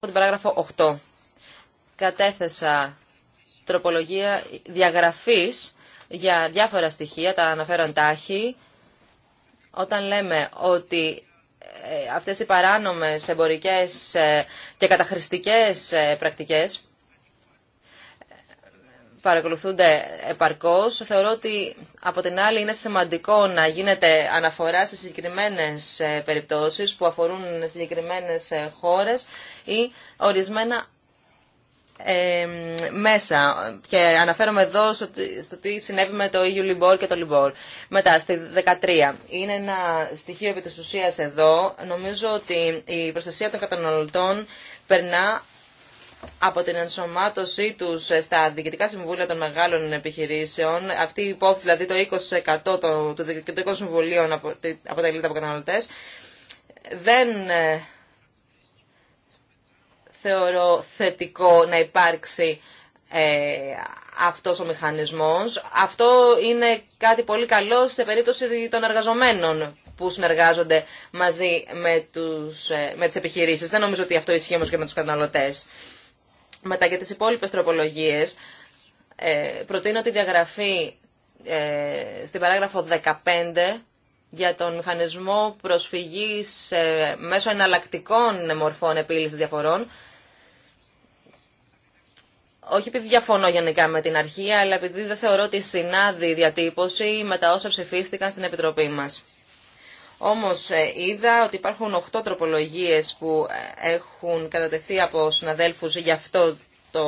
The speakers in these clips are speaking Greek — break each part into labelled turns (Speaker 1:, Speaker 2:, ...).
Speaker 1: Από την παράγραφο 8. Κατέθεσα τροπολογία διαγραφής για διάφορα στοιχεία, τα αναφέρω εντάχει. Όταν λέμε ότι ε, αυτές οι παράνομες εμπορικές ε, και καταχρηστικές ε, πρακτικές παρακολουθούνται επαρκώς. Θεωρώ ότι από την άλλη είναι σημαντικό να γίνεται αναφορά σε συγκεκριμένες ε, περιπτώσεις που αφορούν συγκεκριμένες ε, χώρε ή ορισμένα ε, μέσα και αναφέρομαι εδώ στο, στο τι συνέβη με το EU Libor και το Libor. Μετά, στη 13. Είναι ένα στοιχείο επί εδώ. Νομίζω ότι η προστασία των καταναλωτών περνά από την ενσωμάτωσή του στα διοικητικά συμβούλια των μεγάλων επιχειρήσεων, αυτή η υπόθεση, δηλαδή το 20% των το, διοικητικών συμβουλίων αποτελείται από καταναλωτέ, δεν ε, θεωρώ θετικό να υπάρξει ε, αυτός ο μηχανισμός. Αυτό είναι κάτι πολύ καλό σε περίπτωση των εργαζομένων που συνεργάζονται μαζί με, τους, ε, με τις επιχειρήσεις. Δεν νομίζω ότι αυτό ισχύει όμως και με τους καταναλωτές. Μετά για τις υπόλοιπες τροπολογίες ε, προτείνω τη διαγραφή ε, στην παράγραφο 15 για τον μηχανισμό προσφυγής ε, μέσω εναλλακτικών μορφών επίλυσης διαφορών. Όχι επειδή διαφωνώ γενικά με την αρχή, αλλά επειδή δεν θεωρώ ότι συνάδει η διατύπωση με τα όσα ψηφίστηκαν στην Επιτροπή μας. Όμως ε, είδα ότι υπάρχουν 8 τροπολογίες που ε, έχουν κατατεθεί από συναδέλφους για αυτό το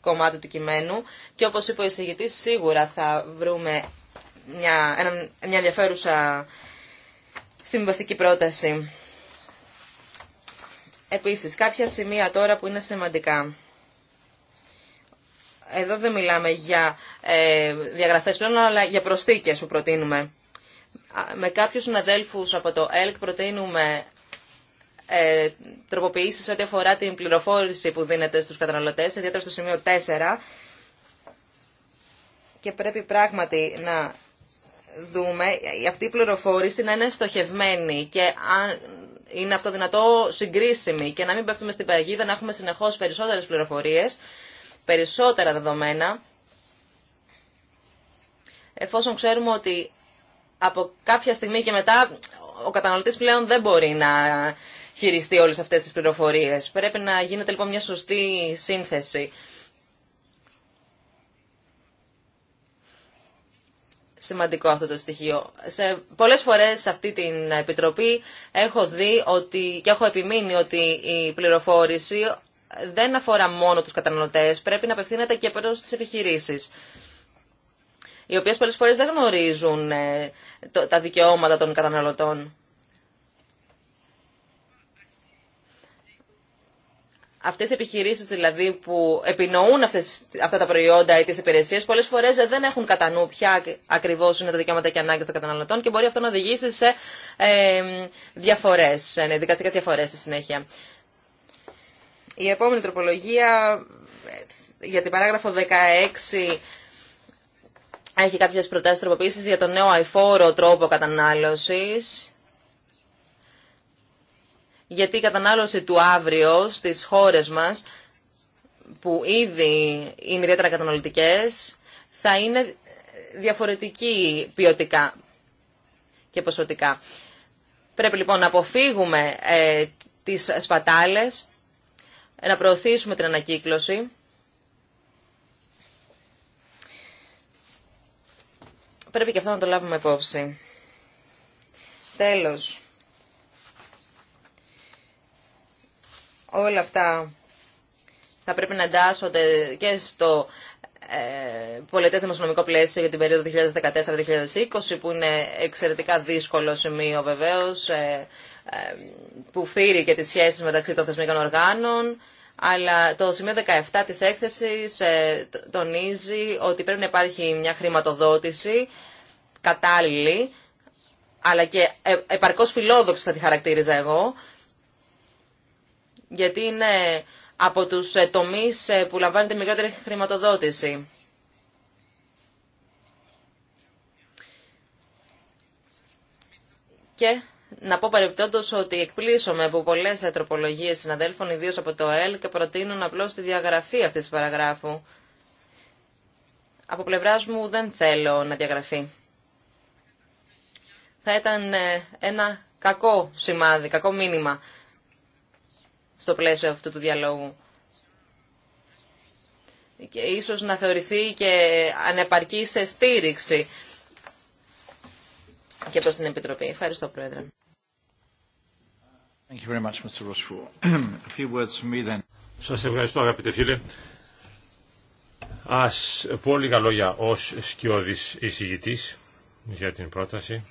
Speaker 1: κομμάτι του κειμένου και όπως είπε ο εισηγητής σίγουρα θα βρούμε μια, μια ενδιαφέρουσα συμβαστική πρόταση. Επίσης, κάποια σημεία τώρα που είναι σημαντικά. Εδώ δεν μιλάμε για ε, διαγραφές πλέον, αλλά για προσθήκες που προτείνουμε με κάποιους συναδέλφους από το ΕΛΚ προτείνουμε ε, τροποποιήσεις ό,τι αφορά την πληροφόρηση που δίνεται στους καταναλωτές, ιδιαίτερα στο σημείο 4. Και πρέπει πράγματι να δούμε ε, αυτή η πληροφόρηση να είναι στοχευμένη και αν είναι αυτό δυνατό συγκρίσιμη και να μην πέφτουμε στην παραγίδα να έχουμε συνεχώς περισσότερες πληροφορίες, περισσότερα δεδομένα, εφόσον ξέρουμε ότι από κάποια στιγμή και μετά ο καταναλωτής πλέον δεν μπορεί να χειριστεί όλες αυτές τις πληροφορίες. Πρέπει να γίνεται λοιπόν μια σωστή σύνθεση. Σημαντικό αυτό το στοιχείο. Σε πολλές φορές σε αυτή την επιτροπή έχω δει ότι, και έχω επιμείνει ότι η πληροφόρηση δεν αφορά μόνο τους καταναλωτές, πρέπει να απευθύνεται και προς τις επιχειρήσεις οι οποίες πολλές φορές δεν γνωρίζουν ε, τα δικαιώματα των καταναλωτών. Αυτές οι επιχειρήσεις δηλαδή που επινοούν αυτές, αυτά τα προϊόντα ή τι υπηρεσιε πολλές φορές δεν έχουν κατά νου ποια ακριβώς είναι τα δικαιώματα και ανάγκες των καταναλωτών και μπορεί αυτό να οδηγήσει σε ε, διαφορές, σε στη συνέχεια. Η επόμενη τροπολογία ε, για την παράγραφο 16 έχει κάποιες προτάσεις τροποποίησης για τον νέο αηφόρο τρόπο κατανάλωσης. Γιατί η κατανάλωση του αύριο στις χώρες μας, που ήδη είναι ιδιαίτερα καταναλωτικές, θα είναι διαφορετική ποιοτικά και ποσοτικά. Πρέπει λοιπόν να αποφύγουμε ε, τις σπατάλες, να προωθήσουμε την ανακύκλωση Πρέπει και αυτό να το λάβουμε υπόψη. Τέλος. Όλα αυτά θα πρέπει να εντάσσονται και στο ε, πολιτές δημοσιονομικό πλαίσιο για την περίοδο 2014-2020 που είναι εξαιρετικά δύσκολο σημείο βεβαίως ε, ε, που φτύρει και τις σχέσεις μεταξύ των θεσμικών οργάνων αλλά το σημείο 17 της έκθεσης ε, τονίζει ότι πρέπει να υπάρχει μια χρηματοδότηση κατάλληλη, αλλά και ε, επαρκώς φιλόδοξη θα τη χαρακτήριζα εγώ, γιατί είναι από τους ε, τομείς που λαμβάνεται μικρότερη χρηματοδότηση. Και να πω παρεμπιπτόντω ότι εκπλήσωμαι από πολλέ τροπολογίε συναδέλφων, ιδίω από το ΕΛ, και προτείνουν απλώ τη διαγραφή αυτή τη παραγράφου. Από πλευρά μου δεν θέλω να διαγραφεί. Θα ήταν ε, ένα κακό σημάδι, κακό μήνυμα στο πλαίσιο αυτού του διαλόγου. Και ίσως να θεωρηθεί και ανεπαρκή σε στήριξη και προς την Επιτροπή. Ευχαριστώ, Πρόεδρε. Thank
Speaker 2: Σας ευχαριστώ αγαπητέ φίλε. Ας πω λίγα λόγια ως σκιώδης εισηγητής για την πρόταση.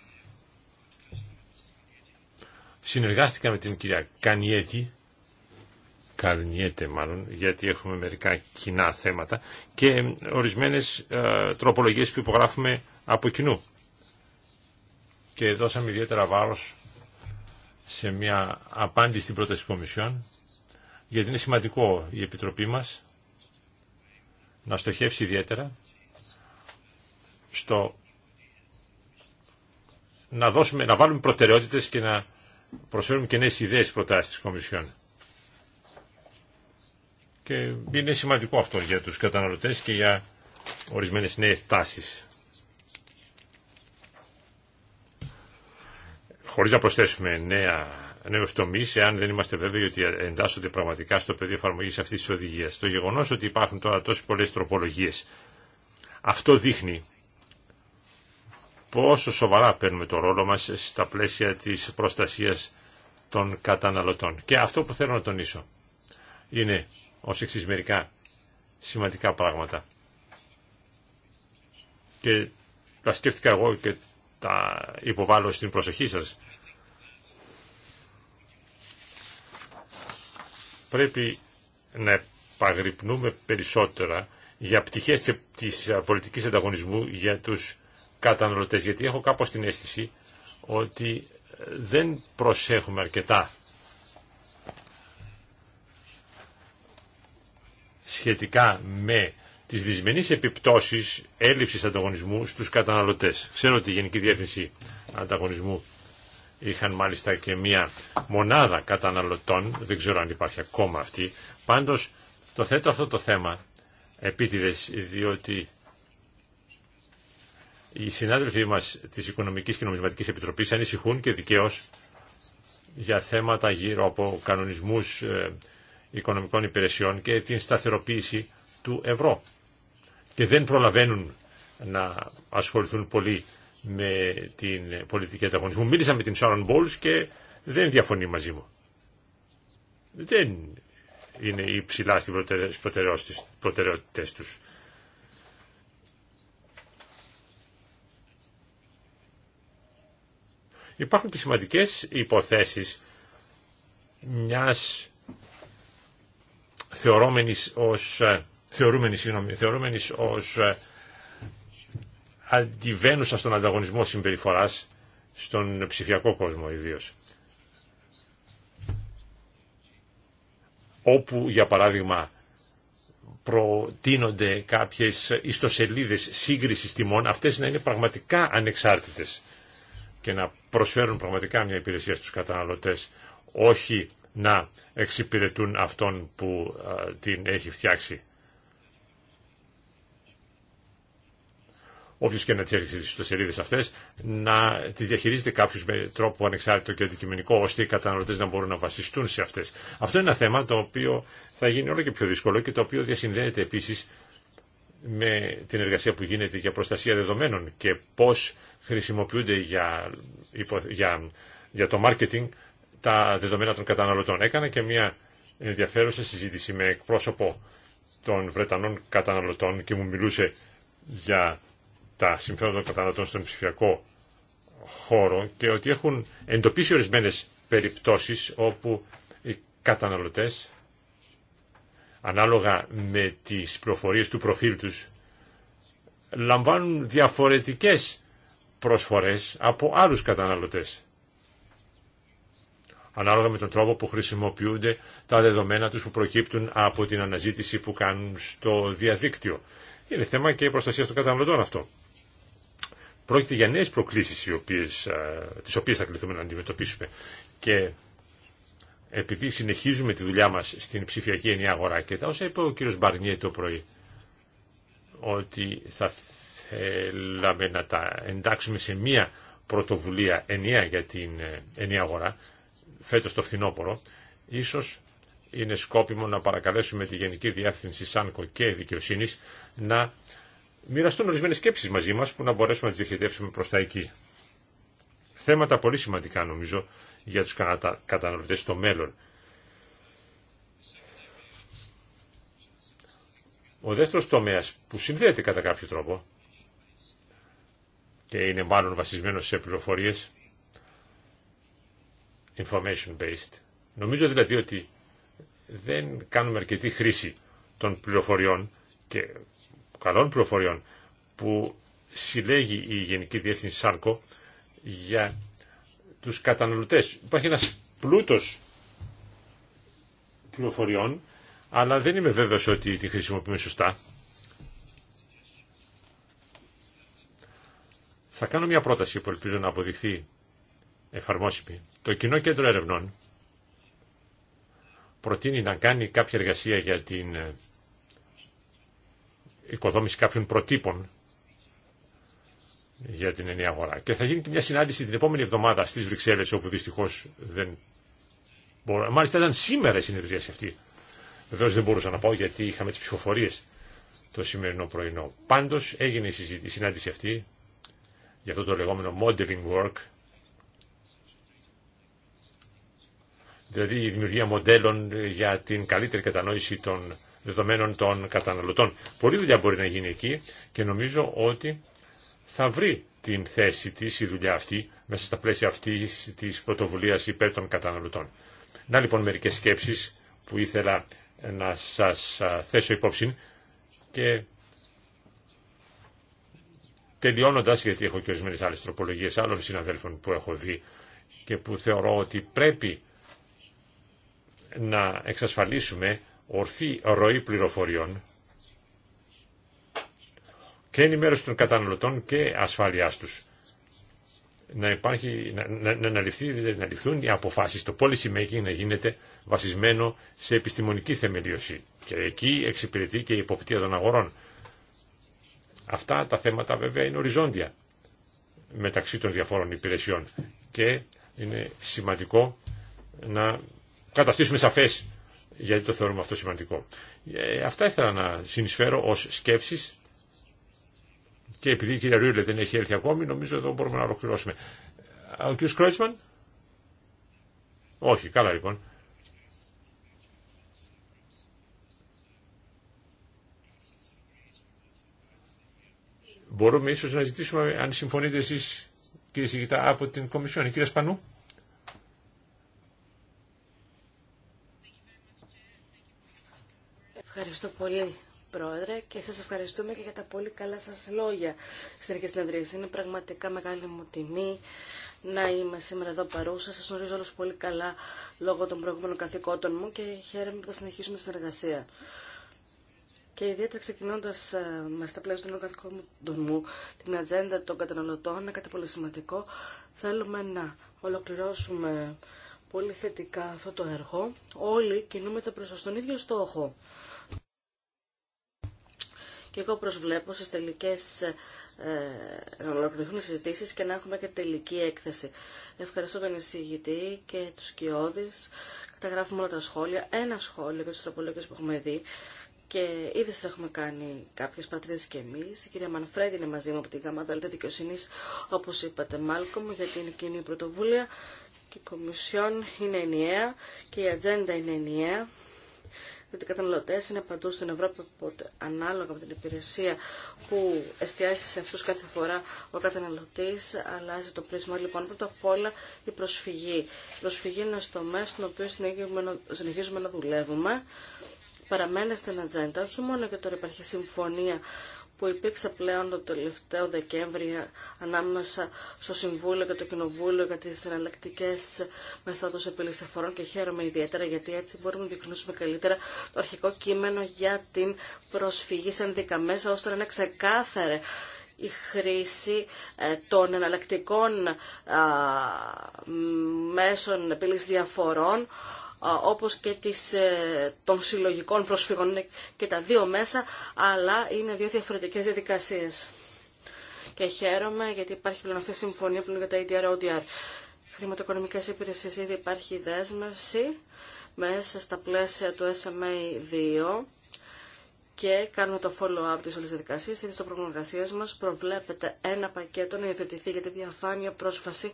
Speaker 2: Συνεργάστηκα με την κυρία Κανιέτη, Καρνιέτε μάλλον, γιατί έχουμε μερικά κοινά θέματα και ορισμένες τροπολογίε τροπολογίες που υπογράφουμε από κοινού. Και δώσαμε ιδιαίτερα βάρος σε μια απάντηση στην πρόταση της Κομισιόν, γιατί είναι σημαντικό η Επιτροπή μας να στοχεύσει ιδιαίτερα στο να, δώσουμε, να βάλουμε προτεραιότητες και να προσφέρουμε και νέες ιδέες προτάσεις της Κομισιόν. Και είναι σημαντικό αυτό για τους καταναλωτές και για ορισμένες νέες τάσεις. χωρίς να προσθέσουμε νέα, νέους τομείς, εάν δεν είμαστε βέβαιοι ότι εντάσσονται πραγματικά στο πεδίο εφαρμογή αυτής της οδηγία. Το γεγονός ότι υπάρχουν τώρα τόσε πολλέ τροπολογίε, αυτό δείχνει πόσο σοβαρά παίρνουμε το ρόλο μας στα πλαίσια της προστασίας των καταναλωτών. Και αυτό που θέλω να τονίσω είναι ω εξή μερικά σημαντικά πράγματα. Και τα σκέφτηκα εγώ και τα υποβάλλω στην προσοχή σας. πρέπει να επαγρυπνούμε περισσότερα για πτυχές της πολιτικής ανταγωνισμού για τους καταναλωτές, γιατί έχω κάπως την αίσθηση ότι δεν προσέχουμε αρκετά σχετικά με τις δυσμενείς επιπτώσεις έλλειψης ανταγωνισμού στους καταναλωτές. Ξέρω ότι η Γενική Διεύθυνση Ανταγωνισμού είχαν μάλιστα και μία μονάδα καταναλωτών, δεν ξέρω αν υπάρχει ακόμα αυτή. Πάντως το θέτω αυτό το θέμα επίτηδες, διότι οι συνάδελφοί μας της Οικονομικής και Νομισματικής Επιτροπής ανησυχούν και δικαίως για θέματα γύρω από κανονισμούς ε, οικονομικών υπηρεσιών και την σταθεροποίηση του ευρώ. Και δεν προλαβαίνουν να ασχοληθούν πολύ με την πολιτική ανταγωνισμού. Μίλησα με την Sharon Bowles και δεν διαφωνεί μαζί μου. Δεν είναι υψηλά στι προτεραιότητε του. Υπάρχουν και σημαντικέ υποθέσεις μια θεωρούμενη ω. θεωρούμενη, συγγνώμη, θεωρούμενης ως αντιβαίνουσα στον ανταγωνισμό συμπεριφοράς στον ψηφιακό κόσμο ιδίω. Όπου, για παράδειγμα, προτείνονται κάποιες ιστοσελίδες σύγκρισης τιμών, αυτές να είναι πραγματικά ανεξάρτητες και να προσφέρουν πραγματικά μια υπηρεσία στους καταναλωτές, όχι να εξυπηρετούν αυτόν που την έχει φτιάξει. όποιο και να τι έρχεται στι ιστοσελίδε αυτές, να τι διαχειρίζεται κάποιο με τρόπο ανεξάρτητο και αντικειμενικό, ώστε οι καταναλωτέ να μπορούν να βασιστούν σε αυτέ. Αυτό είναι ένα θέμα το οποίο θα γίνει όλο και πιο δύσκολο και το οποίο διασυνδέεται επίση με την εργασία που γίνεται για προστασία δεδομένων και πώ χρησιμοποιούνται για, για, για το μάρκετινγκ τα δεδομένα των καταναλωτών. Έκανα και μια ενδιαφέρουσα συζήτηση με εκπρόσωπο των Βρετανών καταναλωτών και μου μιλούσε για τα συμφέροντα των καταναλωτών στον ψηφιακό χώρο και ότι έχουν εντοπίσει ορισμένες περιπτώσεις όπου οι καταναλωτές ανάλογα με τις προφορίες του προφίλ τους λαμβάνουν διαφορετικές προσφορές από άλλους καταναλωτές ανάλογα με τον τρόπο που χρησιμοποιούνται τα δεδομένα τους που προκύπτουν από την αναζήτηση που κάνουν στο διαδίκτυο. Είναι θέμα και η προστασία των καταναλωτών αυτό. Πρόκειται για νέε προκλήσεις τι οποίε τις οποίες θα κληθούμε να αντιμετωπίσουμε. Και επειδή συνεχίζουμε τη δουλειά μας στην ψηφιακή ενιαία αγορά και τα όσα είπε ο κύριος Μπαρνιέ το πρωί, ότι θα θέλαμε να τα εντάξουμε σε μία πρωτοβουλία ενιαία για την ε, ενιαία αγορά, φέτος το φθινόπωρο, ίσως είναι σκόπιμο να παρακαλέσουμε τη Γενική Διεύθυνση ΣΑΝΚΟ και δικαιοσύνη. να μοιραστούν ορισμένε σκέψει μαζί μα που να μπορέσουμε να τι διοχετεύσουμε προ τα εκεί. Θέματα πολύ σημαντικά νομίζω για του καταναλωτέ στο μέλλον. Ο δεύτερο τομέα που συνδέεται κατά κάποιο τρόπο και είναι μάλλον βασισμένο σε πληροφοριε information based. Νομίζω δηλαδή ότι δεν κάνουμε αρκετή χρήση των πληροφοριών και καλών πληροφοριών που συλλέγει η Γενική Διεύθυνση Σάρκο για τους καταναλωτές. Υπάρχει ένας πλούτος πληροφοριών, αλλά δεν είμαι βέβαιος ότι τη χρησιμοποιούμε σωστά. Θα κάνω μια πρόταση που ελπίζω να αποδειχθεί εφαρμόσιμη. Το Κοινό Κέντρο Ερευνών προτείνει να κάνει κάποια εργασία για την οικοδόμηση κάποιων προτύπων για την ενιαία αγορά. Και θα γίνει και μια συνάντηση την επόμενη εβδομάδα στις Βρυξέλλες, όπου δυστυχώς δεν μπορώ. Μάλιστα ήταν σήμερα η σε αυτή. Βεβαίως δεν μπορούσα να πάω γιατί είχαμε τις ψηφοφορίες το σημερινό πρωινό. Πάντως έγινε η συνάντηση αυτή για αυτό το λεγόμενο modeling work, δηλαδή η δημιουργία μοντέλων για την καλύτερη κατανόηση των δεδομένων των καταναλωτών. Πολλή δουλειά μπορεί να γίνει εκεί και νομίζω ότι θα βρει την θέση της η δουλειά αυτή μέσα στα πλαίσια αυτή της πρωτοβουλίας υπέρ των καταναλωτών. Να λοιπόν μερικέ σκέψεις που ήθελα να σας θέσω υπόψη και τελειώνοντα γιατί έχω και ορισμένε άλλε τροπολογίε άλλων συναδέλφων που έχω δει και που θεωρώ ότι πρέπει να εξασφαλίσουμε ορθή ροή πληροφοριών και ενημέρωση των καταναλωτών και ασφαλείας τους. Να, υπάρχει, να, να, δηλαδή να, ληφθούν οι αποφάσεις, το policy making να γίνεται βασισμένο σε επιστημονική θεμελίωση και εκεί εξυπηρετεί και η υποπτία των αγορών. Αυτά τα θέματα βέβαια είναι οριζόντια μεταξύ των διαφόρων υπηρεσιών και είναι σημαντικό να καταστήσουμε σαφές γιατί το θεωρούμε αυτό σημαντικό. Ε, αυτά ήθελα να συνεισφέρω ως σκέψεις και επειδή η κυρία Ρίουλε δεν έχει έρθει ακόμη, νομίζω εδώ μπορούμε να ολοκληρώσουμε. Ε, ο κ. Κρότσμαν. Όχι, καλά λοιπόν. Μπορούμε ίσως να ζητήσουμε, αν συμφωνείτε εσείς κύριε Σιγητά, από την Κομισιόν. Κύριε Σπανού.
Speaker 3: Ευχαριστώ πολύ. Πρόεδρε, και σας ευχαριστούμε και για τα πολύ καλά σας λόγια στην αρχή Είναι πραγματικά μεγάλη μου τιμή να είμαι σήμερα εδώ παρούσα. Σας γνωρίζω όλους πολύ καλά λόγω των προηγούμενων καθηκόντων μου και χαίρομαι που θα συνεχίσουμε τη συνεργασία. Και ιδιαίτερα ξεκινώντα ε, με στα πλαίσια των καθηκόντων μου την ατζέντα των καταναλωτών, είναι κάτι πολύ σημαντικό. Θέλουμε να ολοκληρώσουμε πολύ θετικά αυτό το έργο. Όλοι κινούμε προς τον ίδιο στόχο και εγώ προσβλέπω στις τελικές ε, να ολοκληρωθούν συζητήσεις και να έχουμε και τελική έκθεση. Ευχαριστώ τον εισηγητή και τους κοιόδης. Καταγράφουμε όλα τα σχόλια. Ένα σχόλιο για τους τροπολόγιους που έχουμε δει. Και ήδη σα έχουμε κάνει κάποιε πατρίδε και εμεί. Η κυρία Μανφρέντ είναι μαζί μου από την ΓΑΜΑ Δικαιοσύνη, όπω είπατε, Μάλκομ, γιατί είναι κοινή πρωτοβούλια. Και η Κομισιόν είναι ενιαία και η ατζέντα είναι ενιαία γιατί οι καταναλωτέ είναι παντού στην Ευρώπη, οπότε ανάλογα με την υπηρεσία που εστιάζει σε αυτούς κάθε φορά ο καταναλωτή, αλλάζει το πλαίσιο Λοιπόν, πρώτα απ' όλα η προσφυγή. Η προσφυγή είναι στο μέσο στον οποίο συνεχίζουμε να δουλεύουμε. Παραμένει στην ατζέντα, όχι μόνο και τώρα υπάρχει συμφωνία που υπήρξε πλέον το τελευταίο Δεκέμβρη ανάμεσα στο Συμβούλιο και το Κοινοβούλιο για τις εναλλακτικέ μεθόδους επίλυσης και χαίρομαι ιδιαίτερα γιατί έτσι μπορούμε να διεκνούσουμε καλύτερα το αρχικό κείμενο για την προσφυγή σε ενδικά μέσα ώστε να είναι ξεκάθαρη η χρήση ε, των εναλλακτικών μέσων επίλυσης διαφορών όπως και τις, ε, των συλλογικών προσφύγων. Είναι και τα δύο μέσα, αλλά είναι δύο διαφορετικές διαδικασίες. Και χαίρομαι γιατί υπάρχει πλέον αυτή η συμφωνία πλέον για τα EDR-ODR. Χρηματοοικονομικές υπηρεσίες ήδη υπάρχει δέσμευση μέσα στα πλαίσια του SMA2 και κάνουμε το follow-up της όλης διαδικασίας. Ήδη στο πρόγραμμα μας προβλέπεται ένα πακέτο να υιοθετηθεί για τη διαφάνεια πρόσφαση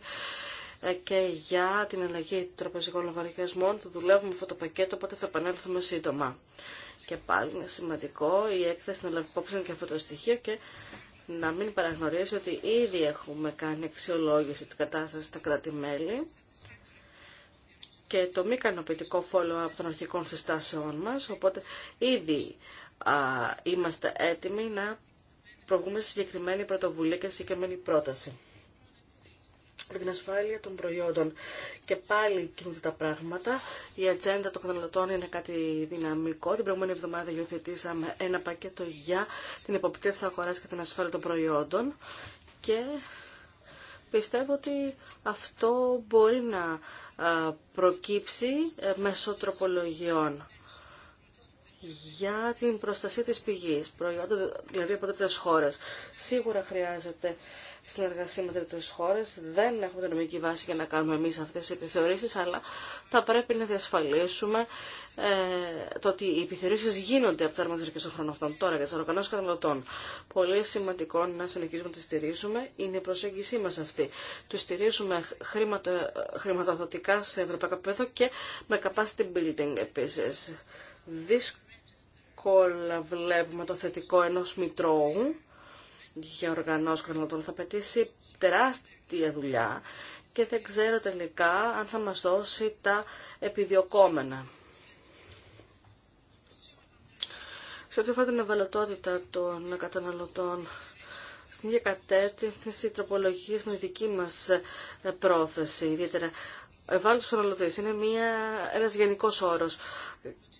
Speaker 3: ε, και για την αλλαγή τραπεζικών λογαριασμών. Το δουλεύουμε αυτό το πακέτο, οπότε θα επανέλθουμε σύντομα. Και πάλι είναι σημαντικό η έκθεση να λάβει υπόψη και αυτό το στοιχείο και να μην παραγνωρίζει ότι ήδη έχουμε κάνει αξιολόγηση της κατάστασης στα κράτη-μέλη και το μη ικανοποιητικο follow follow-up των αρχικών συστάσεών μας, οπότε ήδη α, είμαστε έτοιμοι να προβούμε σε συγκεκριμένη πρωτοβουλία και συγκεκριμένη πρόταση με την ασφάλεια των προϊόντων. Και πάλι κινούνται τα πράγματα. Η ατζέντα των καταναλωτών είναι κάτι δυναμικό. Την προηγούμενη εβδομάδα υιοθετήσαμε ένα πακέτο για την εποπτεία τη αγορά και την ασφάλεια των προϊόντων. Και πιστεύω ότι αυτό μπορεί να προκύψει ε, μέσω τροπολογιών για την προστασία της πηγής, προϊόντα δηλαδή από τέτοιες χώρες. Σίγουρα χρειάζεται συνεργασία με τρίτε χώρε. Δεν έχουμε την νομική βάση για να κάνουμε εμεί αυτέ τι επιθεωρήσει, αλλά θα πρέπει να διασφαλίσουμε ε, το ότι οι επιθεωρήσει γίνονται από τι αρχέ των χρόνων αυτών. Τώρα για τι οργανώσει καταναλωτών. Πολύ σημαντικό να συνεχίσουμε να τι στηρίζουμε. Είναι η προσέγγιση μα αυτή. Του στηρίζουμε χρήματο, χρηματοδοτικά σε ευρωπαϊκό επίπεδο και με capacity building επίση. Δύσκολα βλέπουμε το θετικό ενό μητρώου για οργανώσει καταναλωτών θα πετύσει τεράστια δουλειά και δεν ξέρω τελικά αν θα μας δώσει τα επιδιωκόμενα. Σε ό,τι αφορά την ευαλωτότητα των καταναλωτών, στην ίδια κατεύθυνση με δική μας ε, πρόθεση, ιδιαίτερα ευάλωτος ορατής είναι μια, ένας γενικός όρος.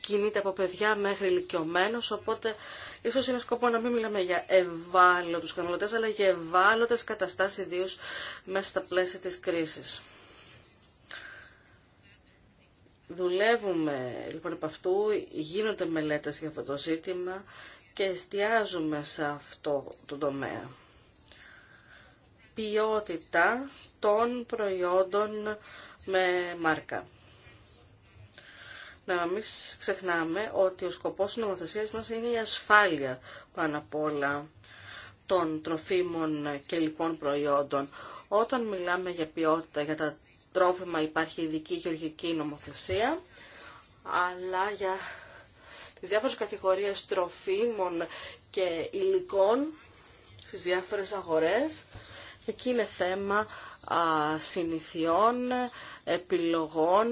Speaker 3: Κινείται από παιδιά μέχρι ηλικιωμένους, οπότε ίσως είναι σκοπό να μην μιλάμε για ευάλωτους καταναλωτές, αλλά για ευάλωτες καταστάσεις ιδίω μέσα στα πλαίσια της κρίσης. Δουλεύουμε λοιπόν από αυτού, γίνονται μελέτες για αυτό το ζήτημα και εστιάζουμε σε αυτό το τομέα. Ποιότητα των προϊόντων με μάρκα. Να μην ξεχνάμε ότι ο σκοπός της νομοθεσίας μας είναι η ασφάλεια πάνω απ' όλα των τροφίμων και λοιπών προϊόντων. Όταν μιλάμε για ποιότητα, για τα τρόφιμα υπάρχει ειδική γεωργική νομοθεσία, αλλά για τις διάφορες κατηγορίες τροφίμων και υλικών στις διάφορες αγορές. εκεί είναι θέμα α, συνηθιών, επιλογών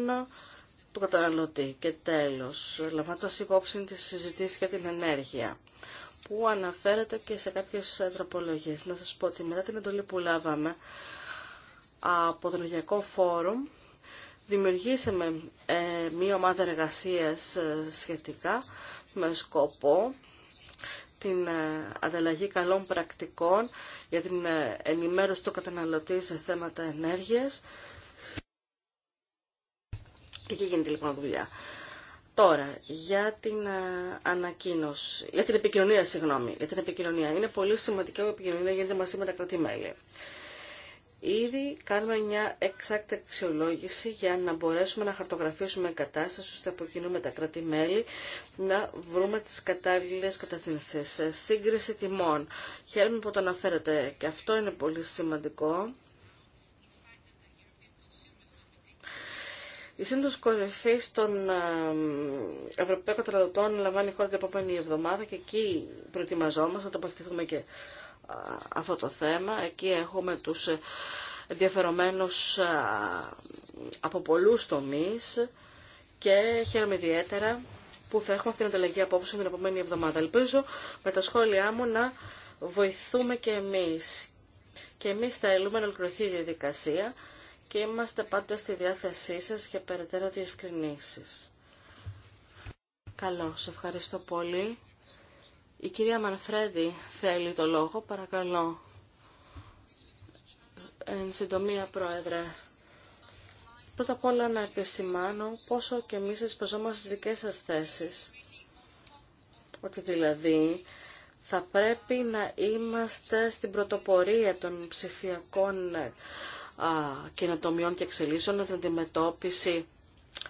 Speaker 3: του καταναλωτή. Και τέλος, λαμβάνοντας υπόψη τη συζητήση για την ενέργεια που αναφέρεται και σε κάποιες τροπολογίες. Να σας πω ότι μετά την εντολή που λάβαμε από τον Φόρουμ, δημιουργήσαμε ε, μία ομάδα εργασίας ε, σχετικά με σκοπό την ε, ανταλλαγή καλών πρακτικών για την ενημέρωση του καταναλωτή σε θέματα ενέργειας και εκεί γίνεται λοιπόν δουλειά. Τώρα, για την ε, ανακοίνωση, για την επικοινωνία, συγγνώμη, για την επικοινωνία. Είναι πολύ σημαντική η επικοινωνία γίνεται μαζί με τα κρατημέλη. Ήδη κάνουμε μια εξάκτη αξιολόγηση για να μπορέσουμε να χαρτογραφήσουμε κατάσταση ώστε από κοινού με τα κράτη-μέλη να βρούμε τις κατάλληλες κατευθύνσεις. Σύγκριση τιμών. Χαίρομαι που το αναφέρατε και αυτό είναι πολύ σημαντικό Η σύνδεση κορυφή των ε, Ευρωπαίων Καταναλωτών λαμβάνει η χώρα την επόμενη εβδομάδα και εκεί προετοιμαζόμαστε να τοποθετηθούμε και αυτό το θέμα. Εκεί έχουμε τους ε, ενδιαφερομένους από πολλούς τομείς και χαίρομαι ιδιαίτερα που θα έχουμε αυτή την ανταλλαγή απόψε την επόμενη εβδομάδα. Ελπίζω με τα σχόλιά μου να βοηθούμε και εμείς. Και εμείς θέλουμε να ολοκληρωθεί η διαδικασία και είμαστε πάντα στη διάθεσή σας για περαιτέρω διευκρινήσεις. Καλώς, ευχαριστώ πολύ. Η κυρία Μανφρέντι θέλει το λόγο, παρακαλώ. Εν συντομία, Πρόεδρε. Πρώτα απ' όλα να επισημάνω πόσο και εμείς εσπαζόμαστε στις δικές σας θέσεις. Ότι δηλαδή θα πρέπει να είμαστε στην πρωτοπορία των ψηφιακών καινοτομιών και εξελίσσεων, την αντιμετώπιση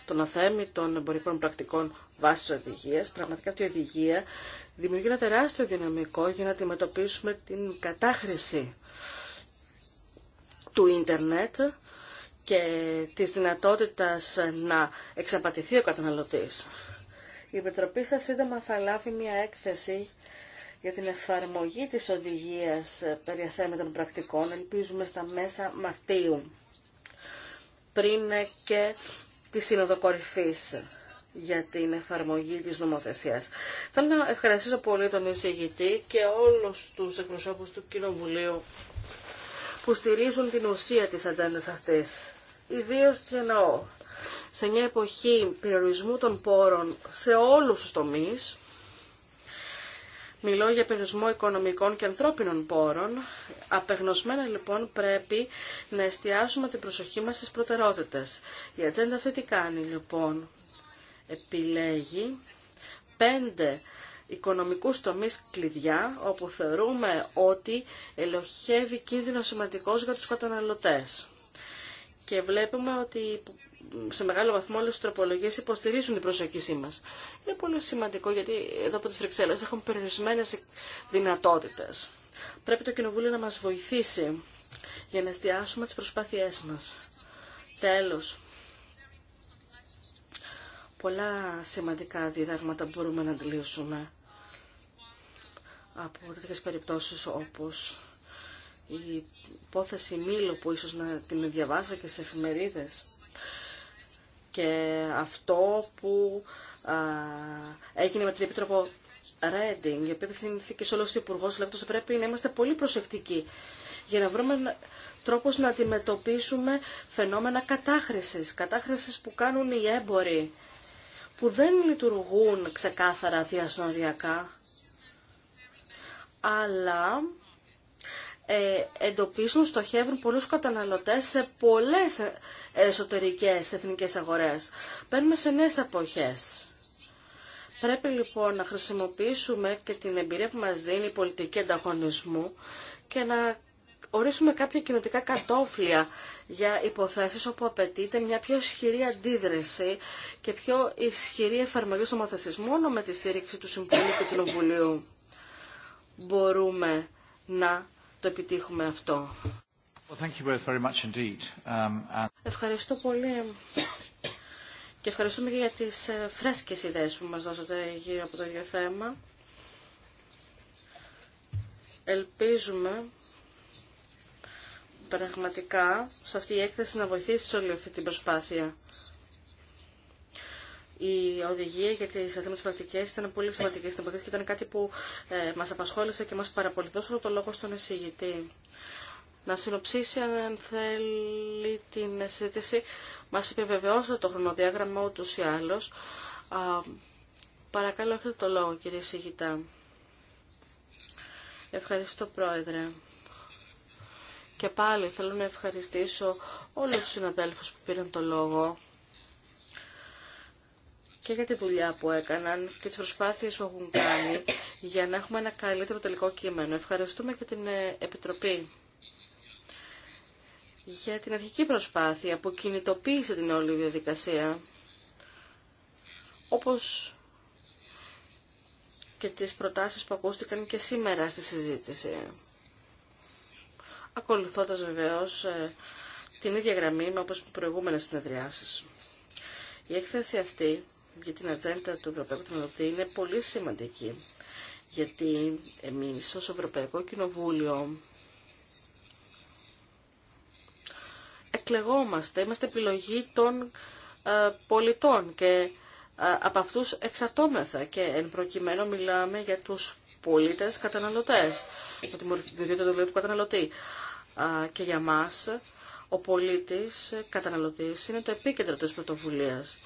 Speaker 3: των αθέμητων εμπορικών πρακτικών βάσει τη Πραγματικά αυτή η οδηγία δημιουργεί ένα τεράστιο δυναμικό για να αντιμετωπίσουμε την κατάχρηση του ίντερνετ και της δυνατότητας να εξαπατηθεί ο καταναλωτής. Η Επιτροπή σας σύντομα θα λάβει μια έκθεση για την εφαρμογή της οδηγίας περί πρακτικών. Ελπίζουμε στα μέσα Μαρτίου, πριν και τη Σύνοδο Κορυφής για την εφαρμογή της νομοθεσίας. Θέλω να ευχαριστήσω πολύ τον εισηγητή και όλους τους εκπροσώπους του Κοινοβουλίου που στηρίζουν την ουσία της ατζέντα αυτής. Ιδίως τι εννοώ. Σε μια εποχή περιορισμού των πόρων σε όλους τους τομείς, Μιλώ για περιορισμό οικονομικών και ανθρώπινων πόρων. Απεγνωσμένα λοιπόν πρέπει να εστιάσουμε την προσοχή μας στις προτεραιότητες. Η ατζέντα αυτή τι κάνει λοιπόν. Επιλέγει πέντε οικονομικούς τομείς κλειδιά, όπου θεωρούμε ότι ελοχεύει κίνδυνο σημαντικός για τους καταναλωτές. Και βλέπουμε ότι σε μεγάλο βαθμό όλε τι τροπολογίε υποστηρίζουν την προσοχή μας. Είναι πολύ σημαντικό γιατί εδώ από τι Βρυξέλλε έχουμε περιορισμένε δυνατότητε. Πρέπει το Κοινοβούλιο να μας βοηθήσει για να εστιάσουμε τι προσπάθειές μας. Τέλος, πολλά σημαντικά διδάγματα μπορούμε να αντιλήσουμε από τέτοιες περιπτώσεις όπως η υπόθεση Μήλου που ίσως να την διαβάσα και σε εφημερίδες και αυτό που έγινε με την Επίτροπο Ρέντινγκ, η οποία και σε όλο του Υπουργό, λέγοντα πρέπει να είμαστε πολύ προσεκτικοί για να βρούμε τρόπο να αντιμετωπίσουμε φαινόμενα κατάχρηση. Κατάχρηση που κάνουν οι έμποροι, που δεν λειτουργούν ξεκάθαρα διασνοριακά, αλλά ε, εντοπίζουν, στοχεύουν πολλούς καταναλωτές σε πολλές εσωτερικές εθνικές αγορές. Παίρνουμε σε νέες εποχές. Πρέπει λοιπόν να χρησιμοποιήσουμε και την εμπειρία που μας δίνει η πολιτική ανταγωνισμού και να ορίσουμε κάποια κοινωτικά κατόφλια για υποθέσεις όπου απαιτείται μια πιο ισχυρή αντίδραση και πιο ισχυρή εφαρμογή στο Μόνο με τη στήριξη του Συμβουλίου και του Κοινοβουλίου μπορούμε να το επιτύχουμε αυτό. Um, Ευχαριστώ πολύ και ευχαριστούμε και για τις ε, φρέσκες ιδέες που μας δώσατε γύρω από το ίδιο θέμα. Ελπίζουμε πραγματικά σε αυτή η έκθεση να βοηθήσει σε όλη αυτή την προσπάθεια. Η οδηγία για τις αθέμενε πρακτικές ήταν πολύ σημαντική στην και ήταν κάτι που ε, μας μα απασχόλησε και μας παραπολιτώσε το λόγο στον εισηγητή να συνοψίσει αν θέλει την συζήτηση. Μας επιβεβαιώσατε το χρονοδιάγραμμα ούτως ή άλλως. παρακαλώ έχετε το λόγο κύριε Σιγητά. Ευχαριστώ Πρόεδρε. Και πάλι θέλω να ευχαριστήσω όλους τους συναδέλφους που πήραν το λόγο και για τη δουλειά που έκαναν και τις προσπάθειες που έχουν κάνει για να έχουμε ένα καλύτερο τελικό κείμενο. Ευχαριστούμε και την ε, Επιτροπή για την αρχική προσπάθεια που κινητοποίησε την όλη διαδικασία, όπως και τις προτάσεις που ακούστηκαν και σήμερα στη συζήτηση. Ακολουθώντας βεβαίως ε, την ίδια γραμμή με όπως προηγούμενες συνεδριάσεις. Η έκθεση αυτή για την ατζέντα του Ευρωπαϊκού Κοινοβουλίου είναι πολύ σημαντική, γιατί εμείς ως Ευρωπαϊκό Κοινοβούλιο εκλεγόμαστε, είμαστε επιλογή των ε, πολιτών και ε, από αυτούς εξαρτώμεθα και εν προκειμένου μιλάμε για τους πολίτες καταναλωτές, για τη δημιουργία του δουλειού του καταναλωτή. Και για μας ο πολίτης καταναλωτής είναι το επίκεντρο της πρωτοβουλίας.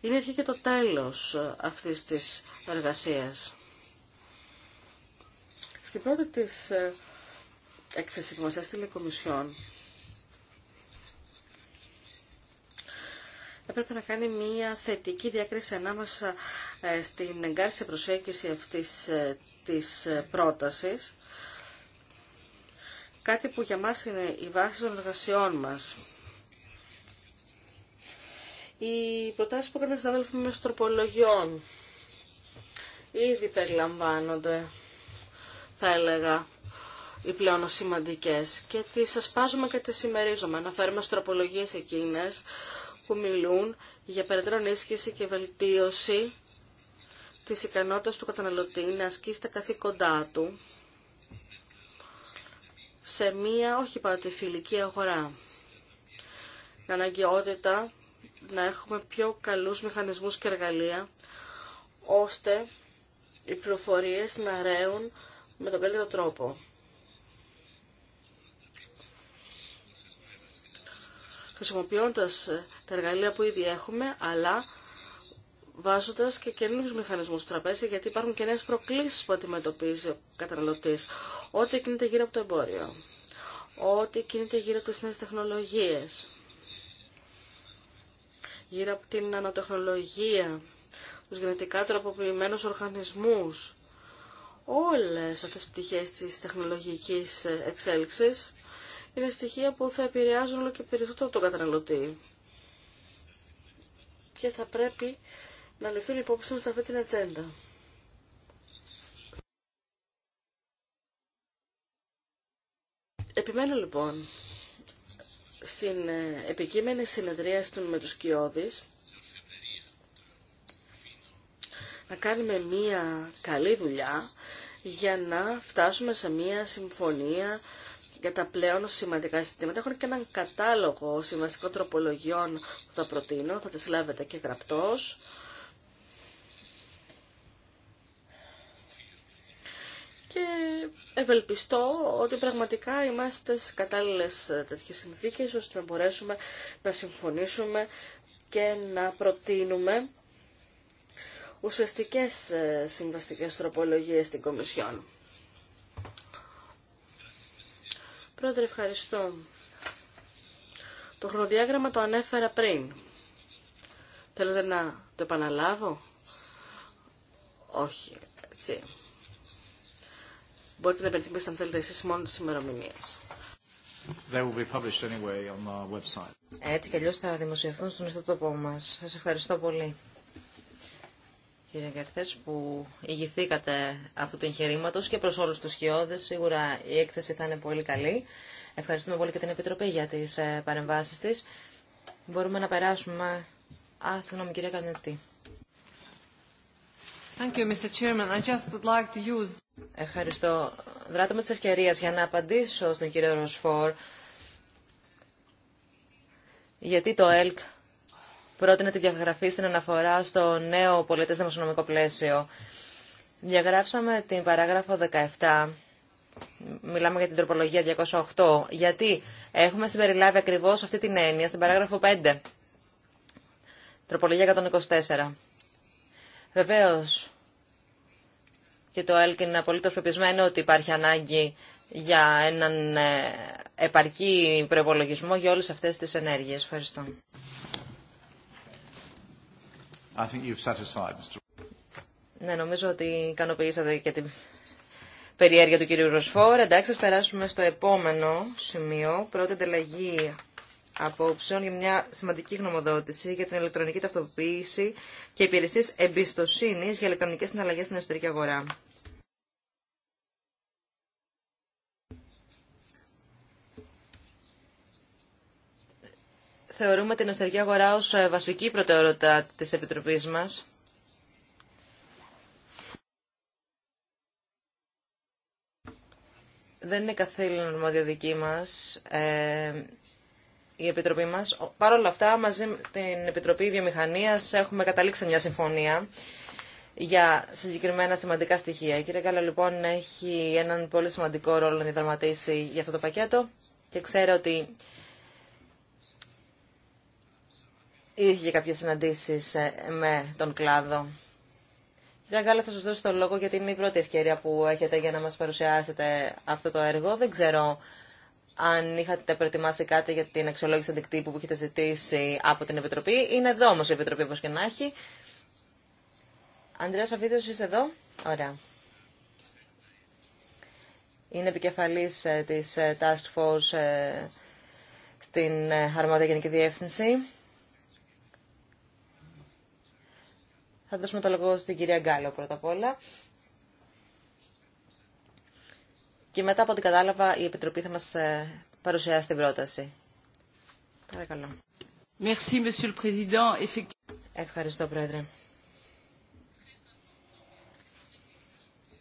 Speaker 3: Είναι αρχή και το τέλος ε, αυτής της εργασίας. Στην πρώτη της έκθεση που μας έστειλε η Κομισιόν, έπρεπε να κάνει μια θετική διακρίση ανάμεσα ε, στην εγκάρσια προσέγγιση αυτής ε, της ε, πρότασης, κάτι που για μας είναι η βάση των εργασιών μας. Οι προτάσεις που έκανε αδελφή με στροπολογιών, ήδη περιλαμβάνονται, θα έλεγα, οι πλέον σημαντικές και τις ασπάζουμε και τις ημερίζουμε. Αναφέρουμε στροπολογίες εκείνες που μιλούν για περαιτέρω ενίσχυση και βελτίωση της ικανότητας του καταναλωτή να ασκήσει τα καθήκοντά του σε μία όχι παρατηφιλική αγορά. Με αναγκαιότητα να έχουμε πιο καλούς μηχανισμούς και εργαλεία, ώστε οι πληροφορίες να ρέουν με τον καλύτερο τρόπο. Χρησιμοποιώντας τα εργαλεία που ήδη έχουμε, αλλά βάζοντα και καινούριου μηχανισμού στο τραπέζι, γιατί υπάρχουν και νέε προκλήσει που αντιμετωπίζει ο καταναλωτή. Ό,τι κινείται γύρω από το εμπόριο, ό,τι κινείται γύρω από τι νέε τεχνολογίε, γύρω από την ανατεχνολογία, του γενετικά τροποποιημένου οργανισμού, όλε αυτέ τι πτυχέ τη τεχνολογική εξέλιξη, είναι στοιχεία που θα επηρεάζουν όλο και περισσότερο τον καταναλωτή και θα πρέπει να ληφθούν υπόψη σε αυτή την ατζέντα. Επιμένω λοιπόν στην ε, επικείμενη συνεδρία με τους Κιώδης να κάνουμε μία καλή δουλειά για να φτάσουμε σε μία συμφωνία για τα πλέον σημαντικά συστήματα. έχω και έναν κατάλογο σημαντικών τροπολογιών που θα προτείνω, θα τις λάβετε και γραπτός. Και ευελπιστώ ότι πραγματικά είμαστε στις κατάλληλες τέτοιες συνθήκες ώστε να μπορέσουμε να συμφωνήσουμε και να προτείνουμε ουσιαστικές ε, συμβαστικές τροπολογίες στην Κομισιόν. Πρόεδρε, ευχαριστώ. Το χρονοδιάγραμμα το ανέφερα πριν. Θέλετε να το επαναλάβω. Όχι, έτσι. Μπορείτε να επενθυμίσετε αν θέλετε εσείς μόνο τις ημερομηνίες.
Speaker 1: Anyway έτσι κι αλλιώς θα δημοσιευθούν στον ιστοτόπο μας. Σας ευχαριστώ πολύ κύριε Καρθές, που ηγηθήκατε αυτού του εγχειρήματο και προς όλους τους χειώδες. Σίγουρα η έκθεση θα είναι πολύ καλή. Ευχαριστούμε πολύ και την Επιτροπή για τις ε, παρεμβάσεις της. Μπορούμε να περάσουμε... Α, συγγνώμη, κυρία Καρνετή. Ευχαριστώ. Δράτω με τις για να απαντήσω στον κύριο Ροσφόρ, γιατί το ΕΛΚ πρότεινε τη διαγραφή στην αναφορά στο νέο πολιτές δημοσιονομικό πλαίσιο. Διαγράψαμε την παράγραφο 17, μιλάμε για την τροπολογία 208, γιατί έχουμε συμπεριλάβει ακριβώς αυτή την έννοια στην παράγραφο 5, τροπολογία 124. Βεβαίως, και το ΕΛΚ είναι απολύτως πεπισμένο ότι υπάρχει ανάγκη για έναν ε, επαρκή προπολογισμό για όλες αυτές τις ενέργειες. Ευχαριστώ. Ναι, νομίζω ότι ικανοποιήσατε και την περιέργεια του κύριου Ροσφόρ. Εντάξει, περάσουμε στο επόμενο σημείο. Πρώτη ανταλλαγή απόψεων για μια σημαντική γνωμοδότηση για την ηλεκτρονική ταυτοποίηση και υπηρεσίες εμπιστοσύνης για ηλεκτρονικές συναλλαγές στην εσωτερική αγορά. θεωρούμε την εσωτερική αγορά ω ε, βασική προτεραιότητα τη Επιτροπής μα. Δεν είναι καθήλυνα αρμόδια δική μας ε, η Επιτροπή μα. Παρ' όλα αυτά, μαζί με την Επιτροπή Βιομηχανία, έχουμε καταλήξει μια συμφωνία για συγκεκριμένα σημαντικά στοιχεία. Η κυρία Κάλλα, λοιπόν, έχει έναν πολύ σημαντικό ρόλο να διαδραματίσει για αυτό το πακέτο και ξέρω ότι Ήδη και κάποιες συναντήσεις ε, με τον κλάδο. Κυρία Γκάλα, θα σας δώσω το λόγο γιατί είναι η πρώτη ευκαιρία που έχετε για να μας παρουσιάσετε αυτό το έργο. Δεν ξέρω αν είχατε προετοιμάσει κάτι για την αξιολόγηση αντικτύπου που έχετε ζητήσει από την Επιτροπή. Είναι εδώ όμως η Επιτροπή, όπως και να έχει. Αντρέα Σαββίδιος, είστε εδώ. Ωραία. Είναι επικεφαλής ε, της ε, Task Force στην Αρμόδια Γενική Διεύθυνση. Θα δώσουμε το λόγο στην κυρία Γκάλο πρώτα απ' όλα. Και μετά από ό,τι κατάλαβα η Επιτροπή θα μας ε, παρουσιάσει την πρόταση. Παρακαλώ. Merci, Monsieur le Président. Ευχαριστώ, Πρόεδρε.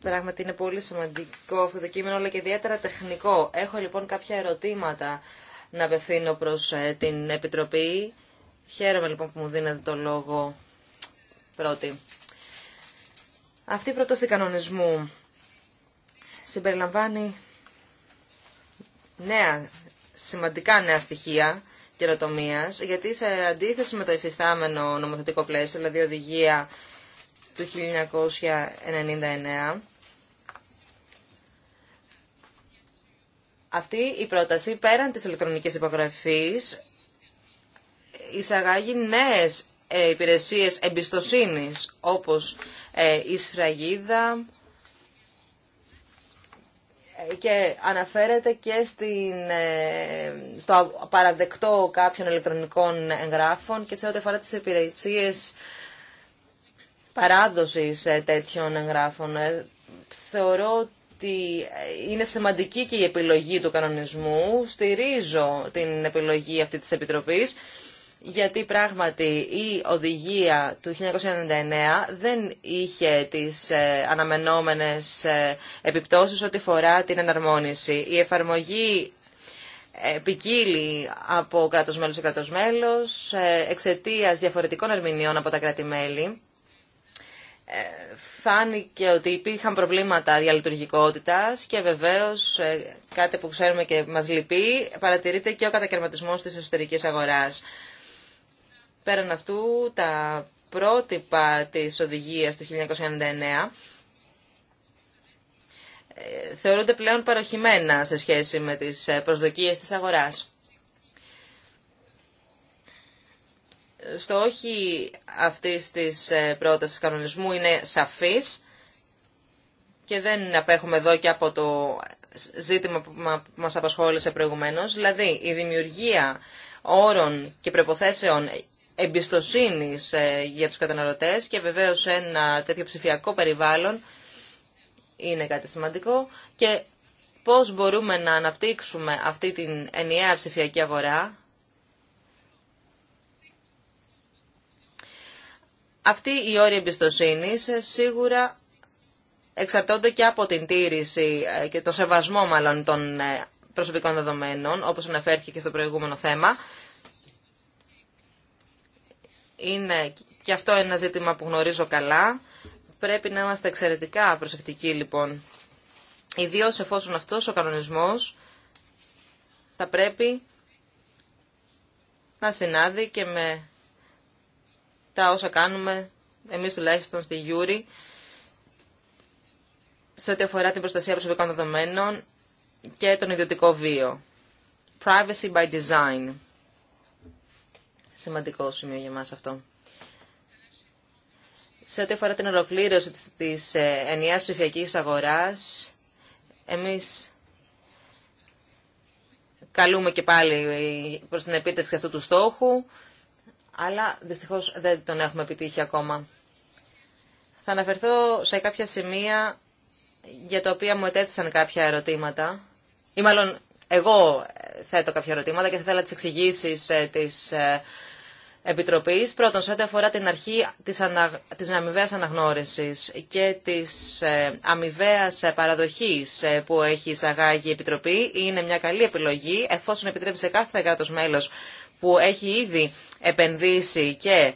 Speaker 1: Πράγματι είναι πολύ σημαντικό αυτό το κείμενο, αλλά και ιδιαίτερα τεχνικό. Έχω λοιπόν κάποια ερωτήματα να απευθύνω προς ε, την Επιτροπή. Χαίρομαι λοιπόν που μου δίνετε το λόγο πρώτη. Αυτή η πρόταση κανονισμού συμπεριλαμβάνει νέα, σημαντικά νέα στοιχεία καινοτομία, γιατί σε αντίθεση με το υφιστάμενο νομοθετικό πλαίσιο, δηλαδή οδηγία του 1999, αυτή η πρόταση πέραν της ηλεκτρονικής υπογραφής εισαγάγει νέες ε, υπηρεσίες εμπιστοσύνης όπως ε, η σφραγίδα ε, και αναφέρεται και στην, στο παραδεκτό κάποιων ηλεκτρονικών εγγράφων και σε ό,τι αφορά τις υπηρεσίες παράδοσης τέτοιων εγγράφων. Θεωρώ ότι είναι σημαντική και η επιλογή του κανονισμού. Στηρίζω την επιλογή αυτή της Επιτροπής γιατί πράγματι η οδηγία του 1999 δεν είχε τις ε, αναμενόμενες ε, επιπτώσεις ό,τι φορά την εναρμόνιση. Η εφαρμογή ε, ποικίλει από κράτος μέλος σε κράτος μέλος εξαιτίας διαφορετικών ερμηνεών από τα κράτη-μέλη. Φάνηκε ότι υπήρχαν προβλήματα διαλειτουργικότητας και βεβαίως κάτι που ξέρουμε και μας λυπεί παρατηρείται και ο κατακαιρματισμός της εσωτερικής αγοράς. Πέραν αυτού, τα πρότυπα της οδηγίας του 1999 ε, θεωρούνται πλέον παροχημένα σε σχέση με τις ε, προσδοκίες της αγοράς. Στο όχι αυτής της ε, πρότασης κανονισμού είναι σαφής και δεν απέχουμε εδώ και από το ζήτημα που μας απασχόλησε προηγουμένως, δηλαδή η δημιουργία όρων και προποθέσεων εμπιστοσύνης ε, για τους καταναλωτές και βεβαίως ένα τέτοιο ψηφιακό περιβάλλον είναι κάτι σημαντικό και πώς μπορούμε να αναπτύξουμε αυτή την ενιαία ψηφιακή αγορά. Αυτή η όρη εμπιστοσύνη ε, σίγουρα εξαρτώνται και από την τήρηση ε, και το σεβασμό μάλλον των προσωπικών δεδομένων, όπως αναφέρθηκε και στο προηγούμενο θέμα είναι και αυτό ένα ζήτημα που γνωρίζω καλά. Πρέπει να είμαστε εξαιρετικά προσεκτικοί λοιπόν. Ιδίω εφόσον αυτό ο κανονισμός θα πρέπει να συνάδει και με τα όσα κάνουμε εμείς τουλάχιστον στη Γιούρη σε ό,τι αφορά την προστασία προσωπικών δεδομένων και τον ιδιωτικό βίο. Privacy by design. Σημαντικό σημείο για μας αυτό. Σε ό,τι αφορά την ολοκλήρωση της, ε, ενιαίας ψηφιακής αγοράς, εμείς καλούμε και πάλι προς την επίτευξη αυτού του στόχου, αλλά δυστυχώς δεν τον έχουμε επιτύχει ακόμα. Θα αναφερθώ σε κάποια σημεία για τα οποία μου ετέθησαν κάποια ερωτήματα, ή μάλλον εγώ θέτω κάποια ερωτήματα και θα ήθελα τις εξηγήσεις ε, της ε, Επιτροπής. Πρώτον, σε ό,τι αφορά την αρχή της, ανα... της και της ε, παραδοχή ε, παραδοχής ε, που έχει εισαγάγει η Επιτροπή, είναι μια καλή επιλογή, εφόσον επιτρέπει σε κάθε κράτο μέλος που έχει ήδη επενδύσει και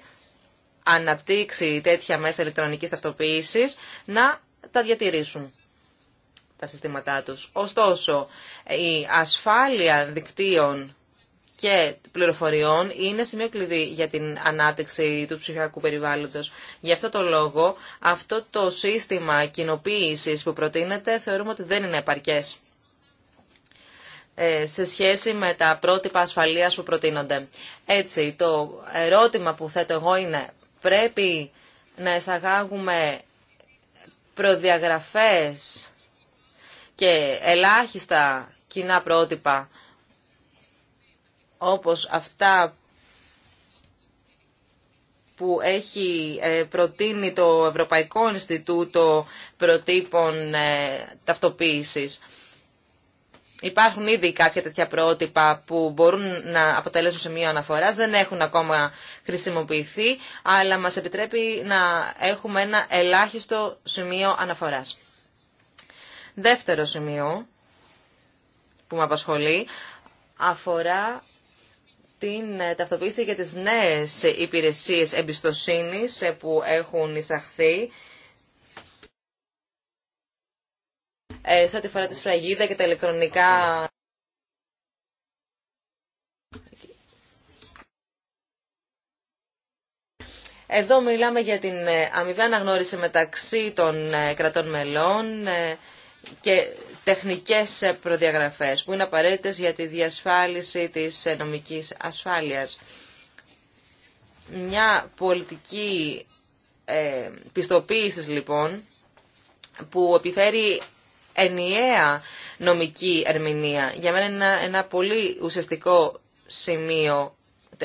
Speaker 1: αναπτύξει τέτοια μέσα ηλεκτρονικής ταυτοποίησης, να τα διατηρήσουν τα συστήματά τους. Ωστόσο, η ασφάλεια δικτύων και πληροφοριών είναι σημείο κλειδί για την ανάπτυξη του ψηφιακού περιβάλλοντος. Γι' αυτό το λόγο αυτό το σύστημα κοινοποίηση που προτείνεται θεωρούμε ότι δεν είναι επαρκές ε, σε σχέση με τα πρότυπα ασφαλείας που προτείνονται. Έτσι, το ερώτημα που θέτω εγώ είναι πρέπει να εισαγάγουμε προδιαγραφές και ελάχιστα κοινά πρότυπα όπως αυτά που έχει ε, προτείνει το Ευρωπαϊκό Ινστιτούτο Προτύπων ε, Ταυτοποίησης. Υπάρχουν ήδη κάποια τέτοια πρότυπα που μπορούν να αποτελέσουν σημείο αναφοράς, δεν έχουν ακόμα χρησιμοποιηθεί, αλλά μας επιτρέπει να έχουμε ένα ελάχιστο σημείο αναφοράς. Δεύτερο σημείο που με απασχολεί αφορά την ε, ταυτοποίηση για τις νέες υπηρεσίες εμπιστοσύνης ε, που έχουν εισαχθεί ε, σε ό,τι φορά τη σφραγίδα και τα ηλεκτρονικά Εδώ μιλάμε για την αμοιβή αναγνώριση μεταξύ των κρατών μελών και τεχνικές προδιαγραφές που είναι απαραίτητες για τη διασφάλιση της νομικής ασφάλειας. Μια πολιτική ε, πιστοποίησης λοιπόν που επιφέρει ενιαία νομική ερμηνεία. Για μένα είναι ένα, πολύ ουσιαστικό σημείο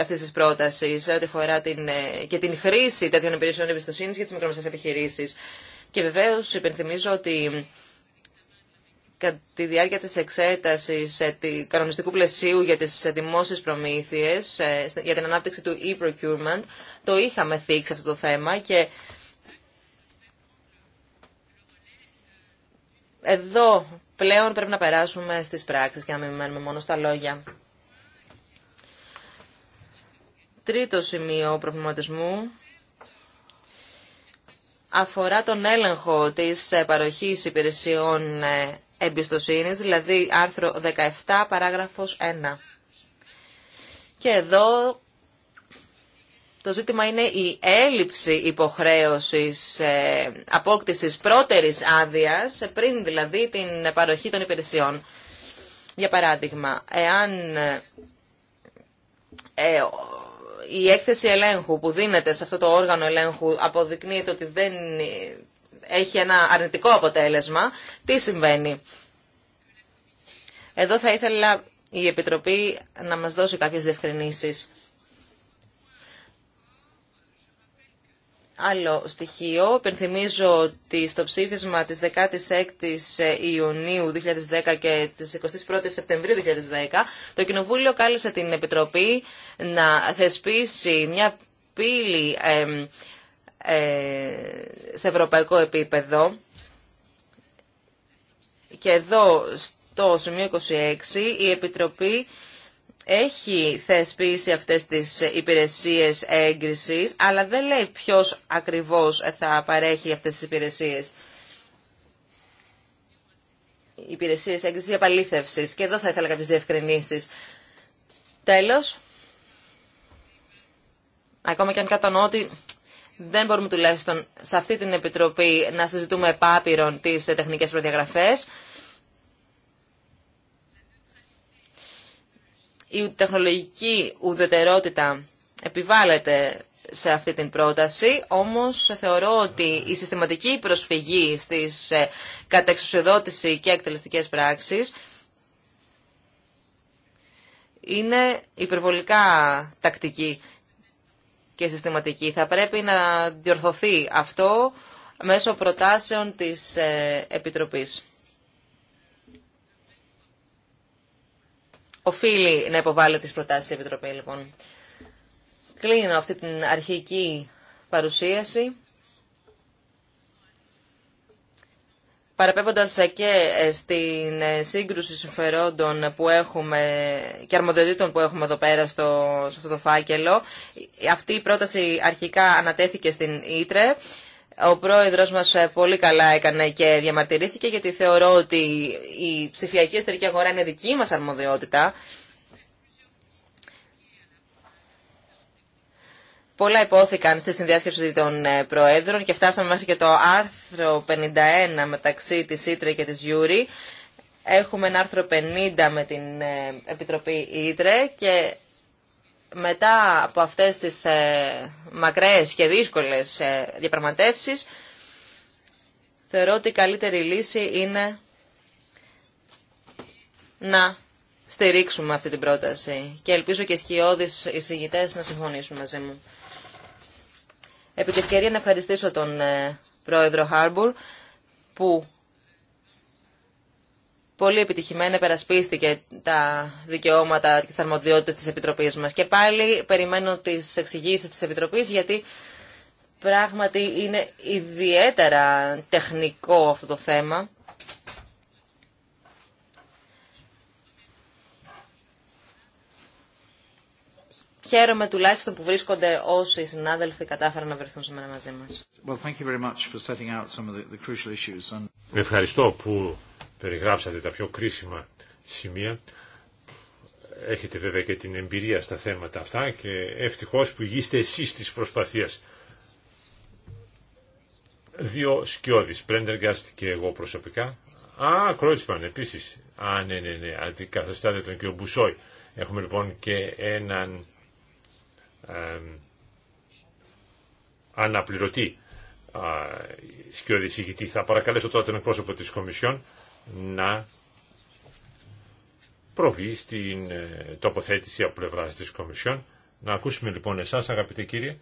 Speaker 1: αυτή τη πρόταση ό,τι φορά την, ε, και την χρήση τέτοιων υπηρεσιών εμπιστοσύνη για τι μικρομεσαίε επιχειρήσει. Και βεβαίω υπενθυμίζω ότι κατά τη διάρκεια της εξέτασης ε, κανονιστικού πλαισίου για τις ε, δημόσιες προμήθειες, ε, για την ανάπτυξη του e-procurement, το είχαμε θίξει αυτό το θέμα και εδώ πλέον πρέπει να περάσουμε στις πράξεις και να μην μένουμε μόνο στα λόγια. Τρίτο σημείο προβληματισμού αφορά τον έλεγχο της παροχής υπηρεσιών εμπιστοσύνης, δηλαδή άρθρο 17 παράγραφος 1. Και εδώ το ζήτημα είναι η έλλειψη υποχρέωσης ε, απόκτησης πρώτερης άδειας πριν δηλαδή την παροχή των υπηρεσιών. Για παράδειγμα, εάν ε, η έκθεση ελέγχου που δίνεται σε αυτό το όργανο ελέγχου αποδεικνύεται ότι δεν έχει ένα αρνητικό αποτέλεσμα, τι συμβαίνει. Εδώ θα ήθελα η Επιτροπή να μας δώσει κάποιες διευκρινήσεις. Άλλο στοιχείο, Πενθυμίζω ότι στο ψήφισμα της 16ης Ιουνίου 2010 και της 21ης Σεπτεμβρίου 2010 το Κοινοβούλιο κάλεσε την Επιτροπή να θεσπίσει μια πύλη ε, σε ευρωπαϊκό επίπεδο. Και εδώ στο σημείο 26 η Επιτροπή έχει θεσπίσει αυτές τις υπηρεσίες έγκρισης, αλλά δεν λέει ποιος ακριβώς θα παρέχει αυτές τις υπηρεσίες. Υπηρεσίες έγκρισης απαλήθευσης Και εδώ θα ήθελα κάποιες διευκρινήσεις. Τέλος, ακόμα και αν κατανοώ ότι δεν μπορούμε τουλάχιστον σε αυτή την Επιτροπή να συζητούμε επάπειρον τις τεχνικές προδιαγραφές. Η τεχνολογική ουδετερότητα επιβάλλεται σε αυτή την πρόταση, όμως θεωρώ ότι η συστηματική προσφυγή στις ε, κατεξουσιοδότηση και εκτελεστικές πράξεις είναι υπερβολικά τακτική και συστηματική. Θα πρέπει να διορθωθεί αυτό μέσω προτάσεων της ε, Επιτροπής. Οφείλει να υποβάλλει τις προτάσεις της Επιτροπής, λοιπόν. Κλείνω αυτή την αρχική παρουσίαση. παραπέμποντας και ε, στην ε, σύγκρουση συμφερόντων που έχουμε και αρμοδιοτήτων που έχουμε εδώ πέρα στο, σε αυτό το φάκελο. Αυτή η πρόταση αρχικά ανατέθηκε στην Ήτρε. Ο πρόεδρος μας ε, πολύ καλά έκανε και διαμαρτυρήθηκε γιατί θεωρώ ότι η ψηφιακή εστερική αγορά είναι δική μας αρμοδιότητα Πολλά υπόθηκαν στη συνδιάσκεψη των ε, Προέδρων και φτάσαμε μέχρι και το άρθρο 51 μεταξύ της Ήτρε και της Γιούρη. Έχουμε ένα άρθρο 50 με την ε, Επιτροπή Ήτρε και μετά από αυτές τις ε, μακραίες και δύσκολες διαπραγματεύσεις θεωρώ ότι η καλύτερη λύση είναι να στηρίξουμε αυτή την πρόταση και ελπίζω και οι σκιώδεις εισηγητές να συμφωνήσουν μαζί μου. Επί τη ευκαιρία να ευχαριστήσω τον ε, πρόεδρο Χάρμπουρ που πολύ επιτυχημένα περασπίστηκε τα δικαιώματα και τις αρμοδιότητες της Επιτροπής μας. Και πάλι περιμένω τις εξηγήσεις της Επιτροπής γιατί πράγματι είναι ιδιαίτερα τεχνικό αυτό το θέμα Χαίρομαι τουλάχιστον που βρίσκονται όσοι συνάδελφοι κατάφεραν να βρεθούν σήμερα μαζί μας.
Speaker 2: Ευχαριστώ που περιγράψατε τα πιο κρίσιμα σημεία. Έχετε βέβαια και την εμπειρία στα θέματα αυτά και ευτυχώς που υγείστε εσείς της προσπαθίας. Δύο σκιώδεις, Πρέντεργκαστ και εγώ προσωπικά. Α, Κρότσπαν επίσης. Α, ναι, ναι, ναι, αντικαθοστάτε τον κύριο Μπουσόη. Έχουμε λοιπόν και έναν αναπληρωτή σκιώδη συγητή. Θα παρακαλέσω τώρα τον εκπρόσωπο της Κομισιόν να προβεί στην ε, τοποθέτηση από πλευρά της Κομισιόν. Να ακούσουμε λοιπόν εσάς αγαπητέ κύριε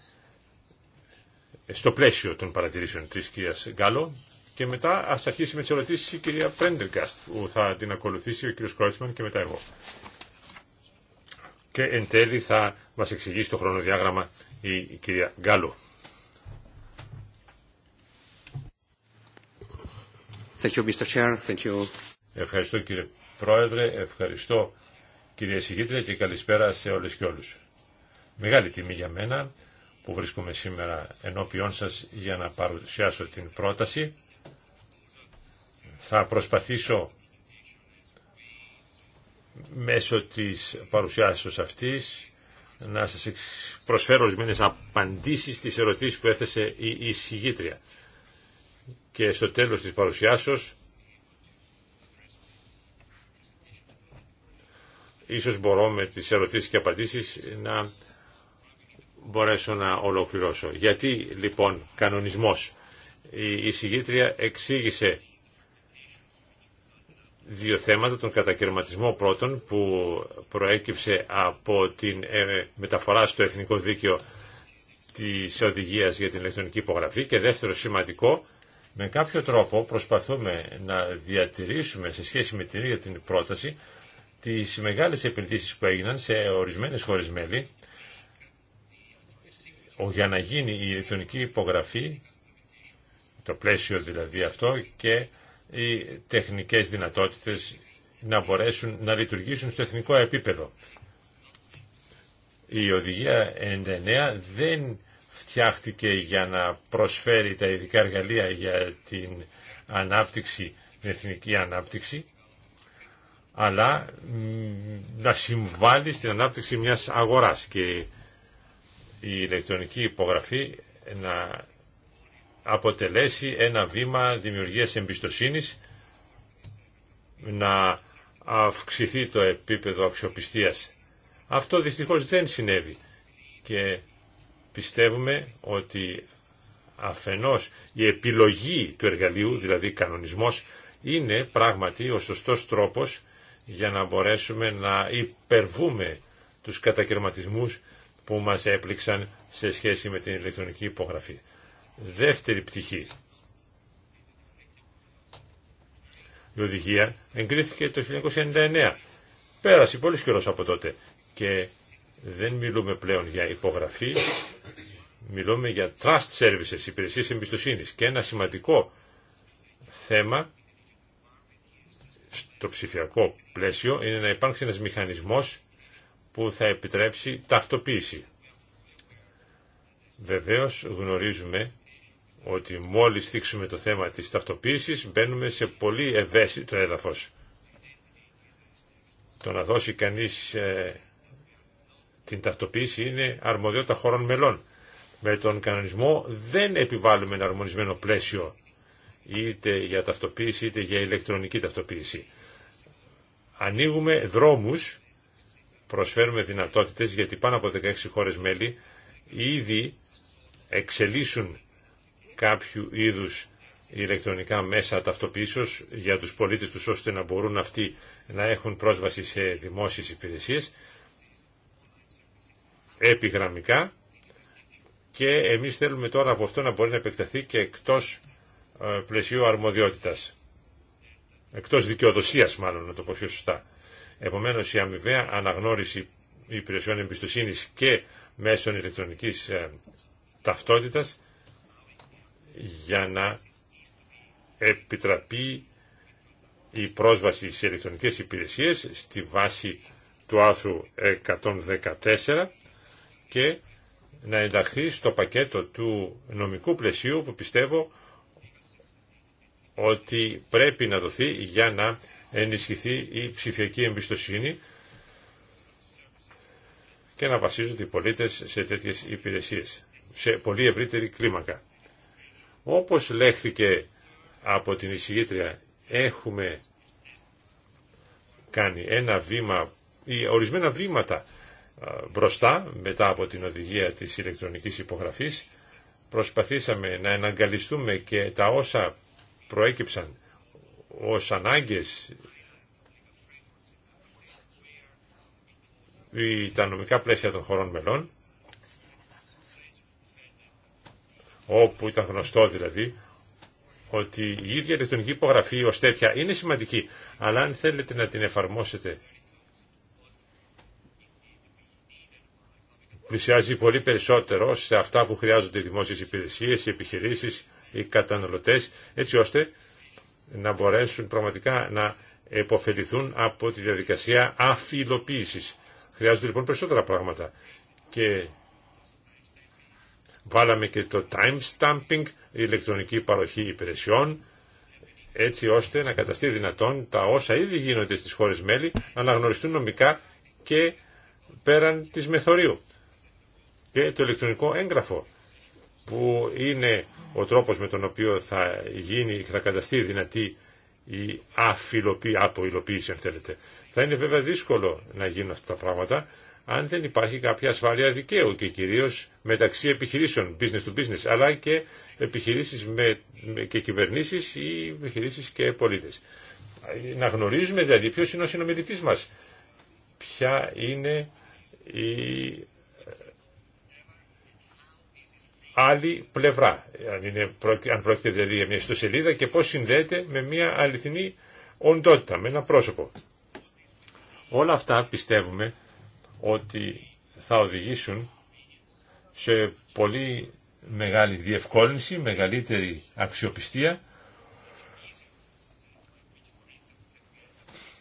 Speaker 2: στο πλαίσιο των παρατηρήσεων της κυρίας Γκάλο και μετά ας αρχίσει με τις ερωτήσεις η κυρία Πρέντεργκαστ που θα την ακολουθήσει ο κύριος Κρότσμαν και μετά εγώ και εν τέλει θα μας εξηγήσει το χρονοδιάγραμμα η κυρία Γκάλου. Ευχαριστώ κύριε Πρόεδρε, ευχαριστώ κυρία Συγήτρια και καλησπέρα σε όλες και όλους. Μεγάλη τιμή για μένα που βρίσκομαι σήμερα ενώπιόν σας για να παρουσιάσω την πρόταση. Θα προσπαθήσω μέσω της παρουσιάσεως αυτής να σας προσφέρω ορισμένε απαντήσεις στις ερωτήσεις που έθεσε η εισηγήτρια. Και στο τέλος της παρουσιάσεως ίσως μπορώ με τις ερωτήσεις και απαντήσεις να μπορέσω να ολοκληρώσω. Γιατί λοιπόν κανονισμός. Η εισηγήτρια εξήγησε δύο θέματα, τον κατακαιρματισμό πρώτον που προέκυψε από την ε, μεταφορά στο εθνικό δίκαιο της οδηγίας για την ηλεκτρονική υπογραφή και δεύτερο σημαντικό, με κάποιο τρόπο προσπαθούμε να διατηρήσουμε σε σχέση με την ίδια την πρόταση τις μεγάλες επενδύσεις που έγιναν σε ορισμένες χώρες μέλη για να γίνει η ηλεκτρονική υπογραφή, το πλαίσιο δηλαδή αυτό και οι τεχνικές δυνατότητες να μπορέσουν να λειτουργήσουν στο εθνικό επίπεδο. Η Οδηγία 99 δεν φτιάχτηκε για να προσφέρει τα ειδικά εργαλεία για την ανάπτυξη, την εθνική ανάπτυξη, αλλά να συμβάλλει στην ανάπτυξη μιας αγοράς και η ηλεκτρονική υπογραφή να αποτελέσει ένα βήμα δημιουργίας εμπιστοσύνης, να αυξηθεί το επίπεδο αξιοπιστίας. Αυτό δυστυχώς δεν συνέβη και πιστεύουμε ότι αφενός η επιλογή του εργαλείου, δηλαδή κανονισμός, είναι πράγματι ο σωστός τρόπος για να μπορέσουμε να υπερβούμε τους κατακαιρματισμούς που μας έπληξαν σε σχέση με την ηλεκτρονική υπογραφή. Δεύτερη πτυχή. Η οδηγία εγκρίθηκε το 1999. Πέρασε πολύ καιρό από τότε και δεν μιλούμε πλέον για υπογραφή, μιλούμε για trust services, υπηρεσίες εμπιστοσύνης και ένα σημαντικό θέμα στο ψηφιακό πλαίσιο είναι να υπάρξει ένας μηχανισμός που θα επιτρέψει ταυτοποίηση. Βεβαίως γνωρίζουμε ότι μόλις θίξουμε το θέμα της ταυτοποίησης μπαίνουμε σε πολύ ευαίσθητο έδαφος. Το να δώσει κανείς ε, την ταυτοποίηση είναι αρμοδιότητα χωρών μελών. Με τον κανονισμό δεν επιβάλλουμε ένα αρμονισμένο πλαίσιο είτε για ταυτοποίηση είτε για ηλεκτρονική ταυτοποίηση. Ανοίγουμε δρόμους, προσφέρουμε δυνατότητες γιατί πάνω από 16 χώρες μέλη ήδη εξελίσσουν κάποιου είδους ηλεκτρονικά μέσα ταυτοποιήσεως για τους πολίτες τους ώστε να μπορούν αυτοί να έχουν πρόσβαση σε δημόσιες υπηρεσίες επιγραμμικά και εμείς θέλουμε τώρα από αυτό να μπορεί να επεκταθεί και εκτός ε, πλαισίου αρμοδιότητας. Εκτός δικαιοδοσίας μάλλον να το πω πιο σωστά. Επομένως η αμοιβαία αναγνώριση υπηρεσιών εμπιστοσύνης και μέσων ηλεκτρονικής ε, ταυτότητας για να επιτραπεί η πρόσβαση σε ηλεκτρονικές υπηρεσίες στη βάση του άρθρου 114 και να ενταχθεί στο πακέτο του νομικού πλαισίου που πιστεύω ότι πρέπει να δοθεί για να ενισχυθεί η ψηφιακή εμπιστοσύνη και να βασίζονται οι πολίτες σε τέτοιες υπηρεσίες, σε πολύ ευρύτερη κλίμακα. Όπως λέχθηκε από την εισηγήτρια, έχουμε κάνει ένα βήμα ή ορισμένα βήματα μπροστά μετά από την οδηγία της ηλεκτρονικής υπογραφής. Προσπαθήσαμε να εναγκαλιστούμε και τα όσα προέκυψαν ως ανάγκες ή τα νομικά πλαίσια των χωρών μελών όπου ήταν γνωστό δηλαδή ότι η ίδια ηλεκτρονική υπογραφή ως τέτοια είναι σημαντική, αλλά αν θέλετε να την εφαρμόσετε πλησιάζει πολύ περισσότερο σε αυτά που χρειάζονται οι δημόσιες υπηρεσίες, οι επιχειρήσεις, οι καταναλωτές, έτσι ώστε να μπορέσουν πραγματικά να επωφεληθούν από τη διαδικασία αφιλοποίησης. Χρειάζονται λοιπόν περισσότερα πράγματα και Βάλαμε και το time stamping, η ηλεκτρονική παροχή υπηρεσιών, έτσι ώστε να καταστεί δυνατόν τα όσα ήδη γίνονται στις χώρες μέλη να αναγνωριστούν νομικά και πέραν της μεθορίου. Και το ηλεκτρονικό έγγραφο που είναι ο τρόπος με τον οποίο θα γίνει θα καταστεί δυνατή η αφιλοποίηση, αποϊλοποίηση αν θέλετε. Θα είναι βέβαια δύσκολο να γίνουν αυτά τα πράγματα αν δεν υπάρχει κάποια ασφάλεια δικαίου και κυρίως μεταξύ επιχειρήσεων, business to business, αλλά και επιχειρήσεις με, και κυβερνήσεις ή επιχειρήσεις και πολίτες. Να γνωρίζουμε δηλαδή ποιος είναι ο συνομιλητής μας, ποια είναι η ε, άλλη πλευρά, αν, αν πρόκειται δηλαδή για μια ιστοσελίδα και πώς συνδέεται με μια αληθινή οντότητα, με ένα πρόσωπο. Όλα αυτά πιστεύουμε ότι θα οδηγήσουν σε πολύ μεγάλη διευκόλυνση, μεγαλύτερη αξιοπιστία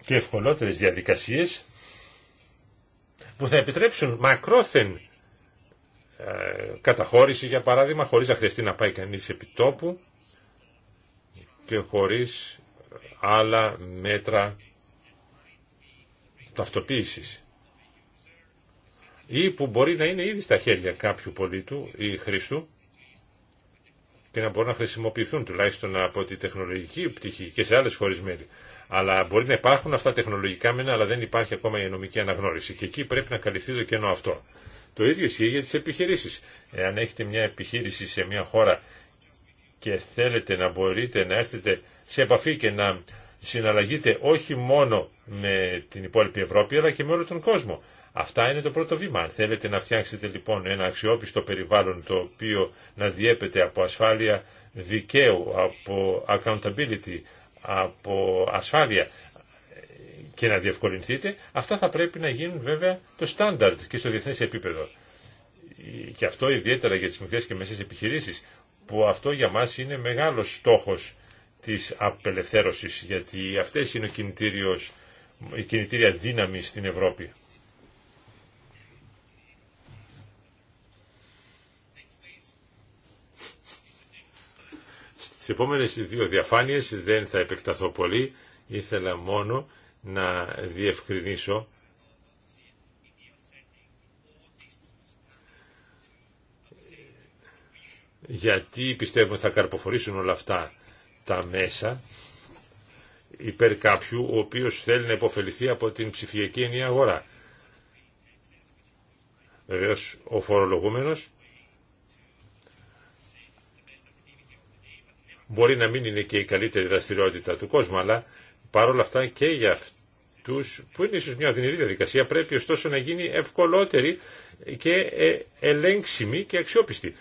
Speaker 2: και ευκολότερες διαδικασίες που θα επιτρέψουν μακρόθεν ε, καταχώρηση για παράδειγμα χωρίς να χρειαστεί να πάει κανείς επί τόπου και χωρίς άλλα μέτρα ταυτοποίησης ή που μπορεί να είναι ήδη στα χέρια κάποιου πολίτου ή χρήστου και να μπορούν να χρησιμοποιηθούν τουλάχιστον από τη τεχνολογική πτυχή και σε άλλες χώρες μέλη. Αλλά μπορεί να υπάρχουν αυτά τεχνολογικά μένα, αλλά δεν υπάρχει ακόμα η νομική αναγνώριση. Και εκεί πρέπει να καλυφθεί το κενό αυτό. Το ίδιο ισχύει για τις επιχειρήσεις. Εάν έχετε μια επιχείρηση σε μια χώρα και θέλετε να μπορείτε να έρθετε σε επαφή και να συναλλαγείτε όχι μόνο με την υπόλοιπη Ευρώπη, αλλά και με όλο τον κόσμο. Αυτά είναι το πρώτο βήμα. Αν θέλετε να φτιάξετε λοιπόν ένα αξιόπιστο περιβάλλον το οποίο να διέπεται από ασφάλεια δικαίου, από accountability, από ασφάλεια και να διευκολυνθείτε, αυτά θα πρέπει να γίνουν βέβαια το στάνταρτ και στο διεθνές επίπεδο. Και αυτό ιδιαίτερα για τις μικρές και μεσές επιχειρήσεις, που αυτό για μας είναι μεγάλος στόχος της απελευθέρωσης, γιατί αυτές είναι ο η κινητήρια δύναμη στην Ευρώπη. Στις επόμενες δύο διαφάνειες δεν θα επεκταθώ πολύ, ήθελα μόνο να διευκρινίσω γιατί πιστεύουμε θα καρποφορήσουν όλα αυτά τα μέσα υπέρ κάποιου ο οποίος θέλει να υποφεληθεί από την ψηφιακή ενιαία αγορά. Βεβαίως ο φορολογούμενος Μπορεί να μην είναι και η καλύτερη δραστηριότητα του κόσμου, αλλά παρόλα αυτά και για αυτού, που είναι ίσω μια οδυνηρή διαδικασία πρέπει ωστόσο να γίνει ευκολότερη και ε, ελέγξιμη και αξιόπιστη.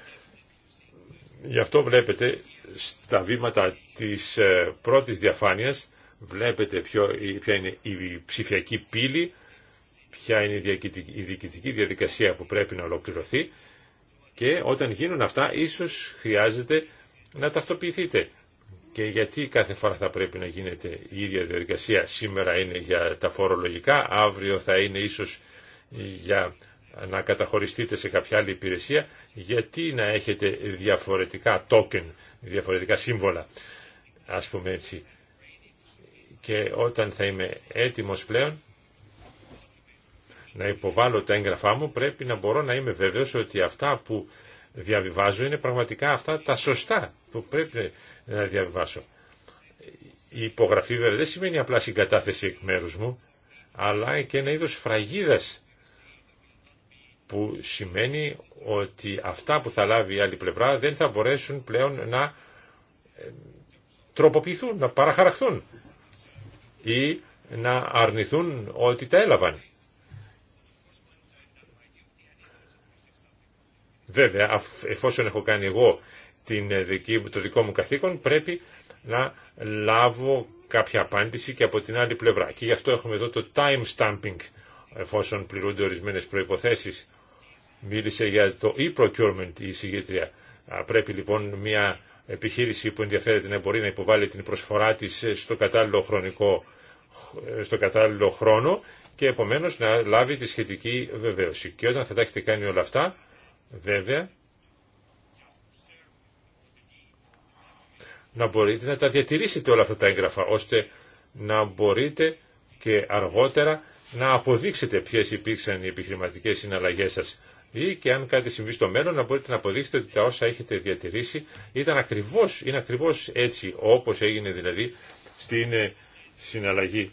Speaker 2: Γι' αυτό βλέπετε στα βήματα της ε, πρώτης διαφάνειας βλέπετε ποιο, ποια είναι η ψηφιακή πύλη, ποια είναι η διοικητική διαδικασία που πρέπει να ολοκληρωθεί και όταν γίνουν αυτά ίσως χρειάζεται να ταυτοποιηθείτε. Και γιατί κάθε φορά θα πρέπει να γίνεται η ίδια διαδικασία. Σήμερα είναι για τα φορολογικά, αύριο θα είναι ίσως για να καταχωριστείτε σε κάποια άλλη υπηρεσία. Γιατί να έχετε διαφορετικά token, διαφορετικά σύμβολα, ας πούμε έτσι. Και όταν θα είμαι έτοιμος πλέον να υποβάλω τα έγγραφά μου, πρέπει να μπορώ να είμαι βέβαιος ότι αυτά που διαβιβάζω είναι πραγματικά αυτά τα σωστά που πρέπει να διαβάσω. Η υπογραφή βέβαια δεν σημαίνει απλά συγκατάθεση εκ μέρου μου, αλλά και ένα είδος φραγίδας που σημαίνει ότι αυτά που θα λάβει η άλλη πλευρά δεν θα μπορέσουν πλέον να ε, τροποποιηθούν, να παραχαραχθούν ή να αρνηθούν ότι τα έλαβαν. Βέβαια, εφόσον έχω κάνει εγώ την ε, το δικό μου καθήκον, πρέπει να λάβω κάποια απάντηση και από την άλλη πλευρά. Και γι' αυτό έχουμε εδώ το time stamping, εφόσον πληρούνται ορισμένες προϋποθέσεις. Μίλησε για το e-procurement η συγγετρία. Πρέπει λοιπόν μια επιχείρηση που ενδιαφέρεται να μπορεί να υποβάλει την προσφορά της ε, στο κατάλληλο, χρονικό, ε, στο κατάλληλο χρόνο και επομένως να λάβει τη σχετική βεβαίωση. Και όταν θα τα έχετε κάνει όλα αυτά, βέβαια, να μπορείτε να τα διατηρήσετε όλα αυτά τα έγγραφα, ώστε να μπορείτε και αργότερα να αποδείξετε ποιες υπήρξαν οι επιχειρηματικές συναλλαγές σας ή και αν κάτι συμβεί στο μέλλον να μπορείτε να αποδείξετε ότι τα όσα έχετε διατηρήσει ήταν ακριβώς, είναι ακριβώς έτσι όπως έγινε δηλαδή στην ε, συναλλαγή.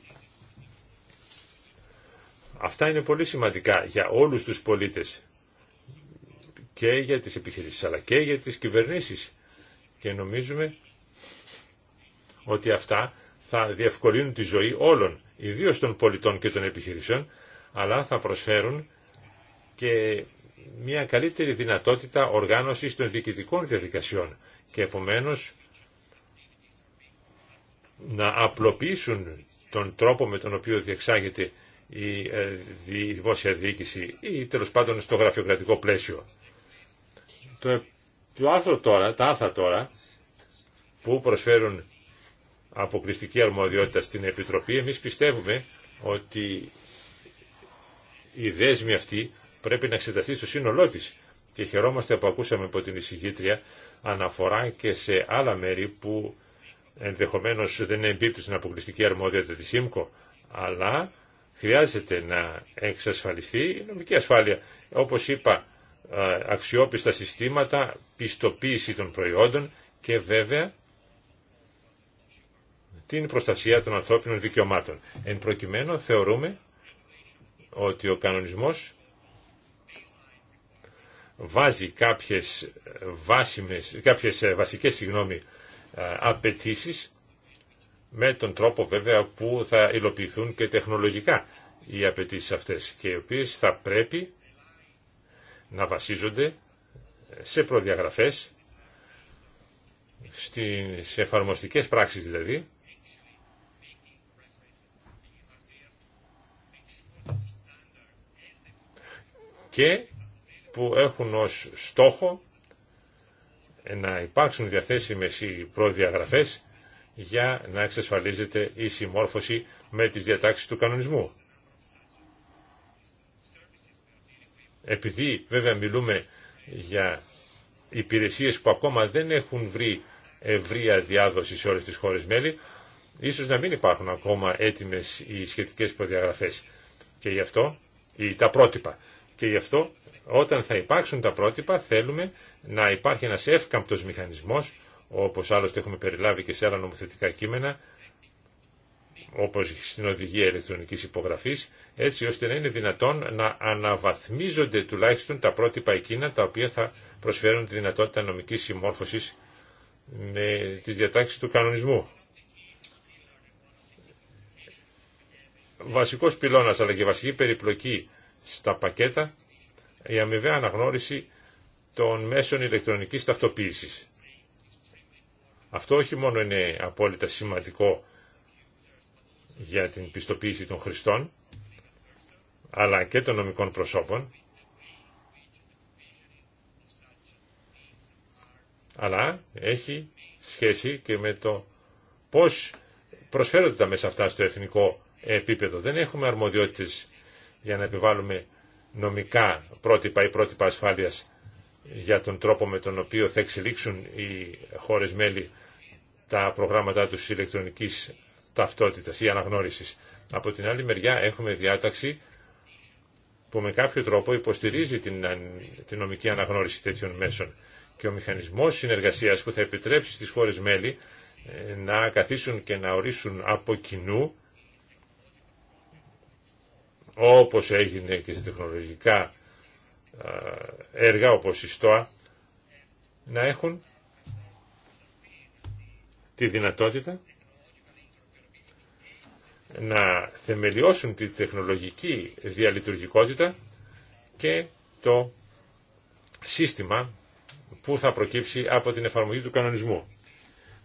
Speaker 2: Αυτά είναι πολύ σημαντικά για όλους τους πολίτες και για τις επιχειρήσεις αλλά και για τις κυβερνήσεις και νομίζουμε ότι αυτά θα διευκολύνουν τη ζωή όλων, ιδίως των πολιτών και των επιχειρήσεων, αλλά θα προσφέρουν και μια καλύτερη δυνατότητα οργάνωσης των διοικητικών διαδικασιών και επομένως να απλοποιήσουν τον τρόπο με τον οποίο διεξάγεται η ε, δημόσια διοίκηση ή τέλος πάντων στο γραφειοκρατικό πλαίσιο. Το άρθρο τώρα, τα άρθρα τώρα που προσφέρουν αποκλειστική αρμοδιότητα στην Επιτροπή. Εμείς πιστεύουμε ότι η δέσμη αυτή πρέπει να εξεταστεί στο σύνολό της και χαιρόμαστε που ακούσαμε από την εισηγήτρια αναφορά και σε άλλα μέρη που ενδεχομένως δεν είναι εμπίπτωση στην αποκλειστική αρμόδιότητα της ΣΥΜΚΟ, αλλά χρειάζεται να εξασφαλιστεί η νομική ασφάλεια. Όπως είπα, ε, αξιόπιστα συστήματα, πιστοποίηση των προϊόντων και βέβαια την προστασία των ανθρώπινων δικαιωμάτων. Εν προκειμένου θεωρούμε ότι ο κανονισμός βάζει κάποιες, βάσιμες, κάποιες ε, βασικές συγγνώμη, ε, απαιτήσεις με τον τρόπο βέβαια που θα υλοποιηθούν και τεχνολογικά οι απαιτήσει αυτές και οι οποίες θα πρέπει να βασίζονται σε προδιαγραφές, στις εφαρμοστικές πράξεις δηλαδή, και που έχουν ως στόχο να υπάρξουν διαθέσιμες οι προδιαγραφές για να εξασφαλίζεται η συμμόρφωση με τις διατάξεις του κανονισμού. Επειδή βέβαια μιλούμε για υπηρεσίες που ακόμα δεν έχουν βρει ευρία διάδοση σε όλες τις χώρες μέλη, ίσως να μην υπάρχουν ακόμα έτοιμες οι σχετικές προδιαγραφές. Και γι' αυτό ή τα πρότυπα. Και γι' αυτό όταν θα υπάρξουν τα πρότυπα θέλουμε να υπάρχει ένας εύκαμπτος μηχανισμός, όπως άλλωστε έχουμε περιλάβει και σε άλλα νομοθετικά κείμενα, όπως στην οδηγία ηλεκτρονικής υπογραφής, έτσι ώστε να είναι δυνατόν να αναβαθμίζονται τουλάχιστον τα πρότυπα εκείνα τα οποία θα προσφέρουν τη δυνατότητα νομικής συμμόρφωσης με τις διατάξεις του κανονισμού. Βασικός πυλώνας αλλά και βασική περιπλοκή στα πακέτα η αμοιβαία αναγνώριση των μέσων ηλεκτρονικής ταυτοποίησης. Αυτό όχι μόνο είναι απόλυτα σημαντικό για την πιστοποίηση των χρηστών, αλλά και των νομικών προσώπων, αλλά έχει σχέση και με το πώς προσφέρονται τα μέσα αυτά στο εθνικό επίπεδο. Δεν έχουμε αρμοδιότητες για να επιβάλλουμε νομικά πρότυπα ή πρότυπα ασφάλειας για τον τρόπο με τον οποίο θα εξελίξουν οι χώρες μέλη τα προγράμματά τους ηλεκτρονικής ταυτότητας ή αναγνώρισης. Από την άλλη μεριά έχουμε διάταξη που με κάποιο τρόπο υποστηρίζει την, την νομική αναγνώριση τέτοιων μέσων και ο μηχανισμός συνεργασίας που θα επιτρέψει στις χώρες μέλη ε, να καθίσουν και να ορίσουν από κοινού όπως έγινε και σε τεχνολογικά έργα όπως η ΣΤΟΑ, να έχουν τη δυνατότητα να θεμελιώσουν τη τεχνολογική διαλειτουργικότητα και το σύστημα που θα προκύψει από την εφαρμογή του κανονισμού.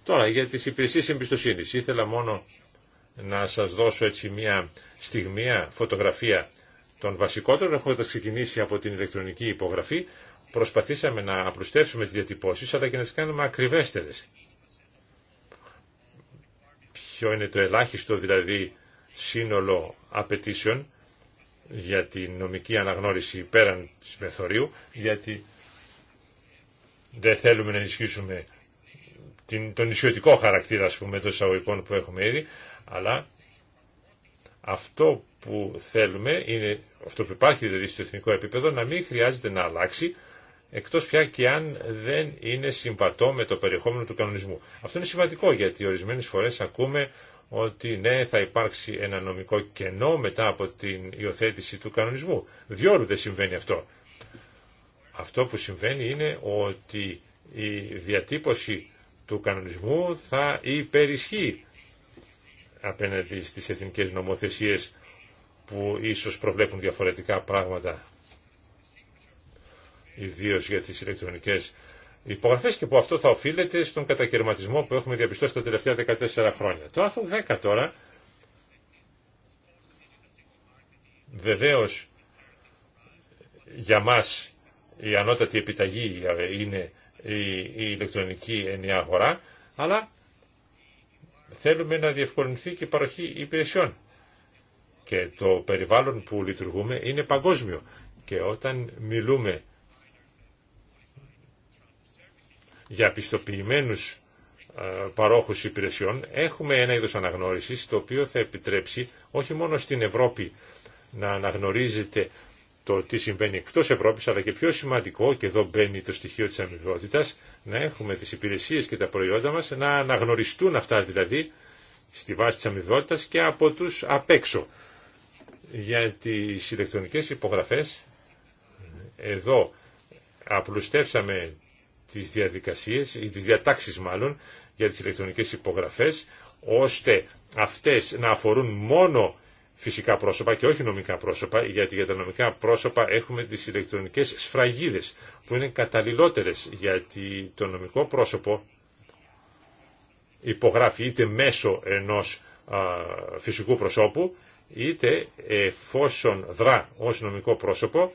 Speaker 2: Τώρα, για τις υπηρεσίες εμπιστοσύνης, ήθελα μόνο να σας δώσω έτσι μια στιγμή φωτογραφία των βασικότερων έχοντα ξεκινήσει από την ηλεκτρονική υπογραφή προσπαθήσαμε να απλουστεύσουμε τις διατυπώσεις αλλά και να τις κάνουμε ακριβέστερες. Ποιο είναι το ελάχιστο δηλαδή σύνολο απαιτήσεων για την νομική αναγνώριση πέραν της μεθορίου γιατί δεν θέλουμε να ενισχύσουμε τον ισιωτικό χαρακτήρα ας πούμε, των εισαγωγικών που έχουμε ήδη αλλά αυτό που θέλουμε είναι, αυτό που υπάρχει δηλαδή στο εθνικό επίπεδο, να μην χρειάζεται να αλλάξει, εκτός πια και αν δεν είναι συμβατό με το περιεχόμενο του κανονισμού. Αυτό είναι σημαντικό γιατί ορισμένες φορές ακούμε ότι ναι θα υπάρξει ένα νομικό κενό μετά από την υιοθέτηση του κανονισμού. Διόλου δεν συμβαίνει αυτό. Αυτό που συμβαίνει είναι ότι η διατύπωση του κανονισμού θα υπερισχύει απέναντι στις εθνικές νομοθεσίες που ίσως προβλέπουν διαφορετικά πράγματα, ιδίως για τις ηλεκτρονικές υπογραφές και που αυτό θα οφείλεται στον κατακαιρματισμό που έχουμε διαπιστώσει τα τελευταία 14 χρόνια. Το άρθρο 10 τώρα, βεβαίως για μας η ανώτατη επιταγή είναι η, ηλεκτρονική ενιαία αγορά, αλλά θέλουμε να διευκολυνθεί και η παροχή υπηρεσιών. Και το περιβάλλον που λειτουργούμε είναι παγκόσμιο. Και όταν μιλούμε για πιστοποιημένους ε, παρόχους υπηρεσιών, έχουμε ένα είδος αναγνώρισης το οποίο θα επιτρέψει όχι μόνο στην Ευρώπη να αναγνωρίζεται το τι συμβαίνει εκτός Ευρώπης, αλλά και πιο σημαντικό, και εδώ μπαίνει το στοιχείο της αμοιβότητας, να έχουμε τις υπηρεσίες και τα προϊόντα μας, να αναγνωριστούν αυτά δηλαδή, στη βάση της αμοιβότητας και από τους απ' έξω. Για τις ηλεκτρονικές υπογραφές, εδώ απλουστεύσαμε τις διαδικασίες, ή τις διατάξεις μάλλον, για τις ηλεκτρονικές υπογραφές, ώστε αυτές να αφορούν μόνο φυσικά πρόσωπα και όχι νομικά πρόσωπα, γιατί για τα νομικά πρόσωπα έχουμε τις ηλεκτρονικές σφραγίδες που είναι καταλληλότερες, γιατί το νομικό πρόσωπο υπογράφει είτε μέσω ενός φυσικού προσώπου, είτε εφόσον δρά ως νομικό πρόσωπο,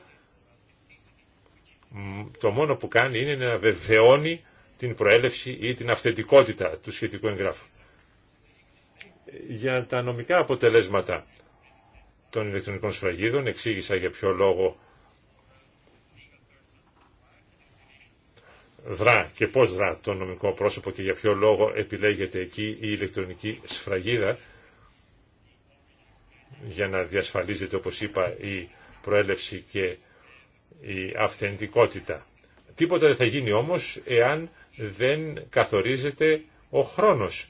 Speaker 2: το μόνο που κάνει είναι να βεβαιώνει την προέλευση ή την αυθεντικότητα του σχετικού εγγράφου. Για τα νομικά αποτελέσματα των ηλεκτρονικών σφραγίδων. Εξήγησα για ποιο λόγο δρά και πώς δρά το νομικό πρόσωπο και για ποιο λόγο επιλέγεται εκεί η ηλεκτρονική σφραγίδα για να διασφαλίζεται, όπως είπα, η προέλευση και η αυθεντικότητα. Τίποτα δεν θα γίνει όμως εάν δεν καθορίζεται ο χρόνος.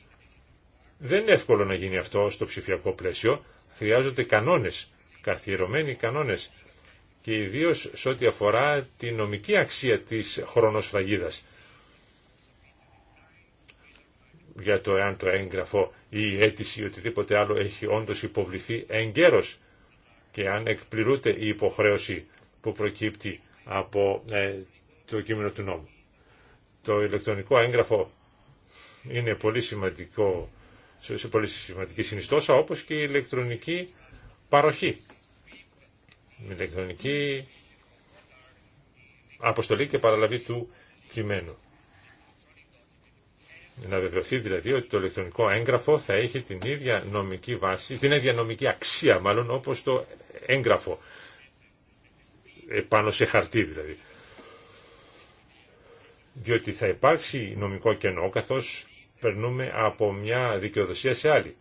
Speaker 2: Δεν είναι εύκολο να γίνει αυτό στο ψηφιακό πλαίσιο χρειάζονται κανόνες, καθιερωμένοι κανόνες και ιδίως σε ό,τι αφορά τη νομική αξία της χρονοσφραγίδα. για το εάν το έγγραφο ή η αίτηση ή οτιδήποτε άλλο έχει όντως υποβληθεί εγκαίρως και αν εκπληρούνται η υποχρέωση που προκύπτει από ε, το κείμενο του νόμου. Το ηλεκτρονικό έγγραφο είναι πολύ σημαντικό σε πολύ σημαντική συνιστόσα, όπως και η ηλεκτρονική παροχή. Η ηλεκτρονική αποστολή και παραλαβή του κειμένου. Να βεβαιωθεί δηλαδή ότι το ηλεκτρονικό έγγραφο θα έχει την ίδια νομική βάση, την ίδια νομική αξία μάλλον όπως το έγγραφο πάνω σε χαρτί δηλαδή. Διότι θα υπάρξει νομικό κενό καθώς περνούμε από μια δικαιοδοσία σε άλλη.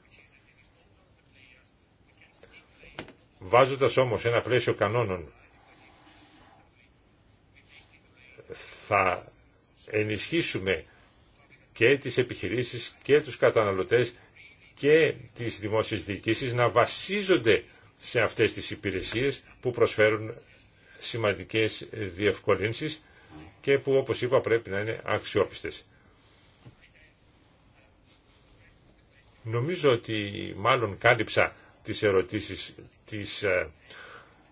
Speaker 2: Βάζοντας όμως ένα πλαίσιο κανόνων θα ενισχύσουμε και τις επιχειρήσεις και τους καταναλωτές και τις δημόσιες διοικήσεις να βασίζονται σε αυτές τις υπηρεσίες που προσφέρουν σημαντικές διευκολύνσεις και που όπως είπα πρέπει να είναι αξιόπιστες. Νομίζω ότι μάλλον κάλυψα τις ερωτήσεις της ε,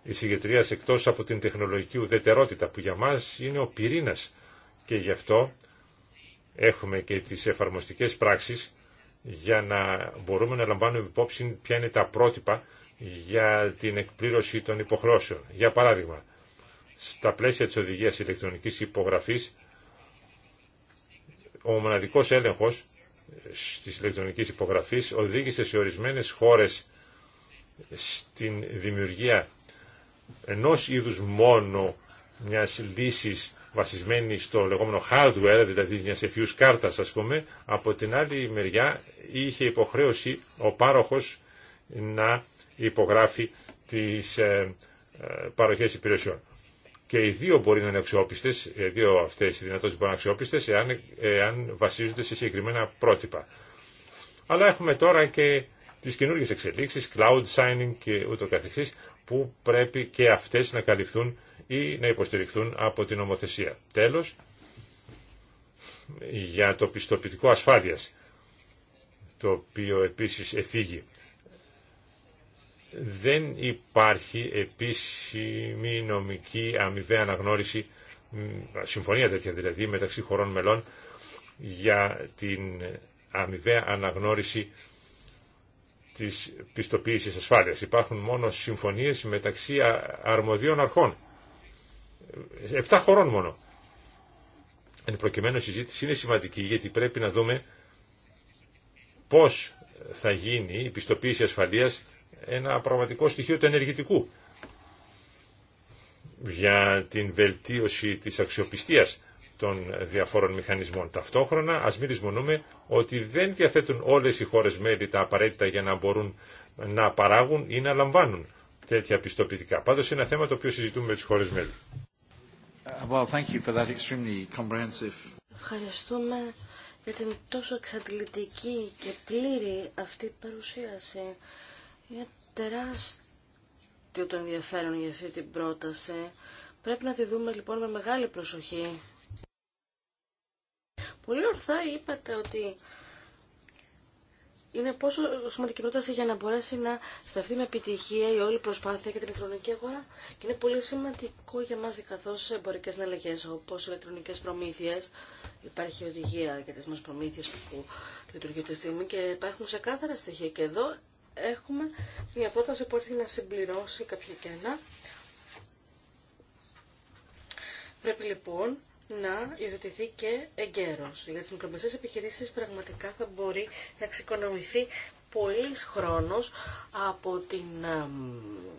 Speaker 2: εισηγητρίας εκτός από την τεχνολογική ουδετερότητα που για μας είναι ο πυρήνας και γι' αυτό έχουμε και τις εφαρμοστικές πράξεις για να μπορούμε να λαμβάνουμε υπόψη ποια είναι τα πρότυπα για την εκπλήρωση των υποχρεώσεων. Για παράδειγμα, στα πλαίσια της οδηγίας ηλεκτρονικής υπογραφής ο μοναδικός έλεγχος στις ηλεκτρονικές υπογραφής οδήγησε σε ορισμένες χώρες στην δημιουργία ενός είδους μόνο μιας λύσης βασισμένη στο λεγόμενο hardware, δηλαδή μια εφιούς κάρτας ας πούμε, από την άλλη μεριά είχε υποχρέωση ο πάροχος να υπογράφει τις ε, ε, παροχές υπηρεσιών και οι δύο μπορεί να είναι αξιόπιστε, ε, οι δύο αυτέ οι δυνατότητε μπορεί να είναι αξιόπιστε, εάν, εάν βασίζονται σε συγκεκριμένα πρότυπα. Αλλά έχουμε τώρα και τι καινούργιε εξελίξει, cloud signing και ούτω καθεξή, που πρέπει και αυτέ να καλυφθούν ή να υποστηριχθούν από την νομοθεσία. Τέλο, για το πιστοποιητικό ασφάλεια, το οποίο επίση εφήγει δεν υπάρχει επίσημη νομική αμοιβαία αναγνώριση, συμφωνία τέτοια δηλαδή, μεταξύ χωρών μελών για την αμοιβαία αναγνώριση της πιστοποίησης ασφάλειας. Υπάρχουν μόνο συμφωνίες μεταξύ αρμοδίων αρχών. Επτά χωρών μόνο. Εν προκειμένου συζήτηση είναι σημαντική γιατί πρέπει να δούμε πώς θα γίνει η πιστοποίηση ασφαλείας ένα πραγματικό στοιχείο του ενεργητικού για την βελτίωση της αξιοπιστίας των διαφόρων μηχανισμών. Ταυτόχρονα, ας μην δυσμονούμε ότι δεν διαθέτουν όλες οι χώρες μέλη τα απαραίτητα για να μπορούν να παράγουν ή να λαμβάνουν τέτοια πιστοποιητικά. Πάντως είναι ένα θέμα το οποίο συζητούμε με τις χώρες μέλη.
Speaker 1: Uh,
Speaker 3: Ευχαριστούμε για την τόσο εξαντλητική και πλήρη αυτή παρουσίαση. Είναι τεράστιο το ενδιαφέρον για αυτή την πρόταση. Πρέπει να τη δούμε λοιπόν με μεγάλη προσοχή. Πολύ ορθά είπατε ότι είναι πόσο σημαντική πρόταση για να μπορέσει να σταθεί με επιτυχία η όλη προσπάθεια για την ηλεκτρονική αγορά. Και είναι πολύ σημαντικό για μας καθώς σε εμπορικές συναλλαγές όπως ηλεκτρονικές προμήθειες. Υπάρχει οδηγία για τις μας προμήθειες που λειτουργεί τη στιγμή και υπάρχουν σε κάθαρα στοιχεία. Και εδώ έχουμε μια πρόταση που έρθει να συμπληρώσει κάποια κένα. Πρέπει λοιπόν να υιοθετηθεί και εγκαίρος. Για τις μικρομεσαίες επιχειρήσεις πραγματικά θα μπορεί να ξεκονομηθεί πολύς χρόνος από την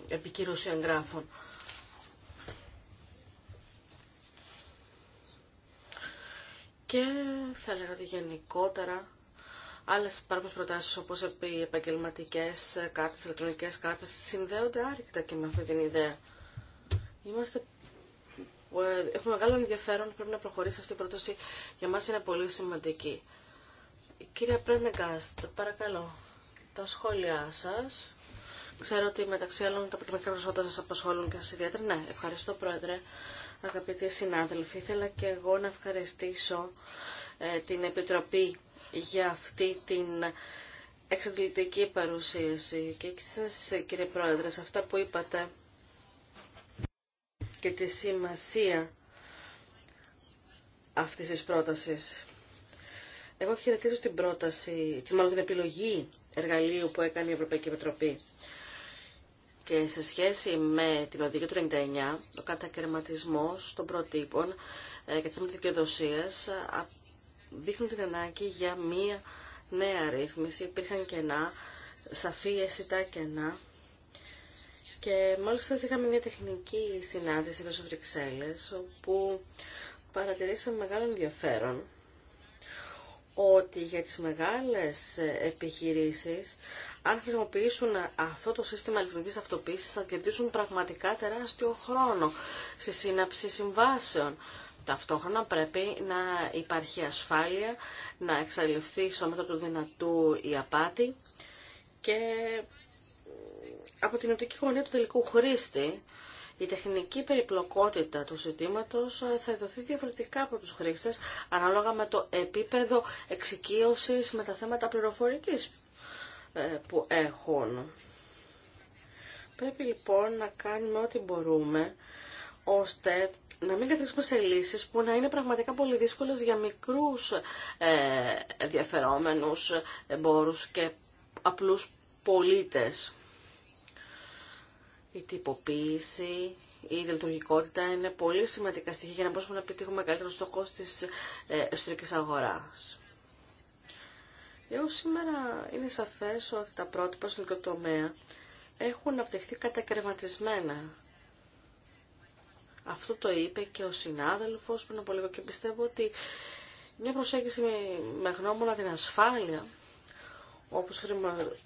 Speaker 3: επικύρωση εγγράφων. Και θα λέγατε γενικότερα Άλλες παρόμοιες προτάσεις όπως επί επαγγελματικές κάρτες, ηλεκτρονικές κάρτες συνδέονται άρρηκτα και με αυτή την ιδέα. Είμαστε... Ε, έχουμε μεγάλο ενδιαφέρον, πρέπει να προχωρήσει αυτή η πρόταση. Για μας είναι πολύ σημαντική. Κύριε Πρέντεγκαστ, παρακαλώ, τα σχόλιά σας. Ξέρω ότι μεταξύ άλλων τα προκειμένα προσώπητα σας απασχολούν και σας ιδιαίτερα. Ναι, ευχαριστώ Πρόεδρε, αγαπητοί συνάδελφοι. Ήθελα και εγώ να ευχαριστήσω ε, την Επιτροπή για αυτή την εξαντλητική παρουσίαση. Και εξής, κύριε Πρόεδρε, σε αυτά που είπατε και τη σημασία αυτής της πρότασης. Εγώ χαιρετίζω την πρόταση, τη μάλλον την επιλογή εργαλείου που έκανε η Ευρωπαϊκή Επιτροπή. Και σε σχέση με την οδηγία του 99, ο κατακαιρματισμός των προτύπων ε, και θέματα δικαιοδοσία δείχνουν την ανάγκη για μία νέα ρύθμιση. Υπήρχαν κενά, σαφή αισθητά κενά. Και μάλιστα είχαμε μια τεχνική συνάντηση εδώ στο Βρυξέλλες, όπου παρατηρήσαμε μεγάλο ενδιαφέρον ότι για τις μεγάλες επιχειρήσεις, αν χρησιμοποιήσουν αυτό το σύστημα ηλεκτρονικής αυτοποίησης, θα κερδίσουν πραγματικά τεράστιο χρόνο στη σύναψη συμβάσεων. Ταυτόχρονα πρέπει να υπάρχει ασφάλεια, να εξαλειφθεί στο μέτρο του δυνατού η απάτη και από την οπτική γωνία του τελικού χρήστη η τεχνική περιπλοκότητα του συστήματος θα δοθεί διαφορετικά από τους χρήστες ανάλογα με το επίπεδο εξοικείωσης με τα θέματα πληροφορικής ε, που έχουν. Πρέπει λοιπόν να κάνουμε ό,τι μπορούμε ώστε να μην καταλήξουμε σε λύσεις που να είναι πραγματικά πολύ δύσκολες για μικρούς ε, ενδιαφερόμενους εμπόρους και απλούς πολίτες. Η τυποποίηση, η λειτουργικότητα είναι πολύ σημαντικά στοιχεία για να μπορούμε να επιτύχουμε καλύτερο στόχο της ε, εσωτερικής αγοράς. Εγώ σήμερα είναι σαφές ότι τα πρότυπα στον τομέα έχουν απτυχθεί κατακρεματισμένα. Αυτό το είπε και ο συνάδελφος πριν από λίγο και πιστεύω ότι μια προσέγγιση με γνώμονα την ασφάλεια όπως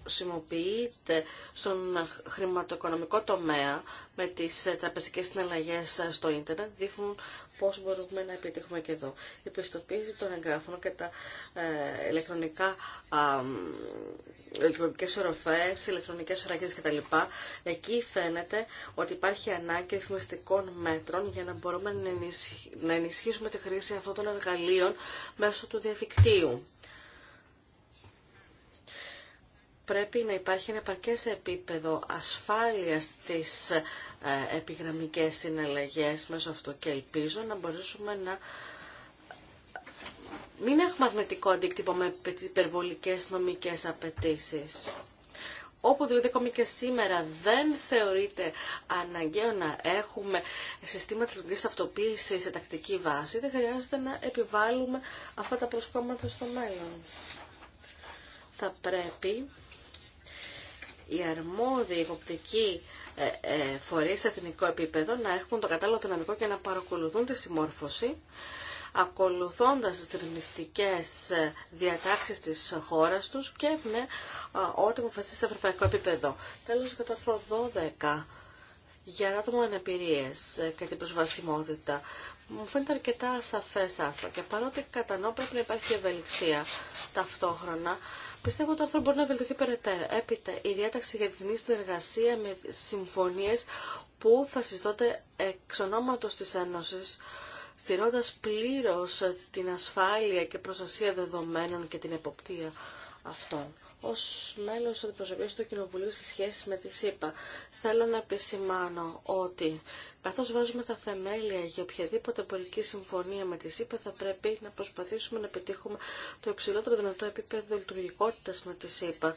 Speaker 3: χρησιμοποιείται στον χρηματοοικονομικό τομέα με τις ε, τραπεζικές συναλλαγές ε, στο ίντερνετ δείχνουν πώς μπορούμε να επιτύχουμε και εδώ. Η πιστοποίηση των εγγράφων και τα ε, ηλεκτρονικά, ε, ηλεκτρονικές οροφές, ηλεκτρονικές κτλ. Εκεί φαίνεται ότι υπάρχει ανάγκη ρυθμιστικών μέτρων για να μπορούμε να, ενισχύσουμε τη χρήση αυτών των εργαλείων μέσω του διαδικτύου. Πρέπει να υπάρχει ένα επαρκές επίπεδο ασφάλειας της ε, επιγραμμικές συναλλαγές μέσω αυτο και ελπίζω να μπορέσουμε να μην έχουμε αρνητικό αντίκτυπο με υπερβολικές νομικές απαιτήσεις. Όπου δηλαδή ακόμη και σήμερα δεν θεωρείται αναγκαίο να έχουμε συστήματα λειτουργική αυτοποίησης σε τακτική βάση, δεν χρειάζεται να επιβάλλουμε αυτά τα προσκόμματα στο μέλλον. Θα πρέπει η αρμόδιοι υποπτικοί ε, ε, φορείς σε εθνικό επίπεδο να έχουν το κατάλληλο δυναμικό και να παρακολουθούν τη συμμόρφωση ακολουθώντας τις ρυθμιστικές ε, διατάξεις της χώρας τους και με ό,τι αποφασίσει σε ευρωπαϊκό επίπεδο. Τέλος, κατά 12 για άτομα αναπηρίες και την προσβασιμότητα. Μου φαίνεται αρκετά σαφές άρθρο και παρότι κατανοώ πρέπει να υπάρχει ευελιξία ταυτόχρονα Πιστεύω ότι το άρθρο μπορεί να βελτιωθεί περαιτέρω. Έπειτα, η διάταξη για την συνεργασία με συμφωνίε που θα συζητώνται εξ ονόματο τη Ένωση, στηρώντα πλήρως την ασφάλεια και προστασία δεδομένων και την εποπτεία αυτών. Ω μέλο τη αντιπροσωπείας του Κοινοβουλίου στη σχέση με τη ΣΥΠΑ. Θέλω να επισημάνω ότι καθώ βάζουμε τα θεμέλια για οποιαδήποτε εμπορική συμφωνία με τη ΣΥΠΑ θα πρέπει να προσπαθήσουμε να πετύχουμε το υψηλότερο δυνατό επίπεδο λειτουργικότητα με τη ΣΥΠΑ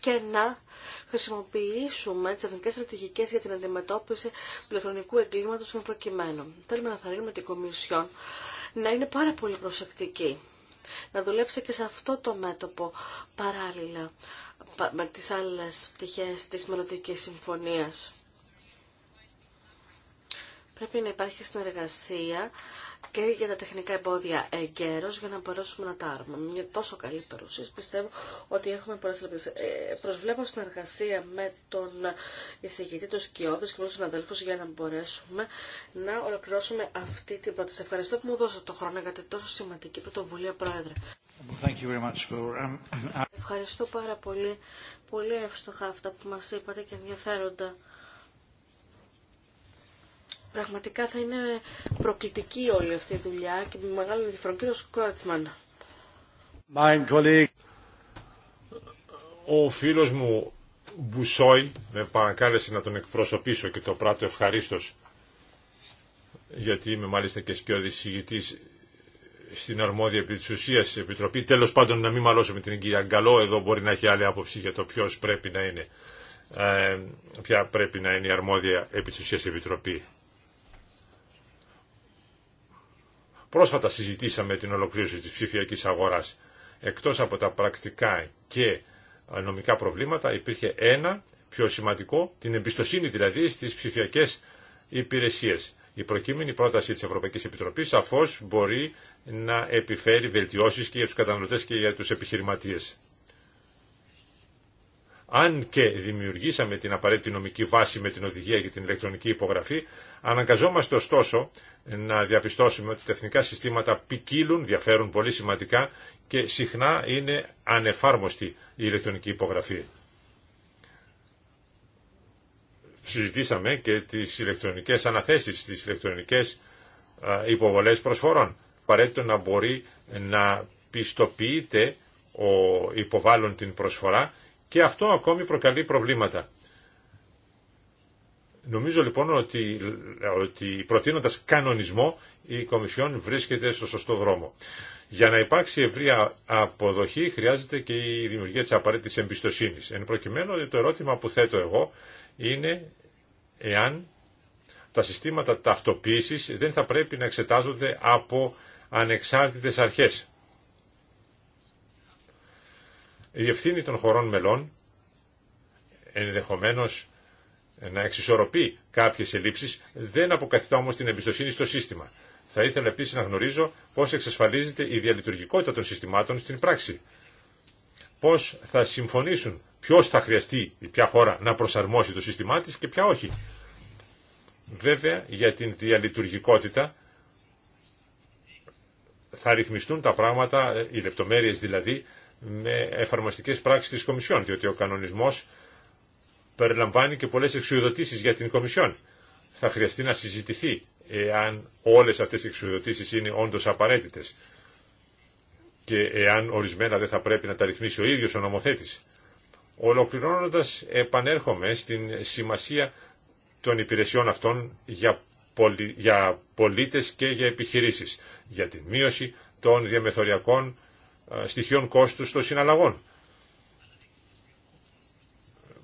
Speaker 3: και να χρησιμοποιήσουμε τι εθνικέ στρατηγικέ για την αντιμετώπιση του ηλεκτρονικού εγκλήματο με προκειμένου. Θέλουμε να θαρρύνουμε την Κομισιόν να είναι πάρα πολύ προσεκτική να δουλέψει και σε αυτό το μέτωπο παράλληλα με τις άλλες πτυχές της μελλοντικής συμφωνίας. Πρέπει να υπάρχει συνεργασία και για τα τεχνικά εμπόδια εγκαίρως για να μπορέσουμε να τα άρουμε. Μια τόσο καλή παρουσία. πιστεύω ότι έχουμε πολλές Ε, προσβλέπω συνεργασία με τον εισηγητή του Σκιώδη και με του συναδέλφους για να μπορέσουμε να ολοκληρώσουμε αυτή την πρόταση. Ευχαριστώ που μου δώσατε το χρόνο για τόσο σημαντική πρωτοβουλία, Πρόεδρε. Thank you um, Ευχαριστώ πάρα πολύ. Πολύ εύστοχα αυτά που μα είπατε και ενδιαφέροντα. Πραγματικά θα είναι προκλητική όλη αυτή η δουλειά και με μεγάλο ενδιαφέρον. Κύριο Κρότσμαν.
Speaker 2: Ο φίλος μου Μπουσόη με παρακάλεσε να τον εκπροσωπήσω και το πράττω ευχαρίστω γιατί είμαι μάλιστα και σκιώδη συγητής στην αρμόδια επί της τη επιτροπή. Τέλο πάντων να μην μαλώσω με την κυρία Γκαλό, εδώ μπορεί να έχει άλλη άποψη για το ποιο πρέπει να είναι, ε, ποια πρέπει να είναι η αρμόδια επί τη επιτροπή. Πρόσφατα συζητήσαμε την ολοκλήρωση της ψηφιακής αγοράς. Εκτός από τα πρακτικά και ε, νομικά προβλήματα υπήρχε ένα πιο σημαντικό, την εμπιστοσύνη δηλαδή στις ψηφιακές υπηρεσίες. Η προκείμενη πρόταση της Ευρωπαϊκής Επιτροπής σαφώς μπορεί να επιφέρει βελτιώσεις και για τους καταναλωτές και για τους επιχειρηματίες. Αν και δημιουργήσαμε την απαραίτητη νομική βάση με την οδηγία για την ηλεκτρονική υπογραφή, Αναγκαζόμαστε ωστόσο να διαπιστώσουμε ότι τα εθνικά συστήματα ποικίλουν, διαφέρουν πολύ σημαντικά και συχνά είναι ανεφάρμοστη η ηλεκτρονική υπογραφή. Συζητήσαμε και τις ηλεκτρονικές αναθέσεις, τις ηλεκτρονικές υποβολές προσφορών. Παρέτητο να μπορεί να πιστοποιείται ο υποβάλλον την προσφορά και αυτό ακόμη προκαλεί προβλήματα. Νομίζω λοιπόν ότι, ότι προτείνοντας κανονισμό η Κομισιόν βρίσκεται στο σωστό δρόμο. Για να υπάρξει ευρεία αποδοχή χρειάζεται και η δημιουργία της απαραίτητης εμπιστοσύνης. Εν προκειμένου το ερώτημα που θέτω εγώ είναι εάν τα συστήματα ταυτοποίησης δεν θα πρέπει να εξετάζονται από ανεξάρτητες αρχές. Η ευθύνη των χωρών μελών ενδεχομένως να εξισορροπεί κάποιες ελλείψεις, δεν αποκαθιστά όμω την εμπιστοσύνη στο σύστημα. Θα ήθελα επίσης να γνωρίζω πώς εξασφαλίζεται η διαλειτουργικότητα των συστημάτων στην πράξη. Πώς θα συμφωνήσουν ποιο θα χρειαστεί η ποια χώρα να προσαρμόσει το σύστημά τη και ποια όχι. Βέβαια για την διαλειτουργικότητα θα ρυθμιστούν τα πράγματα, ε, οι λεπτομέρειες δηλαδή, με εφαρμοστικές πράξεις της Κομισιόν, διότι ο κανονισμός περιλαμβάνει και πολλές εξουδοτήσεις για την Κομισιόν. Θα χρειαστεί να συζητηθεί εάν όλες αυτές οι εξουδοτήσεις είναι όντως απαραίτητες και εάν ορισμένα δεν θα πρέπει να τα ρυθμίσει ο ίδιος ο νομοθέτης. Ολοκληρώνοντας επανέρχομαι στην σημασία των υπηρεσιών αυτών για, πολι... για πολίτες και για επιχειρήσεις, για τη μείωση των διαμεθοριακών ε, στοιχείων κόστους των συναλλαγών.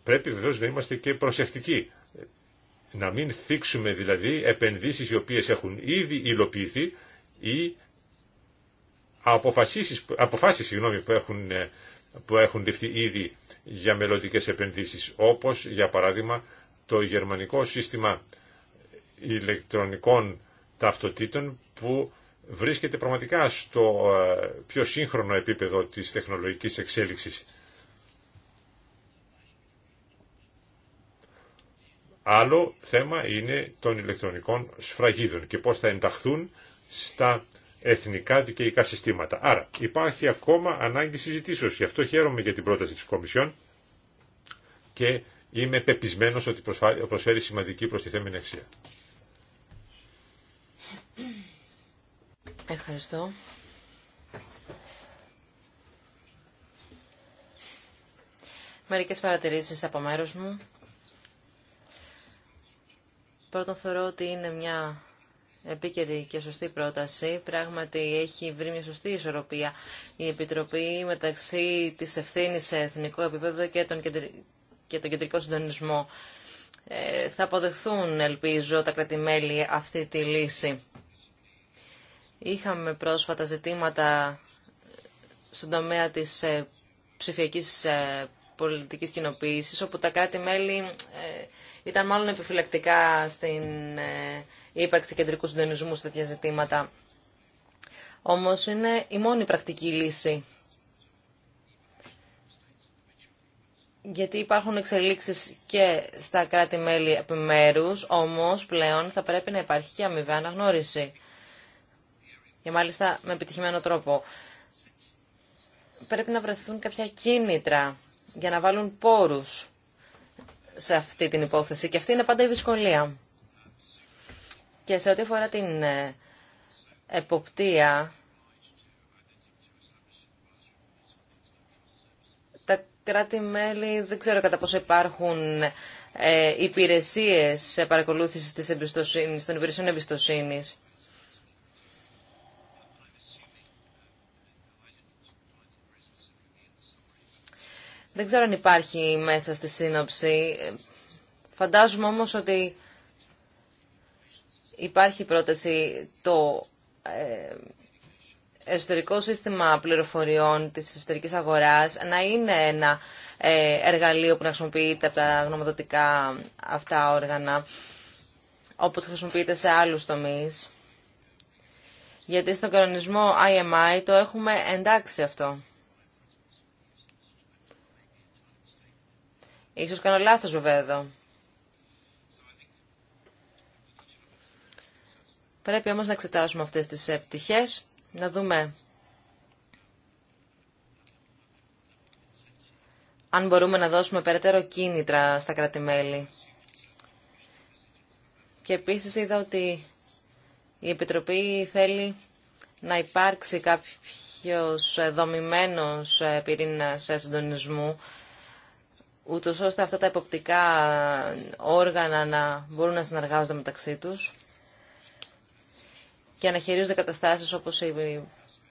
Speaker 2: Πρέπει βεβαίως να είμαστε και προσεκτικοί. Να μην θίξουμε δηλαδή επενδύσεις οι οποίες έχουν ήδη υλοποιηθεί ή αποφάσει αποφάσεις που, έχουν, που έχουν ληφθεί ήδη για μελλοντικές επενδύσεις, όπως για παράδειγμα το γερμανικό σύστημα ηλεκτρονικών ταυτοτήτων που βρίσκεται πραγματικά στο ε, πιο σύγχρονο επίπεδο της τεχνολογικής εξέλιξης. Άλλο θέμα είναι των ηλεκτρονικών σφραγίδων και πώς θα ενταχθούν στα εθνικά δικαιϊκά συστήματα. Άρα υπάρχει ακόμα ανάγκη συζητήσεως. Γι' αυτό χαίρομαι για την πρόταση της Κομισιόν και είμαι πεπισμένος ότι προσφέρει σημαντική προστιθέμενη αξία.
Speaker 1: Ευχαριστώ. Μερικές παρατηρήσεις από μέρος μου. Πρώτον θεωρώ ότι είναι μια επίκαιρη και σωστή πρόταση. Πράγματι έχει βρει μια σωστή ισορροπία η Επιτροπή μεταξύ της ευθύνης σε εθνικό επίπεδο και τον, και τον κεντρικό συντονισμό. Ε, θα αποδεχθούν, ελπίζω, τα κρατημέλη αυτή τη λύση. Είχαμε πρόσφατα ζητήματα στον τομέα της ε, ψηφιακής ε, πολιτική κοινοποίηση, όπου τα κράτη-μέλη ε, ήταν μάλλον επιφυλακτικά στην ε, ύπαρξη κεντρικού συντονισμού σε τέτοια ζητήματα. Όμως είναι η μόνη πρακτική λύση. Γιατί υπάρχουν εξελίξει και στα κράτη-μέλη επιμέρου, όμω πλέον θα πρέπει να υπάρχει και αμοιβή αναγνώριση. Και μάλιστα με επιτυχημένο τρόπο. Πρέπει να βρεθούν κάποια κίνητρα για να βάλουν πόρους σε αυτή την υπόθεση. Και αυτή είναι πάντα η δυσκολία. Και σε ό,τι αφορά την ε, εποπτεία, τα κράτη-μέλη δεν ξέρω κατά πόσο υπάρχουν ε, υπηρεσίες παρακολούθησης της εμπιστοσύνης, των υπηρεσιών εμπιστοσύνης. Δεν ξέρω αν υπάρχει μέσα στη σύνοψη. Φαντάζομαι όμως ότι υπάρχει πρόταση το ε, εσωτερικό σύστημα πληροφοριών της εσωτερικής αγοράς να είναι ένα ε, εργαλείο που να χρησιμοποιείται από τα γνωμοδοτικά αυτά όργανα, όπως χρησιμοποιείται σε άλλους τομείς. Γιατί στον κανονισμό IMI το έχουμε εντάξει αυτό. Ίσως κάνω λάθος βέβαια εδώ. Πρέπει όμως να εξετάσουμε αυτές τις ε, πτυχές, να δούμε αν μπορούμε να δώσουμε περαιτέρω κίνητρα στα κρατη Και επίσης είδα ότι η Επιτροπή θέλει να υπάρξει κάποιος ε, δομημένος ε, πυρήνας συντονισμού ούτω ώστε αυτά τα εποπτικά όργανα να μπορούν να συνεργάζονται μεταξύ του. και να χειρίζονται καταστάσεις όπως η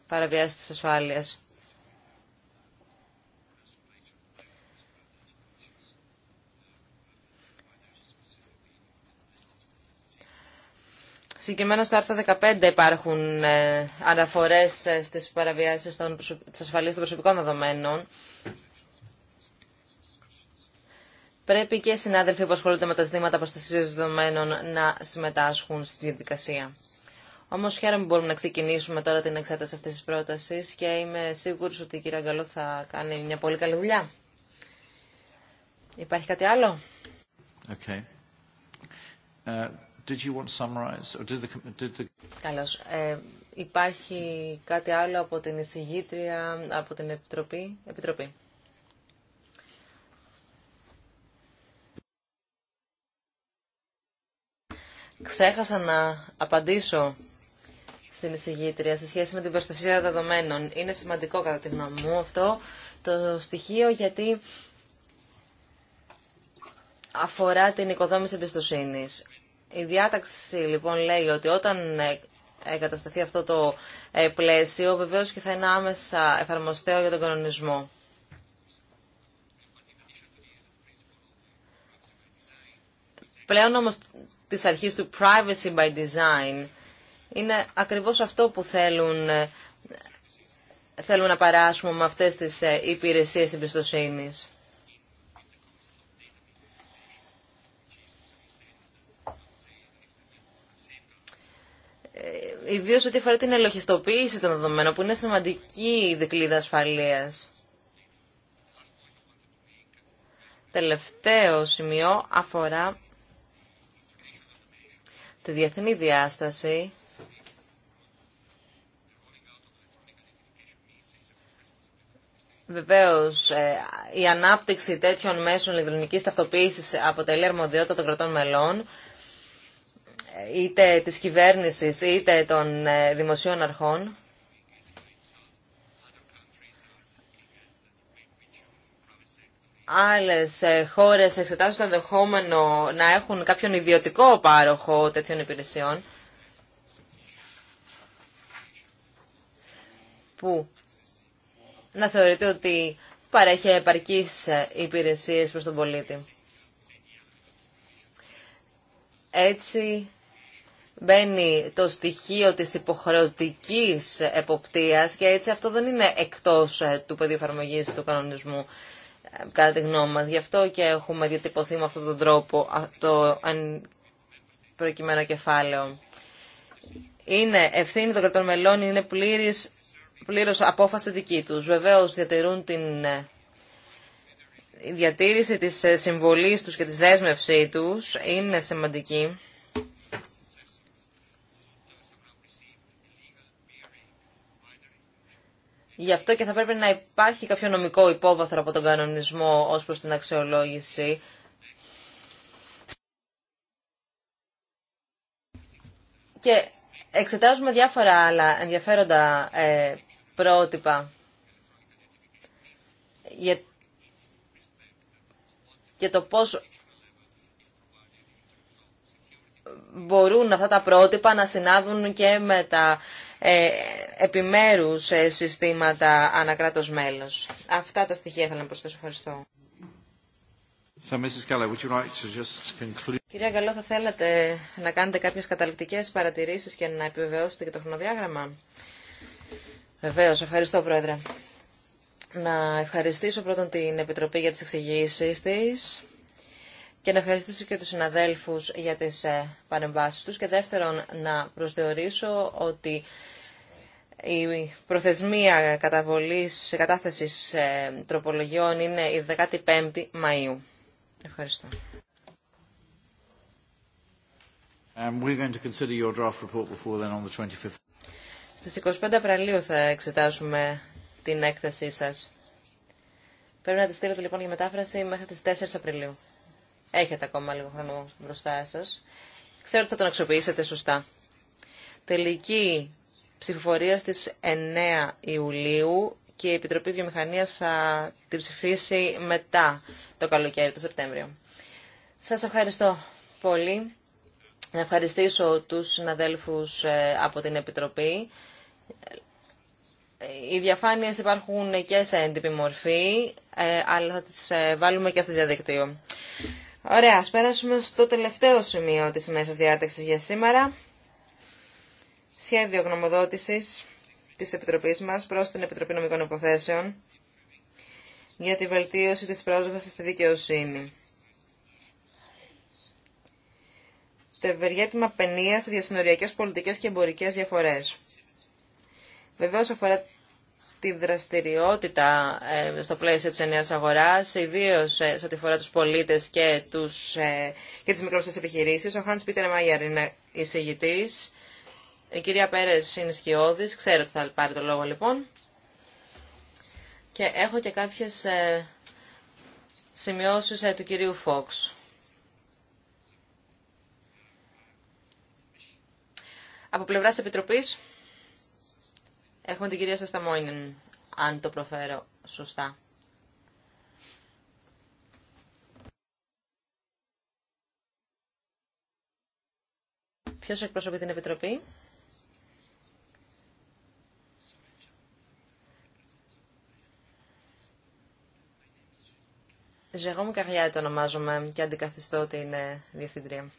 Speaker 1: παραβιάση της ασφάλειας. Συγκεκριμένα στο άρθρο 15 υπάρχουν ε, αναφορές ε, στις παραβιάσεις της ασφαλείας των προσωπικών δεδομένων πρέπει και οι συνάδελφοι που ασχολούνται με τα ζητήματα προστασία δεδομένων να συμμετάσχουν στη διαδικασία. Όμω χαίρομαι που μπορούμε να ξεκινήσουμε τώρα την εξέταση αυτή τη πρόταση και είμαι σίγουρη ότι η κυρία Γκαλό θα κάνει μια πολύ καλή δουλειά. Υπάρχει κάτι άλλο? Okay. Καλώς. Ε, υπάρχει κάτι άλλο από την εισηγήτρια, από την Επιτροπή. Επιτροπή. Ξέχασα να απαντήσω στην εισηγήτρια σε σχέση με την προστασία δεδομένων. Είναι σημαντικό κατά τη γνώμη μου αυτό το στοιχείο γιατί αφορά την οικοδόμηση εμπιστοσύνη. Η διάταξη λοιπόν λέει ότι όταν εγκατασταθεί αυτό το ε, πλαίσιο βεβαίω και θα είναι άμεσα εφαρμοστέο για τον κανονισμό. Πλέον όμως της αρχής του privacy by design. Είναι ακριβώς αυτό που θέλουν, ε, θέλουν να παράσουμε με αυτές τις ε, υπηρεσίες εμπιστοσύνη. Ε, ιδίως ό,τι αφορά την ελοχιστοποίηση των δεδομένων, που είναι σημαντική η δικλίδα ασφαλείας. Τελευταίο σημείο αφορά τη διεθνή διάσταση Βεβαίω, ε, η ανάπτυξη τέτοιων μέσων ηλεκτρονικής ταυτοποίησης αποτελεί αρμοδιότητα των κρατών μελών, είτε της κυβέρνησης είτε των ε, δημοσίων αρχών. άλλες ε, χώρες εξετάζουν το ενδεχόμενο να έχουν κάποιον ιδιωτικό πάροχο τέτοιων υπηρεσιών που να θεωρείται ότι παρέχει επαρκείς ε, υπηρεσίες προς τον πολίτη. Έτσι μπαίνει το στοιχείο της υποχρεωτικής εποπτείας και έτσι αυτό δεν είναι εκτός ε, του πεδίου του κανονισμού κατά τη γνώμη μας. Γι' αυτό και έχουμε διατυπωθεί με αυτόν τον τρόπο το προκειμένο κεφάλαιο. Είναι ευθύνη των κρατών μελών, είναι πλήρης, πλήρως απόφαση δική τους. Βεβαίως διατηρούν την ε, διατήρηση της ε, συμβολής τους και της δέσμευσή τους είναι σημαντική. Γι' αυτό και θα πρέπει να υπάρχει κάποιο νομικό υπόβαθρο από τον κανονισμό ως προς την αξιολόγηση. Και εξετάζουμε διάφορα άλλα ενδιαφέροντα ε, πρότυπα για, για το πώς μπορούν αυτά τα πρότυπα να συνάδουν και με τα ε, επιμέρους ε, συστήματα ανακράτος μέλος. Αυτά τα στοιχεία ήθελα να προσθέσω. Ευχαριστώ.
Speaker 3: would you like to just conclude...
Speaker 1: Κυρία Γκαλό, θα θέλατε να κάνετε κάποιες καταληπτικές παρατηρήσεις και να επιβεβαιώσετε και το χρονοδιάγραμμα. Βεβαίω, ευχαριστώ Πρόεδρε. Να ευχαριστήσω πρώτον την Επιτροπή για τις εξηγήσεις της και να ευχαριστήσω και τους συναδέλφους για τις ε, παρεμβάσεις τους και δεύτερον να προσδιορίσω ότι η προθεσμία καταβολής κατάθεσης ε, τροπολογιών είναι η 15η Μαΐου. Ευχαριστώ. Um, Στις 25 Απραλίου θα εξετάσουμε την έκθεσή σας. Πρέπει να τη στείλετε λοιπόν για μετάφραση μέχρι τις 4 Απριλίου. Έχετε ακόμα λίγο χρόνο μπροστά σα. Ξέρω ότι θα τον αξιοποιήσετε σωστά. Τελική ψηφοφορία στις 9 Ιουλίου και η Επιτροπή Βιομηχανίας θα την ψηφίσει μετά το καλοκαίρι, το Σεπτέμβριο. Σας ευχαριστώ πολύ. Να ευχαριστήσω τους συναδέλφου ε, από την Επιτροπή. Ε, οι διαφάνειες υπάρχουν και σε έντυπη μορφή, ε, αλλά θα τις βάλουμε και στο διαδικτύο. Ωραία, ας πέρασουμε στο τελευταίο σημείο της μέσας διάταξης για σήμερα. Σχέδιο γνωμοδότησης της Επιτροπής μας προς την Επιτροπή Νομικών Υποθέσεων για τη βελτίωση της πρόσβασης στη δικαιοσύνη. ευεργέτημα παινία σε διασυνοριακές πολιτικές και εμπορικές διαφορές. Βεβαίως αφορά τη δραστηριότητα ε, στο πλαίσιο της ενιαίας αγοράς, ιδίως ε, σε ό,τι αφορά τους πολίτες και, τους, ε, και τις μικρότερες επιχειρήσεις. Ο Χάνς Πίτερ Μάγιαρ είναι εισηγητής. Η κυρία Πέρες είναι σκιώδης. Ξέρω ότι θα πάρει το λόγο λοιπόν. Και έχω και κάποιες σημειώσεις του κυρίου Φόξ. Από πλευράς Επιτροπής... Έχουμε την κυρία Σασταμόινεν, αν το προφέρω σωστά. Ποιος εκπροσωπεί την Επιτροπή? Ζεγόμου καριά το ονομάζομαι και αντικαθιστώ την ε, Διευθυντρία.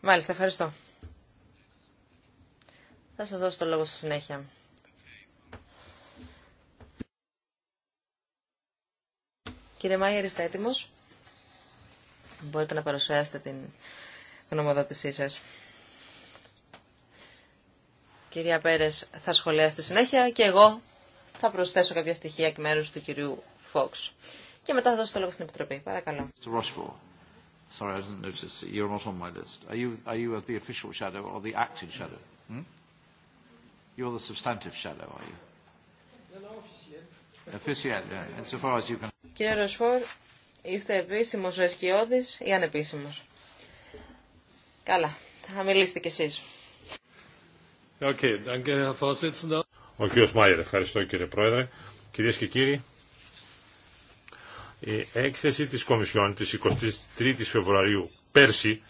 Speaker 1: Μάλιστα, ευχαριστώ. Θα σας δώσω το λόγο στη συνέχεια. Κύριε Μάιερ, είστε έτοιμος. Μπορείτε να παρουσιάσετε την γνωμοδότησή σας. Κυρία Πέρες, θα σχολιάσετε στη συνέχεια και εγώ θα προσθέσω κάποια στοιχεία εκ μέρους του κυρίου Φόξ. Και μετά θα δώσω το λόγο στην Επιτροπή. Παρακαλώ. Sorry, I didn't notice. You're not on my list. Are you, are you the official shadow or the acting shadow? Hmm? You're the substantive shadow, are you? Officiel, yeah. far as you can Κύριε Ροσφόρ, είστε επίσημος ο Εσκιώδης ή ανεπίσημος. Καλά, θα μιλήσετε κι εσείς.
Speaker 2: Okay, ο κύριος Μάιερ, ευχαριστώ κύριε Πρόεδρε. Κυρίες και κύριοι, η έκθεση της Κομισιόν της 23ης Φεβρουαρίου πέρσι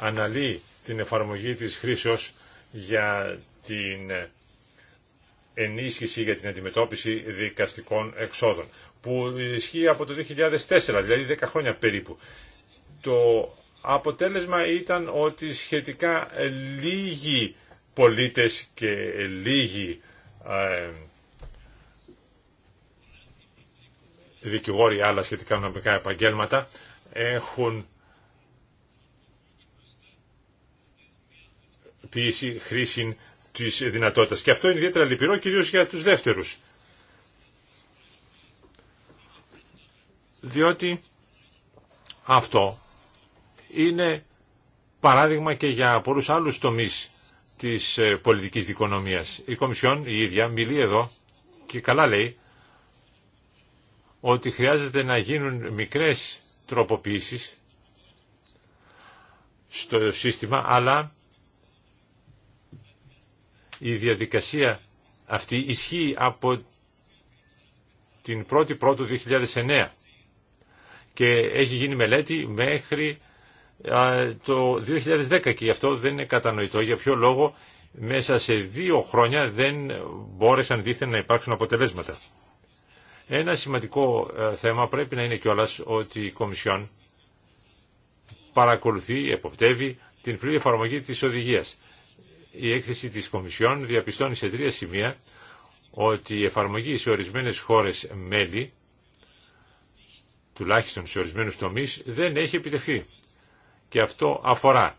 Speaker 2: αναλύει την εφαρμογή της χρήσεως για την ενίσχυση για την αντιμετώπιση δικαστικών εξόδων που ισχύει από το 2004, δηλαδή 10 χρόνια περίπου. Το αποτέλεσμα ήταν ότι σχετικά λίγοι πολίτες και λίγοι ε, δικηγόροι άλλα σχετικά νομικά επαγγέλματα έχουν ποιήσει χρήση της δυνατότητας. Και αυτό είναι ιδιαίτερα λυπηρό κυρίως για τους δεύτερους. διότι αυτό είναι παράδειγμα και για πολλούς άλλους τομείς της ε, πολιτικής δικονομίας. Η Κομισιόν η ίδια μιλεί εδώ και καλά λέει ότι χρειάζεται να γίνουν μικρές τροποποιήσεις στο σύστημα, αλλά η διαδικασία αυτή ισχύει από την 1η Πρώτου 2009 και έχει γίνει μελέτη μέχρι το 2010 και γι' αυτό δεν είναι κατανοητό για ποιο λόγο μέσα σε δύο χρόνια δεν μπόρεσαν δίθεν να υπάρξουν αποτελέσματα. Ένα σημαντικό ε, θέμα πρέπει να είναι κιόλας ότι η Κομισιόν παρακολουθεί, εποπτεύει την πλήρη εφαρμογή της οδηγίας. Η έκθεση της Κομισιόν διαπιστώνει σε τρία σημεία ότι η εφαρμογή σε ορισμένες χώρες μέλη τουλάχιστον σε ορισμένους τομείς, δεν έχει επιτευχθεί. Και αυτό αφορά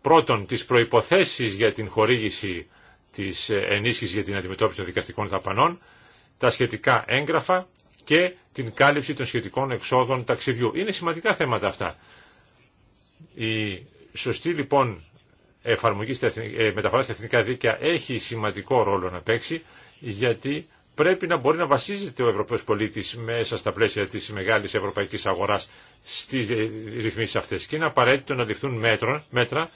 Speaker 2: πρώτον τις προϋποθέσεις για την χορήγηση της ενίσχυσης για την αντιμετώπιση των δικαστικών δαπανών, τα σχετικά έγγραφα και την κάλυψη των σχετικών εξόδων ταξιδιού. Είναι σημαντικά θέματα αυτά. Η σωστή λοιπόν εφαρμογή ε, μεταφορά στα εθνικά δίκαια έχει σημαντικό ρόλο να παίξει γιατί πρέπει να μπορεί να βασίζεται ο Ευρωπαίος πολίτης μέσα στα πλαίσια της μεγάλης ευρωπαϊκής αγοράς στις ρυθμίσεις αυτές και είναι απαραίτητο να ληφθούν μέτρα, μέτρα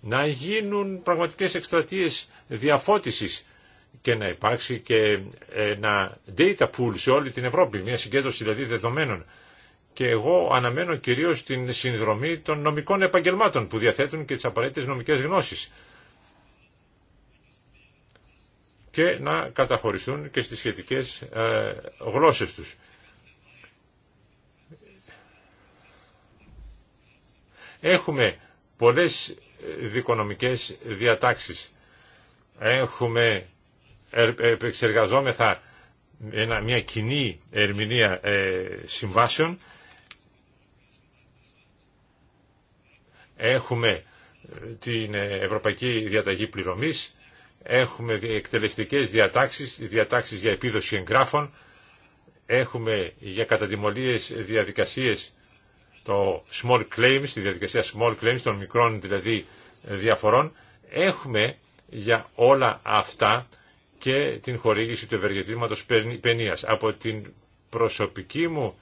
Speaker 2: να γίνουν πραγματικές εκστρατείες διαφώτισης και να υπάρξει και ε, ένα data pool σε όλη την Ευρώπη, μια συγκέντρωση δηλαδή δεδομένων. Και εγώ αναμένω κυρίως την συνδρομή των νομικών επαγγελμάτων που διαθέτουν και τις απαραίτητες νομικές γνώσεις και να καταχωριστούν και στις σχετικές ε, γλώσσες τους. Έχουμε πολλές ε, δικονομικές διατάξεις. Έχουμε ε, επεξεργαζόμεθα μια κοινή ερμηνεία συμβάσεων. Έχουμε την Ευρωπαϊκή Διαταγή Πληρωμής έχουμε εκτελεστικές διατάξεις, διατάξεις για επίδοση εγγράφων, έχουμε για καταδημολίες διαδικασίες το small claims, τη διαδικασία small claims των μικρών δηλαδή διαφορών, έχουμε για όλα αυτά και την χορήγηση του ευεργετήματος παινίας. Από την προσωπική μου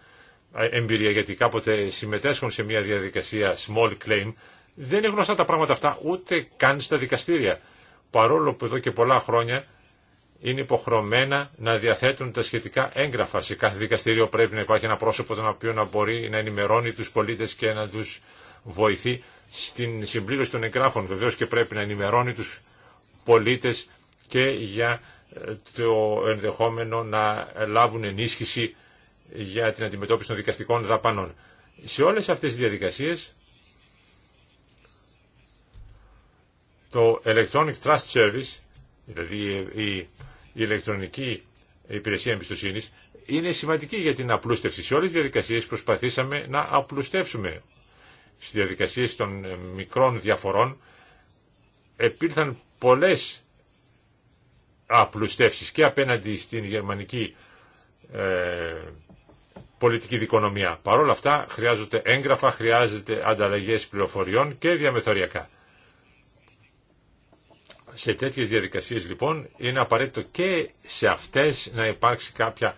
Speaker 2: εμπειρία, γιατί κάποτε συμμετέσχουν σε μια διαδικασία small claim, δεν είναι γνωστά τα πράγματα αυτά ούτε καν στα δικαστήρια παρόλο που εδώ και πολλά χρόνια είναι υποχρεωμένα να διαθέτουν τα σχετικά έγγραφα. Σε κάθε δικαστήριο πρέπει να υπάρχει ένα πρόσωπο τον οποίο να μπορεί να ενημερώνει τους πολίτες και να τους βοηθεί στην συμπλήρωση των εγγράφων. Βεβαίως και πρέπει να ενημερώνει τους πολίτες και για ε, το ενδεχόμενο να λάβουν ενίσχυση για την αντιμετώπιση των δικαστικών δαπανών. Σε όλες αυτές τις διαδικασίες το Electronic Trust Service, δηλαδή η ηλεκτρονική υπηρεσία εμπιστοσύνης, είναι σημαντική για την απλούστευση. Σε όλες τι διαδικασίες προσπαθήσαμε να απλουστεύσουμε. στι διαδικασίε των ε, μικρών διαφορών επήλθαν πολλές απλουστεύσεις και απέναντι στην γερμανική ε, πολιτική δικονομία. Παρ' όλα αυτά χρειάζονται έγγραφα, χρειάζεται ανταλλαγές πληροφοριών και διαμεθοριακά. Σε τέτοιες διαδικασίες λοιπόν είναι απαραίτητο και σε αυτές να υπάρξει κάποια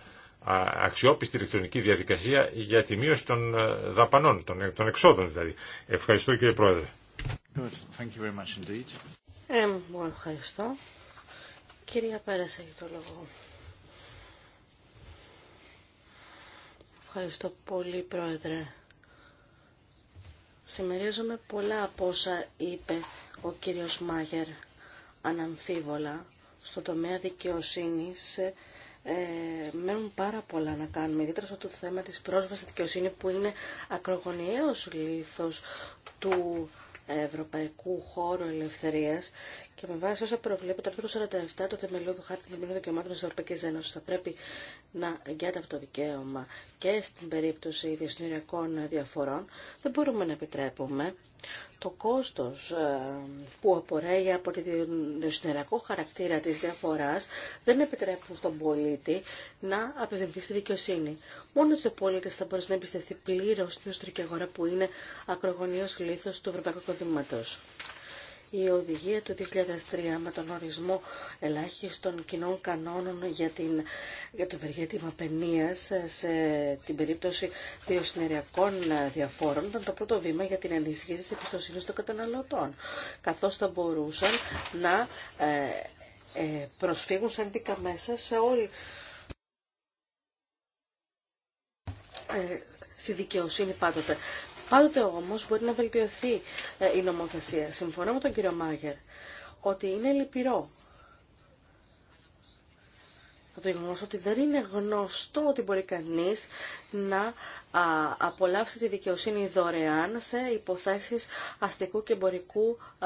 Speaker 2: αξιόπιστη ηλεκτρονική διαδικασία για τη μείωση των ε, δαπανών, ε, των εξόδων δηλαδή. Ευχαριστώ κύριε Πρόεδρε.
Speaker 3: Ε, ευχαριστώ. Κυρία Πέρασε για το λόγο. Ευχαριστώ πολύ Πρόεδρε. Συμμερίζομαι πολλά από όσα είπε ο κύριος Μάγερ αναμφίβολα στο τομέα δικαιοσύνης ε, μένουν πάρα πολλά να κάνουμε, ιδιαίτερα στο το θέμα της πρόσβασης στη δικαιοσύνη που είναι ακρογωνιαίος λήθος του Ευρωπαϊκού Χώρου Ελευθερίας και με βάση όσα προβλέπει το άρθρο 47 του Χάρτη Δικαιωμάτων της Ευρωπαϊκής Ένωσης θα πρέπει να εγγυάται από το δικαίωμα και στην περίπτωση διασυνοριακών διαφορών δεν μπορούμε να επιτρέπουμε το κόστος ε, που απορρέει από τη συνεργό χαρακτήρα της διαφοράς δεν επιτρέπουν στον πολίτη να απευθυνθεί στη δικαιοσύνη. Μόνο ο πολίτη θα μπορέσει να εμπιστευτεί πλήρως στην ιστορική αγορά που είναι ακρογωνίως λήθος του Ευρωπαϊκού Κοδήματος η οδηγία του 2003 με τον ορισμό ελάχιστων κοινών κανόνων για, την, για το ευεργέτημα παινίας σε την περίπτωση βιοσυνεριακών διαφόρων ήταν το πρώτο βήμα για την ενίσχυση της εμπιστοσύνη των καταναλωτών, καθώς θα μπορούσαν να ε, ε, προσφύγουν σαν δίκα μέσα σε όλη ε, στη δικαιοσύνη πάντοτε Πάντοτε όμω μπορεί να βελτιωθεί ε, η νομοθεσία. Συμφωνώ με τον κύριο Μάγερ ότι είναι λυπηρό το γεγονό ότι δεν είναι γνωστό ότι μπορεί κανείς να απολαύσει τη δικαιοσύνη δωρεάν σε υποθέσεις αστικού και εμπορικού ε,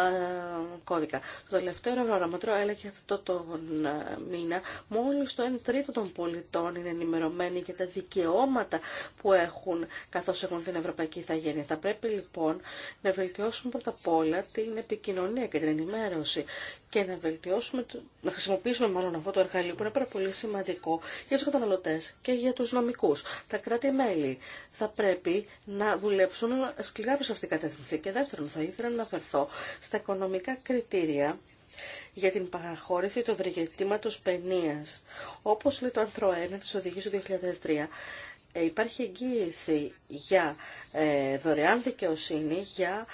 Speaker 3: κώδικα. Το τελευταίο ευρωγραμματρό έλεγε αυτό τον ε, μήνα μόλις το 1 τρίτο των πολιτών είναι ενημερωμένοι για τα δικαιώματα που έχουν καθώς έχουν την Ευρωπαϊκή Ιθαγένεια. Θα πρέπει λοιπόν να βελτιώσουμε πρώτα απ' όλα την επικοινωνία και την ενημέρωση και να βελτιώσουμε, να χρησιμοποιήσουμε μάλλον αυτό το εργαλείο που είναι πάρα πολύ σημαντικό για τους καταναλωτές και για τους νομικούς, τα κράτη-μέλη θα πρέπει να δουλέψουν σκληρά προς αυτήν την κατεύθυνση. Και δεύτερον, θα ήθελα να αναφερθώ στα οικονομικά κριτήρια για την παραχώρηση του ευεργετήματος παινίας. Όπως λέει το άρθρο 1 της Οδηγής του 2003, ε, υπάρχει εγγύηση για ε, δωρεάν δικαιοσύνη για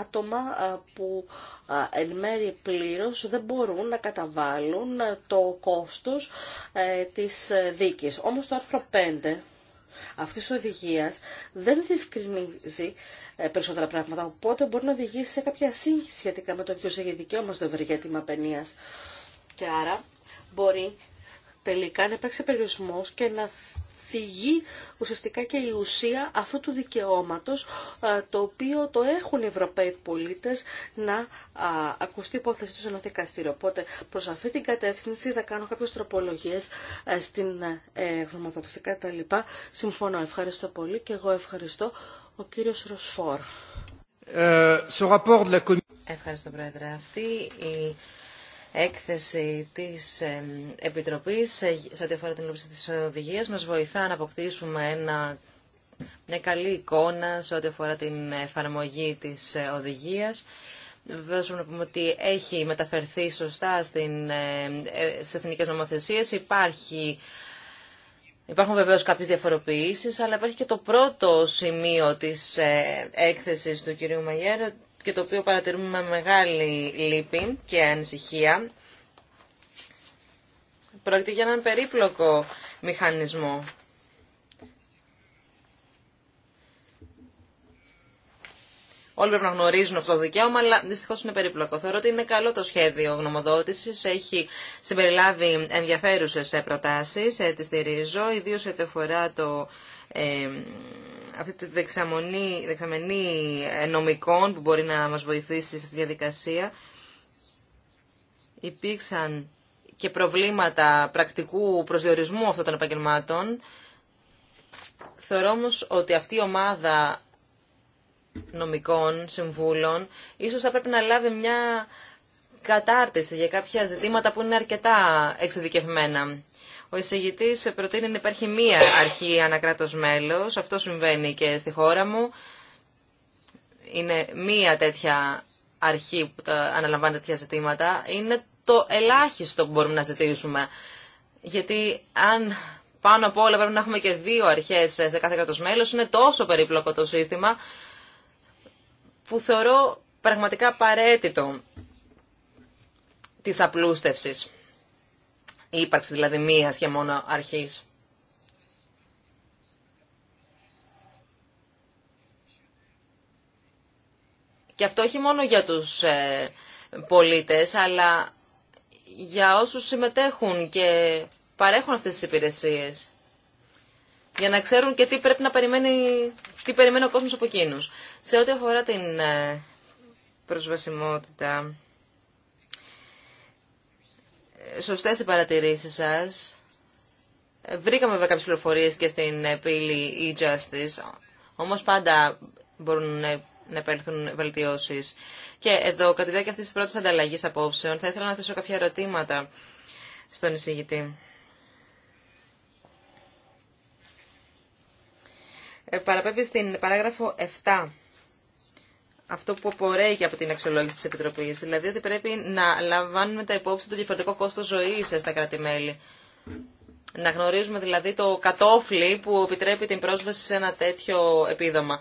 Speaker 3: άτομα που εν μέρει πλήρως δεν μπορούν να καταβάλουν ε, το κόστος της δίκης. Όμως το άρθρο 5 αυτή της οδηγία δεν διευκρινίζει ε, περισσότερα πράγματα, οπότε μπορεί να οδηγήσει σε κάποια σύγχυση σχετικά με το ποιο έχει δικαίωμα στο ευεργέτημα παινίας. Και άρα μπορεί τελικά να υπάρξει περιορισμό και να φυγεί ουσιαστικά και η ουσία αυτού του δικαιώματος ε, το οποίο το έχουν οι Ευρωπαίοι πολίτες να ακουστεί υπόθεση του σε ένα δικαστήριο. Οπότε προς αυτή την κατεύθυνση θα κάνω κάποιες τροπολογίες ε, στην ε, κτλ. τα λοιπά. Συμφωνώ. Ευχαριστώ πολύ και εγώ ευχαριστώ ο κύριος Ροσφόρ. Ε,
Speaker 1: ευχαριστώ, Πρόεδρε. Αυτή η έκθεση της Επιτροπής σε ό,τι αφορά την λήψη της οδηγίας μας βοηθά να αποκτήσουμε ένα, μια καλή εικόνα σε ό,τι αφορά την εφαρμογή της ε, οδηγίας. Βεβαίω να πούμε ότι έχει μεταφερθεί σωστά στην, ε, ε, στις εθνικές νομοθεσίες. Υπάρχει Υπάρχουν βεβαίω κάποιε διαφοροποιήσει, αλλά υπάρχει και το πρώτο σημείο τη έκθεση του κυρίου Μαγέρα και το οποίο παρατηρούμε με μεγάλη λύπη και ανησυχία. Πρόκειται για έναν περίπλοκο μηχανισμό. Όλοι πρέπει να γνωρίζουν αυτό το δικαίωμα, αλλά δυστυχώ είναι περίπλοκο. Θεωρώ ότι είναι καλό το σχέδιο γνωμοδότηση. Έχει συμπεριλάβει ενδιαφέρουσε προτάσει. Ε, τη στηρίζω, ιδίω ό,τι αφορά το, ε, αυτή τη δεξαμονή, δεξαμενή ε, νομικών που μπορεί να μας βοηθήσει σε αυτή τη διαδικασία. Υπήρξαν και προβλήματα πρακτικού προσδιορισμού αυτών των επαγγελμάτων. Θεωρώ όμω ότι αυτή η ομάδα νομικών συμβούλων ίσως θα πρέπει να λάβει μια κατάρτιση για κάποια ζητήματα που είναι αρκετά εξειδικευμένα. Ο εισηγητή προτείνει να υπάρχει μία αρχή ανακρατο μέλο, Αυτό συμβαίνει και στη χώρα μου. Είναι μία τέτοια αρχή που τα αναλαμβάνει τέτοια ζητήματα. Είναι το ελάχιστο που μπορούμε να ζητήσουμε. Γιατί αν πάνω από όλα πρέπει να έχουμε και δύο αρχές σε κάθε κράτος μέλος, είναι τόσο περίπλοκο το σύστημα που θεωρώ πραγματικά απαραίτητο της απλούστευσης ύπαρξη δηλαδή μία και μόνο αρχής. Και αυτό όχι μόνο για τους ε, πολίτες, αλλά για όσους συμμετέχουν και παρέχουν αυτές τις υπηρεσίες. Για να ξέρουν και τι πρέπει να περιμένει, τι περιμένει ο κόσμος από εκείνους. Σε ό,τι αφορά την ε, προσβασιμότητα σωστές οι παρατηρήσεις σας. Βρήκαμε βέβαια κάποιες πληροφορίες και στην πύλη e-justice, όμως πάντα μπορούν να επέλθουν βελτιώσεις. Και εδώ, κατά τη διάρκεια αυτής της πρώτης ανταλλαγής απόψεων, θα ήθελα να θέσω κάποια ερωτήματα στον εισηγητή. Ε, παραπέμπει στην παράγραφο 7 αυτό που απορρέει από την αξιολόγηση τη επιτροπή, δηλαδή ότι πρέπει να λαμβάνουμε τα υπόψη το διαφορετικό κόστος ζωής στα κράτη-μέλη. Να γνωρίζουμε δηλαδή το κατόφλι που επιτρέπει την πρόσβαση σε ένα τέτοιο επίδομα.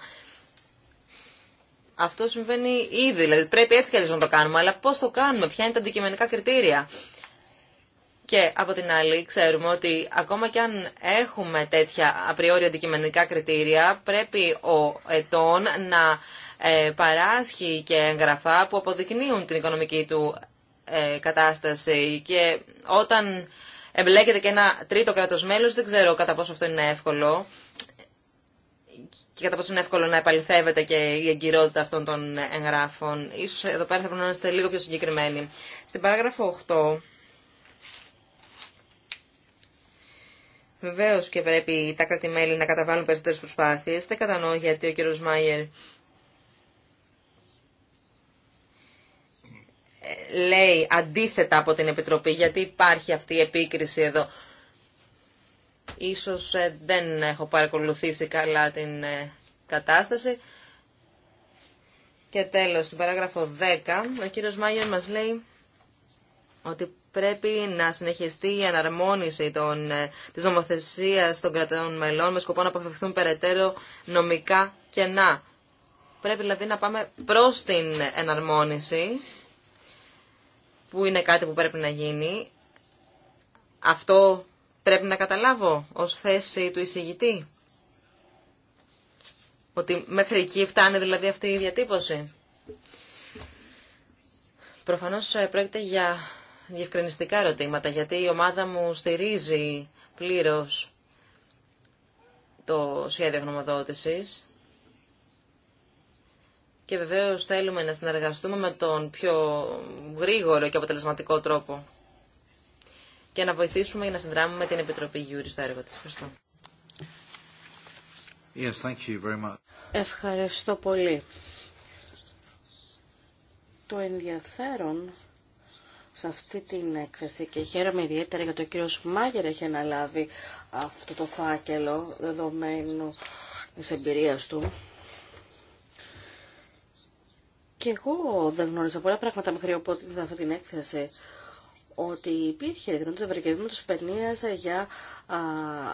Speaker 1: Αυτό συμβαίνει ήδη, δηλαδή πρέπει έτσι κι αλλιώς να το κάνουμε, αλλά πώ το κάνουμε, ποια είναι τα αντικειμενικά κριτήρια. Και από την άλλη ξέρουμε ότι ακόμα κι αν έχουμε τέτοια απριόρια αντικειμενικά κριτήρια, πρέπει ο ετών να ε, παράσχει και εγγραφά που αποδεικνύουν την οικονομική του ε, κατάσταση και όταν εμπλέκεται και ένα τρίτο κράτος μέλος δεν ξέρω κατά πόσο αυτό είναι εύκολο και κατά πόσο είναι εύκολο να επαληθεύεται και η εγκυρότητα αυτών των εγγράφων. Ίσως εδώ πέρα θα πρέπει να είστε λίγο πιο συγκεκριμένοι. Στην παράγραφο 8... Βεβαίω και πρέπει τα κράτη-μέλη να καταβάλουν περισσότερε προσπάθειε. Δεν κατανοώ γιατί ο κ. Μάιερ λέει αντίθετα από την Επιτροπή, γιατί υπάρχει αυτή η επίκριση εδώ. Ίσως ε, δεν έχω παρακολουθήσει καλά την ε, κατάσταση. Και τέλος, στην παράγραφο 10, ο κύριος Μάγερ μας λέει ότι πρέπει να συνεχιστεί η αναρμόνιση των, ε, της νομοθεσίας των κρατών μελών με σκοπό να αποφευθούν περαιτέρω νομικά κενά. Πρέπει δηλαδή να πάμε προς την εναρμόνιση που είναι κάτι που πρέπει να γίνει. Αυτό πρέπει να καταλάβω ως θέση του εισηγητή. Ότι μέχρι εκεί φτάνει δηλαδή αυτή η διατύπωση. Προφανώς ε, πρόκειται για διευκρινιστικά ερωτήματα, γιατί η ομάδα μου στηρίζει πλήρως το σχέδιο γνωμοδότησης και βεβαίω θέλουμε να συνεργαστούμε με τον πιο γρήγορο και αποτελεσματικό τρόπο και να βοηθήσουμε για να συνδράμουμε την Επιτροπή Γιούρη στο έργο της. Ευχαριστώ. Yes, thank you very much. Ευχαριστώ πολύ.
Speaker 3: Το ενδιαφέρον σε αυτή την έκθεση και χαίρομαι ιδιαίτερα για το κύριο Μάγερ έχει αναλάβει αυτό το φάκελο δεδομένου της εμπειρίας του και εγώ δεν γνώριζα πολλά πράγματα μέχρι οπότε είδα αυτή την έκθεση ότι υπήρχε δυνατότητα ευεργετήματο παινία για α,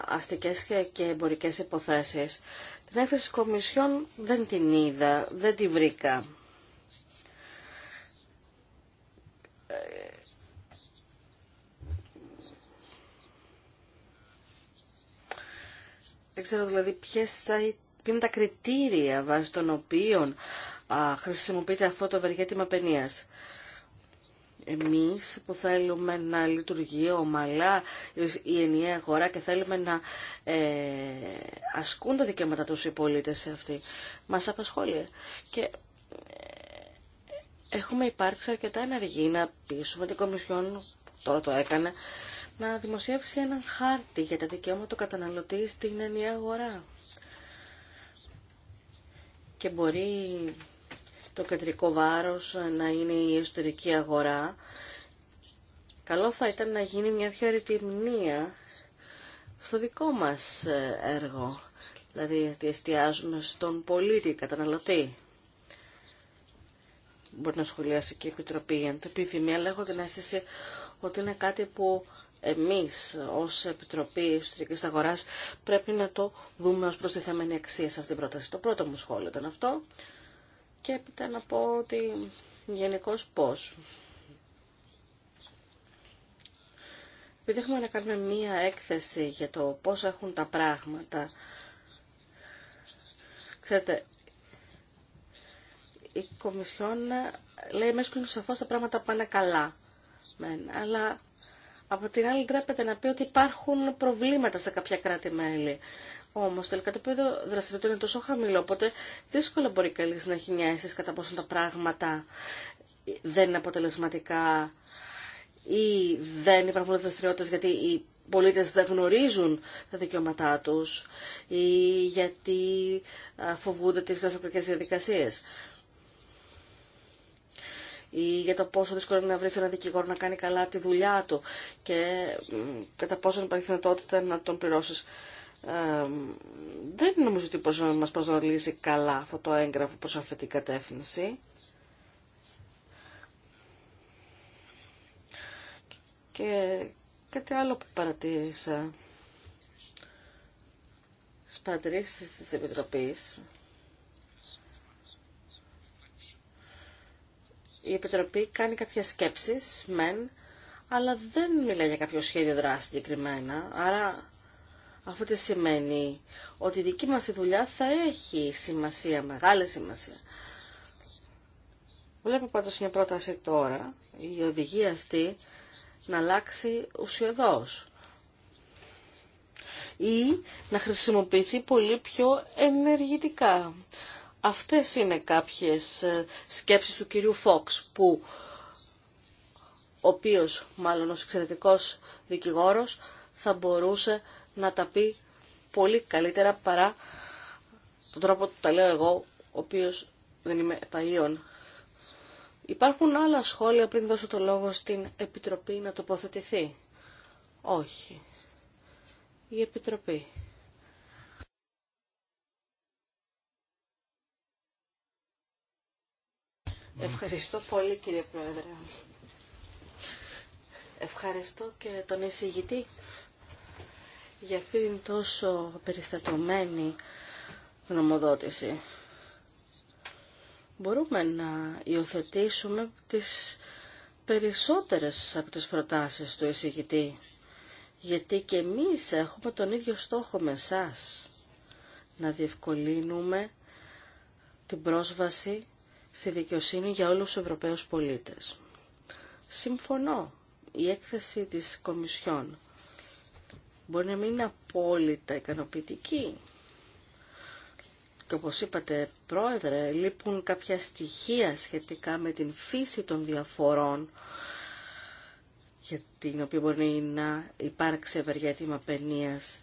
Speaker 3: αστικές και εμπορικές υποθέσεις. Την έκθεση της Κομισιόν δεν την είδα, δεν την βρήκα. Δεν ξέρω δηλαδή ποιες θα είναι τα κριτήρια βάσει των οποίων χρησιμοποιείται αυτό το ευεργέτημα παινίας. Εμείς που θέλουμε να λειτουργεί ομαλά η ενιαία αγορά και θέλουμε να ε, ασκούν τα δικαιώματα τους οι πολίτες σε μας απασχόλει. Και ε, έχουμε υπάρξει αρκετά ενεργοί να πείσουμε την Κομισιόν, τώρα το έκανε, να δημοσιεύσει έναν χάρτη για τα δικαιώματα του καταναλωτή στην ενιαία αγορά. Και μπορεί το κεντρικό βάρος να είναι η εσωτερική αγορά. Καλό θα ήταν να γίνει μια πιο ερετημνία στο δικό μας ε, έργο, δηλαδή ότι εστιάζουμε στον πολίτη, καταναλωτή. Μπορεί να σχολιάσει και η Επιτροπή αν το επιθυμεί, αλλά έχω την αίσθηση ότι είναι κάτι που εμείς ως Επιτροπή Ιστορικής Αγοράς πρέπει να το δούμε ως προστιθέμενη αξία σε αυτήν την πρόταση. Το πρώτο μου σχόλιο ήταν αυτό. Και έπειτα να πω ότι γενικώ πώς. Επειδή έχουμε να κάνουμε μία έκθεση για το πώς έχουν τα πράγματα, ξέρετε, η Κομισιόν λέει μέσα που είναι σαφώς τα πράγματα πάνε καλά, μεν, αλλά από την άλλη τρέπεται να πει ότι υπάρχουν προβλήματα σε κάποια κράτη-μέλη. Όμως τελικά το επίπεδο δραστηριότητα είναι τόσο χαμηλό, οπότε δύσκολα μπορεί κανεί να έχει μια κατά πόσο τα πράγματα δεν είναι αποτελεσματικά ή δεν υπάρχουν δραστηριότητε γιατί οι πολίτε δεν γνωρίζουν τα δικαιώματά του ή γιατί φοβούνται τι γραφειοκρατικέ διαδικασίε. ή για το πόσο δύσκολο είναι να βρει ένα δικηγόρο να κάνει καλά τη δουλειά του και κατά πόσο υπάρχει δυνατότητα να τον πληρώσει δεν νομίζω ότι μας προσδορίζει καλά αυτό το έγγραφο προς αυτή την κατεύθυνση. Και κάτι άλλο που παρατήρησα στις παρατηρήσεις της Επιτροπής η Επιτροπή κάνει κάποιες σκέψεις, μεν, αλλά δεν μιλάει για κάποιο σχέδιο δράση συγκεκριμένα. Άρα αυτό τι σημαίνει ότι η δική μας η δουλειά θα έχει σημασία, μεγάλη σημασία. Βλέπω πάντως μια πρόταση τώρα, η οδηγία αυτή να αλλάξει ουσιοδός ή να χρησιμοποιηθεί πολύ πιο ενεργητικά. Αυτές είναι κάποιες ε, σκέψεις του κυρίου Φόξ, που, ο οποίος μάλλον ως εξαιρετικός δικηγόρος θα μπορούσε να τα πει πολύ καλύτερα παρά τον τρόπο που τα λέω εγώ, ο οποίος δεν είμαι επαγίων. Υπάρχουν άλλα σχόλια πριν δώσω το λόγο στην Επιτροπή να τοποθετηθεί. Όχι. Η Επιτροπή. Ευχαριστώ πολύ κύριε Πρόεδρε. Ευχαριστώ και τον εισηγητή για αυτήν τόσο περιστατωμένη γνωμοδότηση. Μπορούμε να υιοθετήσουμε τις περισσότερες από τις προτάσεις του εισηγητή, γιατί και εμείς έχουμε τον ίδιο στόχο με εσάς, να διευκολύνουμε την πρόσβαση στη δικαιοσύνη για όλους τους Ευρωπαίους πολίτες. Συμφωνώ, η έκθεση της Κομισιόν μπορεί να μην είναι απόλυτα ικανοποιητική. Και όπως είπατε, πρόεδρε, λείπουν κάποια στοιχεία σχετικά με την φύση των διαφορών για την οποία μπορεί να υπάρξει ευεργέτημα παινίας.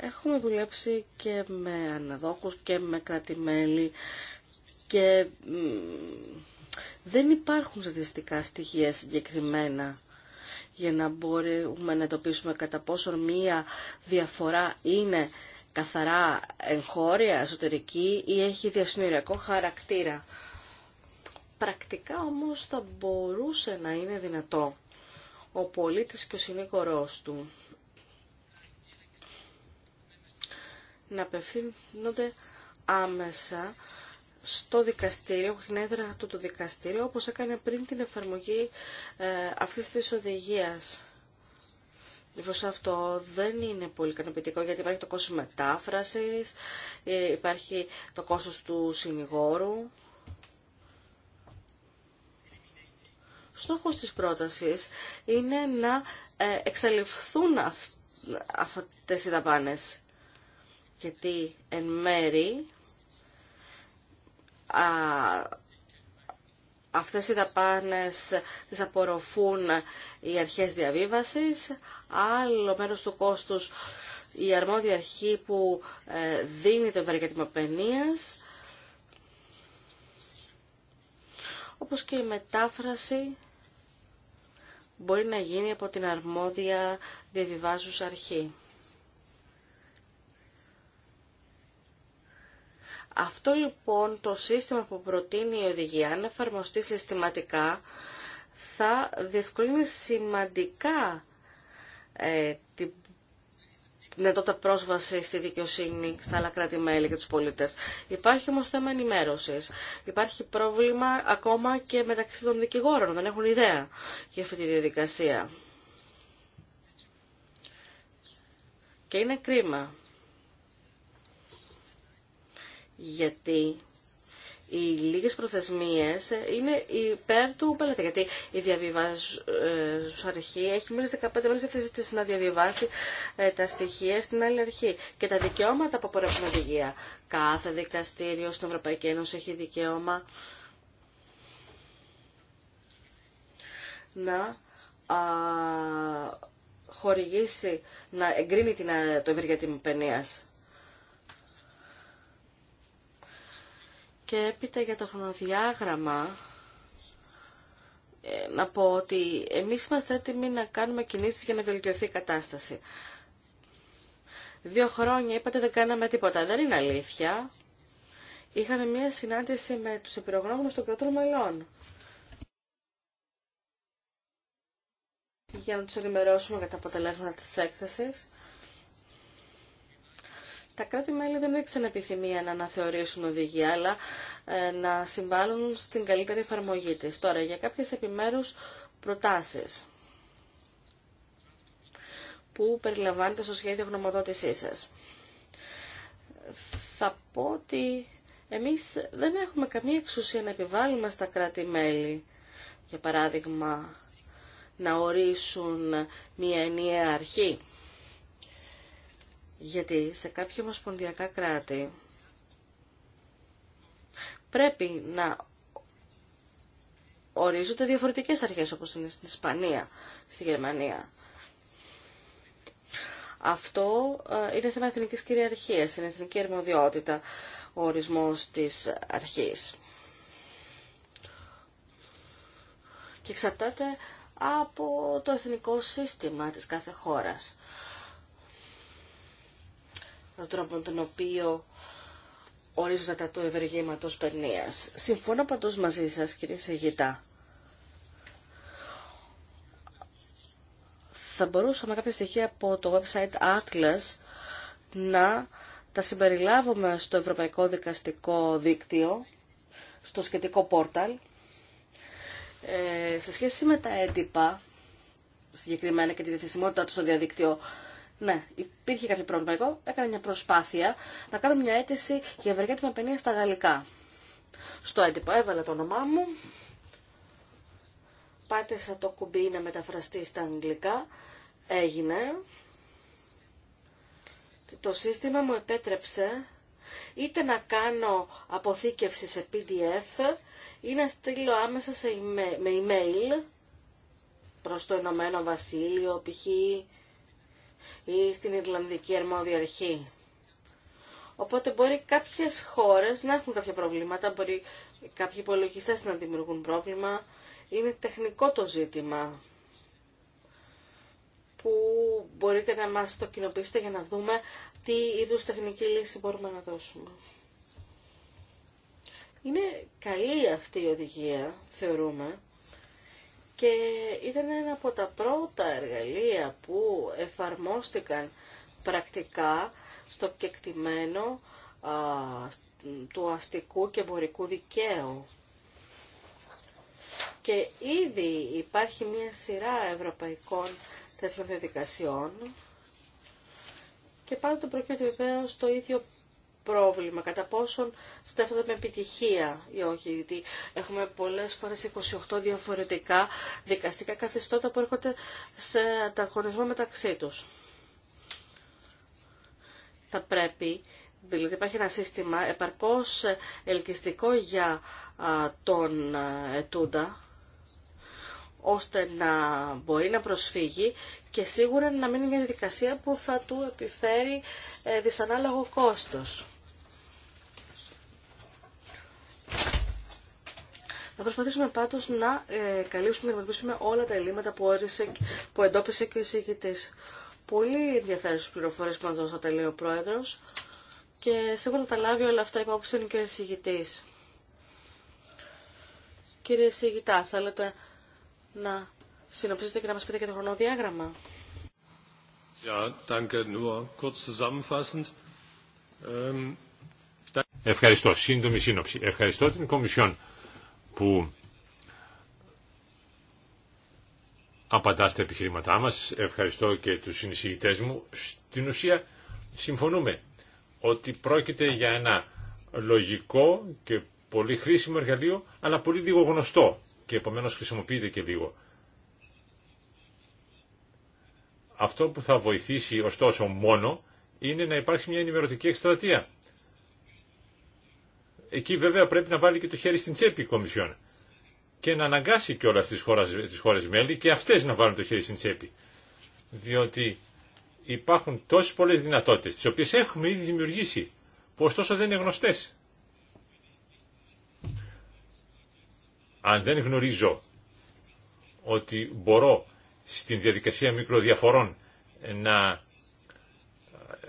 Speaker 3: Έχουμε δουλέψει και με αναδόχους και με κρατημέλη και δεν υπάρχουν στατιστικά στοιχεία συγκεκριμένα για να μπορούμε να εντοπίσουμε κατά πόσο μία διαφορά είναι καθαρά εγχώρια, εσωτερική ή έχει διασυνοριακό χαρακτήρα. Πρακτικά όμως θα μπορούσε να είναι δυνατό ο πολίτης και ο συνήγορός του να απευθύνονται άμεσα στο δικαστήριο, την έδρα του το δικαστήριο, όπως έκανε πριν την εφαρμογή ε, αυτής της οδηγίας. Λοιπόν, αυτό δεν είναι πολύ ικανοποιητικό γιατί υπάρχει το κόστος μετάφρασης, ε, υπάρχει το κόστος του συνηγόρου. Στόχος της πρότασης είναι να ε, εξαλειφθούν αυτές οι δαπάνες. Γιατί εν μέρη αυτές οι δαπάνες τις απορροφούν οι αρχές διαβίβασης, άλλο μέρος του κόστους η αρμόδια αρχή που ε, δίνει το ευεργέτημα παινίας, όπως και η μετάφραση μπορεί να γίνει από την αρμόδια διαβιβάζουσα αρχή. Αυτό λοιπόν το σύστημα που προτείνει η οδηγία, αν εφαρμοστεί συστηματικά, θα διευκολύνει σημαντικά ε, την δυνατότητα πρόσβαση στη δικαιοσύνη στα άλλα κράτη-μέλη και τους πολίτες. Υπάρχει όμως θέμα ενημέρωσης. Υπάρχει πρόβλημα ακόμα και μεταξύ των δικηγόρων. Δεν έχουν ιδέα για αυτή τη διαδικασία. Και είναι κρίμα γιατί οι λίγες προθεσμίες είναι υπέρ του πελάτη. Γιατί η διαβιβάζουσα αρχή έχει μέσα 15 μέρες διαθέσεις να διαβιβάσει ε, τα στοιχεία στην άλλη αρχή. Και τα δικαιώματα που απορρέπουν οδηγία. Κάθε δικαστήριο στην Ευρωπαϊκή Ένωση έχει δικαίωμα να χορηγήσει, να εγκρίνει την, το μου παινίας. Και έπειτα για το χρονοδιάγραμμα, ε, να πω ότι εμείς είμαστε έτοιμοι να κάνουμε κινήσεις για να βελτιωθεί η κατάσταση. Δύο χρόνια είπατε δεν κάναμε τίποτα. Δεν είναι αλήθεια. Είχαμε μία συνάντηση με τους επιρρογνώμους των κρατών μελών. Για να τους ενημερώσουμε για τα αποτελέσματα της έκθεσης. Τα κράτη-μέλη δεν έδειξαν επιθυμία να αναθεωρήσουν οδηγία, αλλά ε, να συμβάλλουν στην καλύτερη εφαρμογή της. Τώρα, για κάποιες επιμέρους προτάσεις που περιλαμβάνεται στο σχέδιο γνωμοδότησή σας. Θα πω ότι εμείς δεν έχουμε καμία εξουσία να επιβάλλουμε στα κράτη-μέλη, για παράδειγμα, να ορίσουν μια ενιαία αρχή γιατί σε κάποια ομοσπονδιακά κράτη πρέπει να ορίζονται διαφορετικές αρχές όπως είναι στην Ισπανία, στη Γερμανία. Αυτό ε, είναι θέμα εθνικής κυριαρχίας, είναι εθνική αρμοδιότητα ο ορισμός της αρχής. Και εξαρτάται από το εθνικό σύστημα της κάθε χώρας τον τρόπο τον οποίο ορίζονται τα του ευεργήματος περνίας. Συμφωνώ παντός μαζί σας κύριε Σεγητά. Θα μπορούσαμε κάποια στοιχεία από το website Atlas να τα συμπεριλάβουμε στο Ευρωπαϊκό Δικαστικό Δίκτυο, στο σχετικό πόρταλ. Ε, σε σχέση με τα έντυπα, συγκεκριμένα και τη διαθεσιμότητά του στο διαδίκτυο, ναι, υπήρχε κάποιο πρόβλημα. Εγώ έκανα μια προσπάθεια να κάνω μια αίτηση για ευεργέτη με παινία στα γαλλικά. Στο έντυπο έβαλα το όνομά μου, πάτησα το κουμπί να μεταφραστεί στα αγγλικά, έγινε. Το σύστημα μου επέτρεψε είτε να κάνω αποθήκευση σε PDF ή να στείλω άμεσα σε email, με email προς το Ενωμένο Βασίλειο, π.χ ή στην Ιρλανδική Αρμόδια Αρχή. Οπότε μπορεί κάποιες χώρες να έχουν κάποια προβλήματα, μπορεί κάποιοι υπολογιστές να δημιουργούν πρόβλημα. Είναι τεχνικό το ζήτημα που μπορείτε να μας το κοινοποιήσετε για να δούμε τι είδους τεχνική λύση μπορούμε να δώσουμε. Είναι καλή αυτή η οδηγία, θεωρούμε, και ήταν ένα από τα πρώτα εργαλεία που εφαρμόστηκαν πρακτικά στο κεκτημένο του αστικού και εμπορικού δικαίου. Και ήδη υπάρχει μια σειρά ευρωπαϊκών τέτοιων διαδικασιών και πάντοτε προκύπτει βεβαίω το ίδιο πρόβλημα, κατά πόσον στέφονται με επιτυχία ή όχι, γιατί έχουμε πολλές φορές 28 διαφορετικά δικαστικά καθεστώτα που έρχονται σε ανταγωνισμό μεταξύ τους. Θα πρέπει, δηλαδή υπάρχει ένα σύστημα επαρκώς ελκυστικό για τον ετούντα, ώστε να μπορεί να προσφύγει και σίγουρα να μην είναι μια διαδικασία που θα του επιφέρει ε, δυσανάλογο κόστος. Θα προσπαθήσουμε πάντω να ε, καλύψουμε να αντιμετωπίσουμε όλα τα ελλείμματα που, όρισε, που εντόπισε και ο εισηγητή. Πολύ ενδιαφέρουσε πληροφορίε που μα δώσατε, λέει ο Πρόεδρο, Και σίγουρα θα τα λάβει όλα αυτά υπόψη και ο εισηγητή. Κύριε εισηγητά, θέλετε να συνοψίσετε και να μα πείτε και το χρονοδιάγραμμα.
Speaker 2: Ähm, Ευχαριστώ. Σύντομη σύνοψη. Ευχαριστώ την Κομισιόν που απαντά στα επιχειρήματά μας. Ευχαριστώ και τους συνεισηγητές μου. Στην ουσία συμφωνούμε ότι πρόκειται για ένα λογικό και πολύ χρήσιμο εργαλείο, αλλά πολύ λίγο γνωστό και επομένως χρησιμοποιείται και λίγο. Αυτό που θα βοηθήσει ωστόσο μόνο είναι να υπάρχει μια ενημερωτική εκστρατεία Εκεί βέβαια πρέπει να βάλει και το χέρι στην τσέπη η Κομισιόν και να αναγκάσει και όλα τις χώρες, τις χώρες μέλη και αυτές να βάλουν το χέρι στην τσέπη. Διότι υπάρχουν τόσες πολλές δυνατότητες, τις οποίες έχουμε ήδη δημιουργήσει, που ωστόσο δεν είναι γνωστές. Αν δεν γνωρίζω ότι μπορώ στην διαδικασία μικροδιαφορών να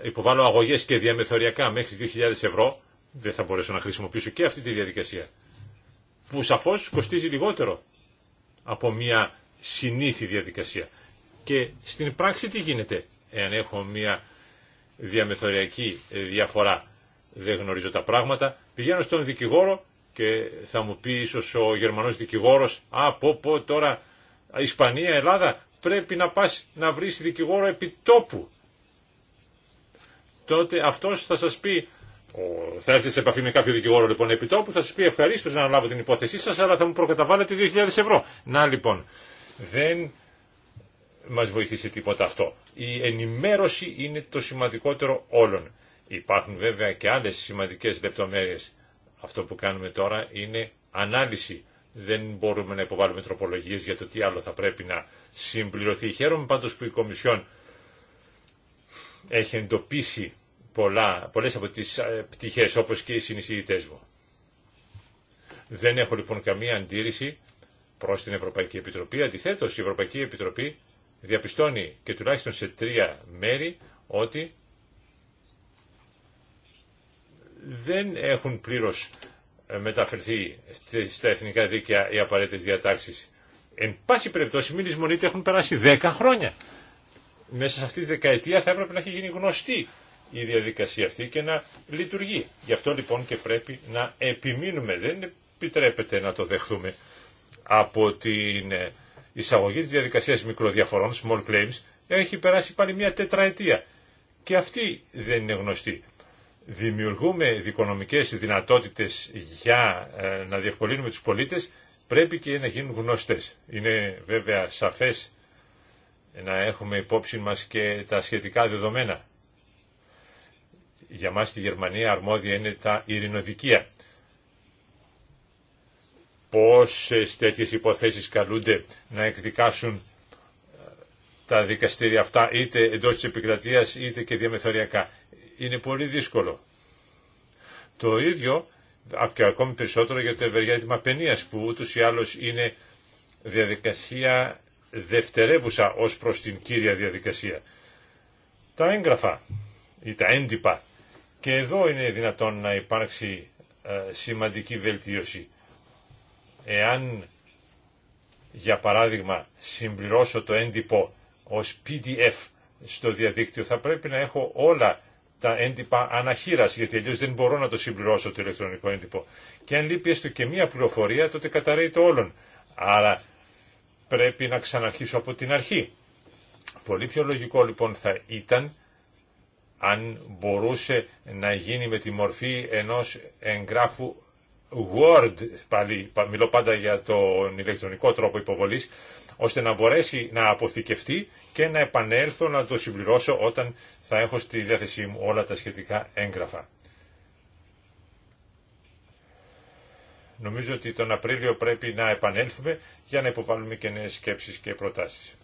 Speaker 2: υποβάλω αγωγές και διαμεθοριακά μέχρι 2.000 ευρώ, δεν θα μπορέσω να χρησιμοποιήσω και αυτή τη διαδικασία που σαφώς κοστίζει λιγότερο από μια συνήθη διαδικασία. Και στην πράξη τι γίνεται εάν έχω μια διαμεθοριακή διαφορά. Δεν γνωρίζω τα πράγματα. Πηγαίνω στον δικηγόρο και θα μου πει ίσως ο Γερμανός δικηγόρος «Α, πω, πω, τώρα Ισπανία, Ελλάδα, πρέπει να πας να βρεις δικηγόρο επιτόπου». Τότε αυτός θα σας πει θα έρθει σε επαφή με κάποιο δικηγόρο λοιπόν επιτόπου, θα σα πει ευχαρίστω να αναλάβω την υπόθεσή σα, αλλά θα μου προκαταβάλλετε 2.000 ευρώ. Να λοιπόν, δεν μα βοηθήσει τίποτα αυτό. Η ενημέρωση είναι το σημαντικότερο όλων. Υπάρχουν βέβαια και άλλε σημαντικέ λεπτομέρειε. Αυτό που κάνουμε τώρα είναι ανάλυση. Δεν μπορούμε να υποβάλουμε τροπολογίε για το τι άλλο θα πρέπει να συμπληρωθεί. Χαίρομαι πάντω που η Κομισιόν έχει εντοπίσει πολλά, πολλές από τις ε, πτυχές όπως και οι συνεισηγητές μου. Δεν έχω λοιπόν καμία αντίρρηση προς την Ευρωπαϊκή Επιτροπή. Αντιθέτως η Ευρωπαϊκή Επιτροπή διαπιστώνει και τουλάχιστον σε τρία μέρη ότι δεν έχουν πλήρως ε, μεταφερθεί στα εθνικά δίκαια οι απαραίτητες διατάξεις. Εν πάση περιπτώσει μην εισμονείτε έχουν περάσει 10 χρόνια. Μέσα σε αυτή τη δεκαετία θα έπρεπε να έχει γίνει γνωστή η διαδικασία αυτή και να λειτουργεί. Γι' αυτό λοιπόν και πρέπει να επιμείνουμε. Δεν επιτρέπεται να το δεχθούμε από την ε, εισαγωγή της διαδικασίας μικροδιαφορών, small claims, έχει περάσει πάλι μια τετραετία. Και αυτή δεν είναι γνωστή. Δημιουργούμε δικονομικές δυνατότητες για ε, να διευκολύνουμε τους πολίτες, πρέπει και να γίνουν γνωστές. Είναι βέβαια σαφές να έχουμε υπόψη μας και τα σχετικά δεδομένα. Για μας στη Γερμανία αρμόδια είναι τα ειρηνοδικεία. Πόσες τέτοιες υποθέσεις καλούνται να εκδικάσουν ε, τα δικαστήρια αυτά είτε εντός της επικρατείας είτε και διαμεθοριακά. Είναι πολύ δύσκολο. Το ίδιο και ακόμη περισσότερο για το ευεργέτημα παινίας που ούτως ή άλλως είναι διαδικασία δευτερεύουσα ως προς την κύρια διαδικασία. Τα έγγραφα ή τα έντυπα και εδώ είναι δυνατόν να υπάρξει ε, σημαντική βελτίωση. Εάν, για παράδειγμα, συμπληρώσω το έντυπο ως PDF στο διαδίκτυο, θα πρέπει να έχω όλα τα έντυπα αναχείρας, γιατί αλλιώ δεν μπορώ να το συμπληρώσω το ηλεκτρονικό έντυπο. Και αν λείπει έστω και μία πληροφορία, τότε καταραίει το όλον. Άρα πρέπει να ξαναρχίσω από την αρχή. Πολύ πιο λογικό λοιπόν θα ήταν αν μπορούσε να γίνει με τη μορφή ενός εγγράφου Word, πάλι, μιλώ πάντα για τον ηλεκτρονικό τρόπο υποβολής, ώστε να μπορέσει να αποθηκευτεί και να επανέλθω να το συμπληρώσω όταν θα έχω στη διάθεσή μου όλα τα σχετικά έγγραφα. Νομίζω ότι τον Απρίλιο πρέπει να επανέλθουμε για να υποβάλουμε και νέες σκέψεις και
Speaker 1: προτάσεις.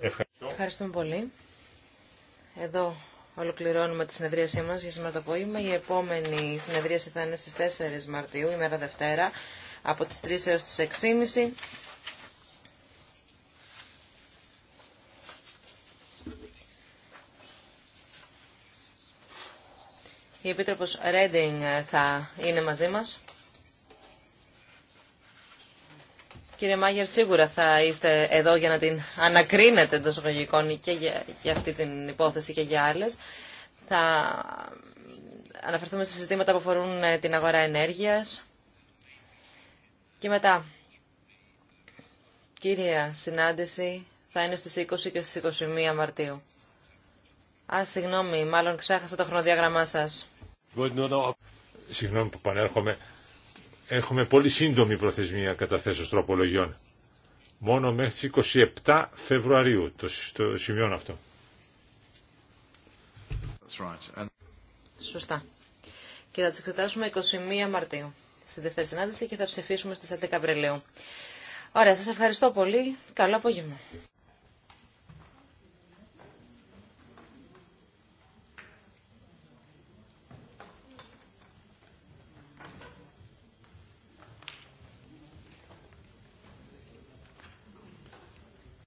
Speaker 1: Ευχαριστώ. Ευχαριστούμε πολύ. Εδώ ολοκληρώνουμε τη συνεδρίασή μας για σήμερα το απόγευμα. Η επόμενη συνεδρίαση θα είναι στις 4 Μαρτίου, ημέρα Δευτέρα, από τις 3 έως τις 6.30. Η Επίτροπος Ρέντινγκ θα είναι μαζί μας. Κύριε Μάγερ, σίγουρα θα είστε εδώ για να την ανακρίνετε εντό εισαγωγικών και για, αυτή την υπόθεση και για άλλε. Θα αναφερθούμε σε συζητήματα που αφορούν ε, την αγορά ενέργειας. Και μετά, κύρια συνάντηση θα είναι στις 20 και στις 21 Μαρτίου. Α, συγγνώμη, μάλλον ξέχασα το χρονοδιάγραμμά σας.
Speaker 2: Συγγνώμη που πανέρχομαι έχουμε πολύ σύντομη προθεσμία καταθέσεως τροπολογιών. Μόνο μέχρι τις 27 Φεβρουαρίου, το, σημείο σημειώνω αυτό.
Speaker 1: Σωστά. Και θα τις εξετάσουμε 21 Μαρτίου στη δεύτερη συνάντηση και θα ψηφίσουμε στις 11 Απριλίου. Ωραία, σας ευχαριστώ πολύ. Καλό απόγευμα.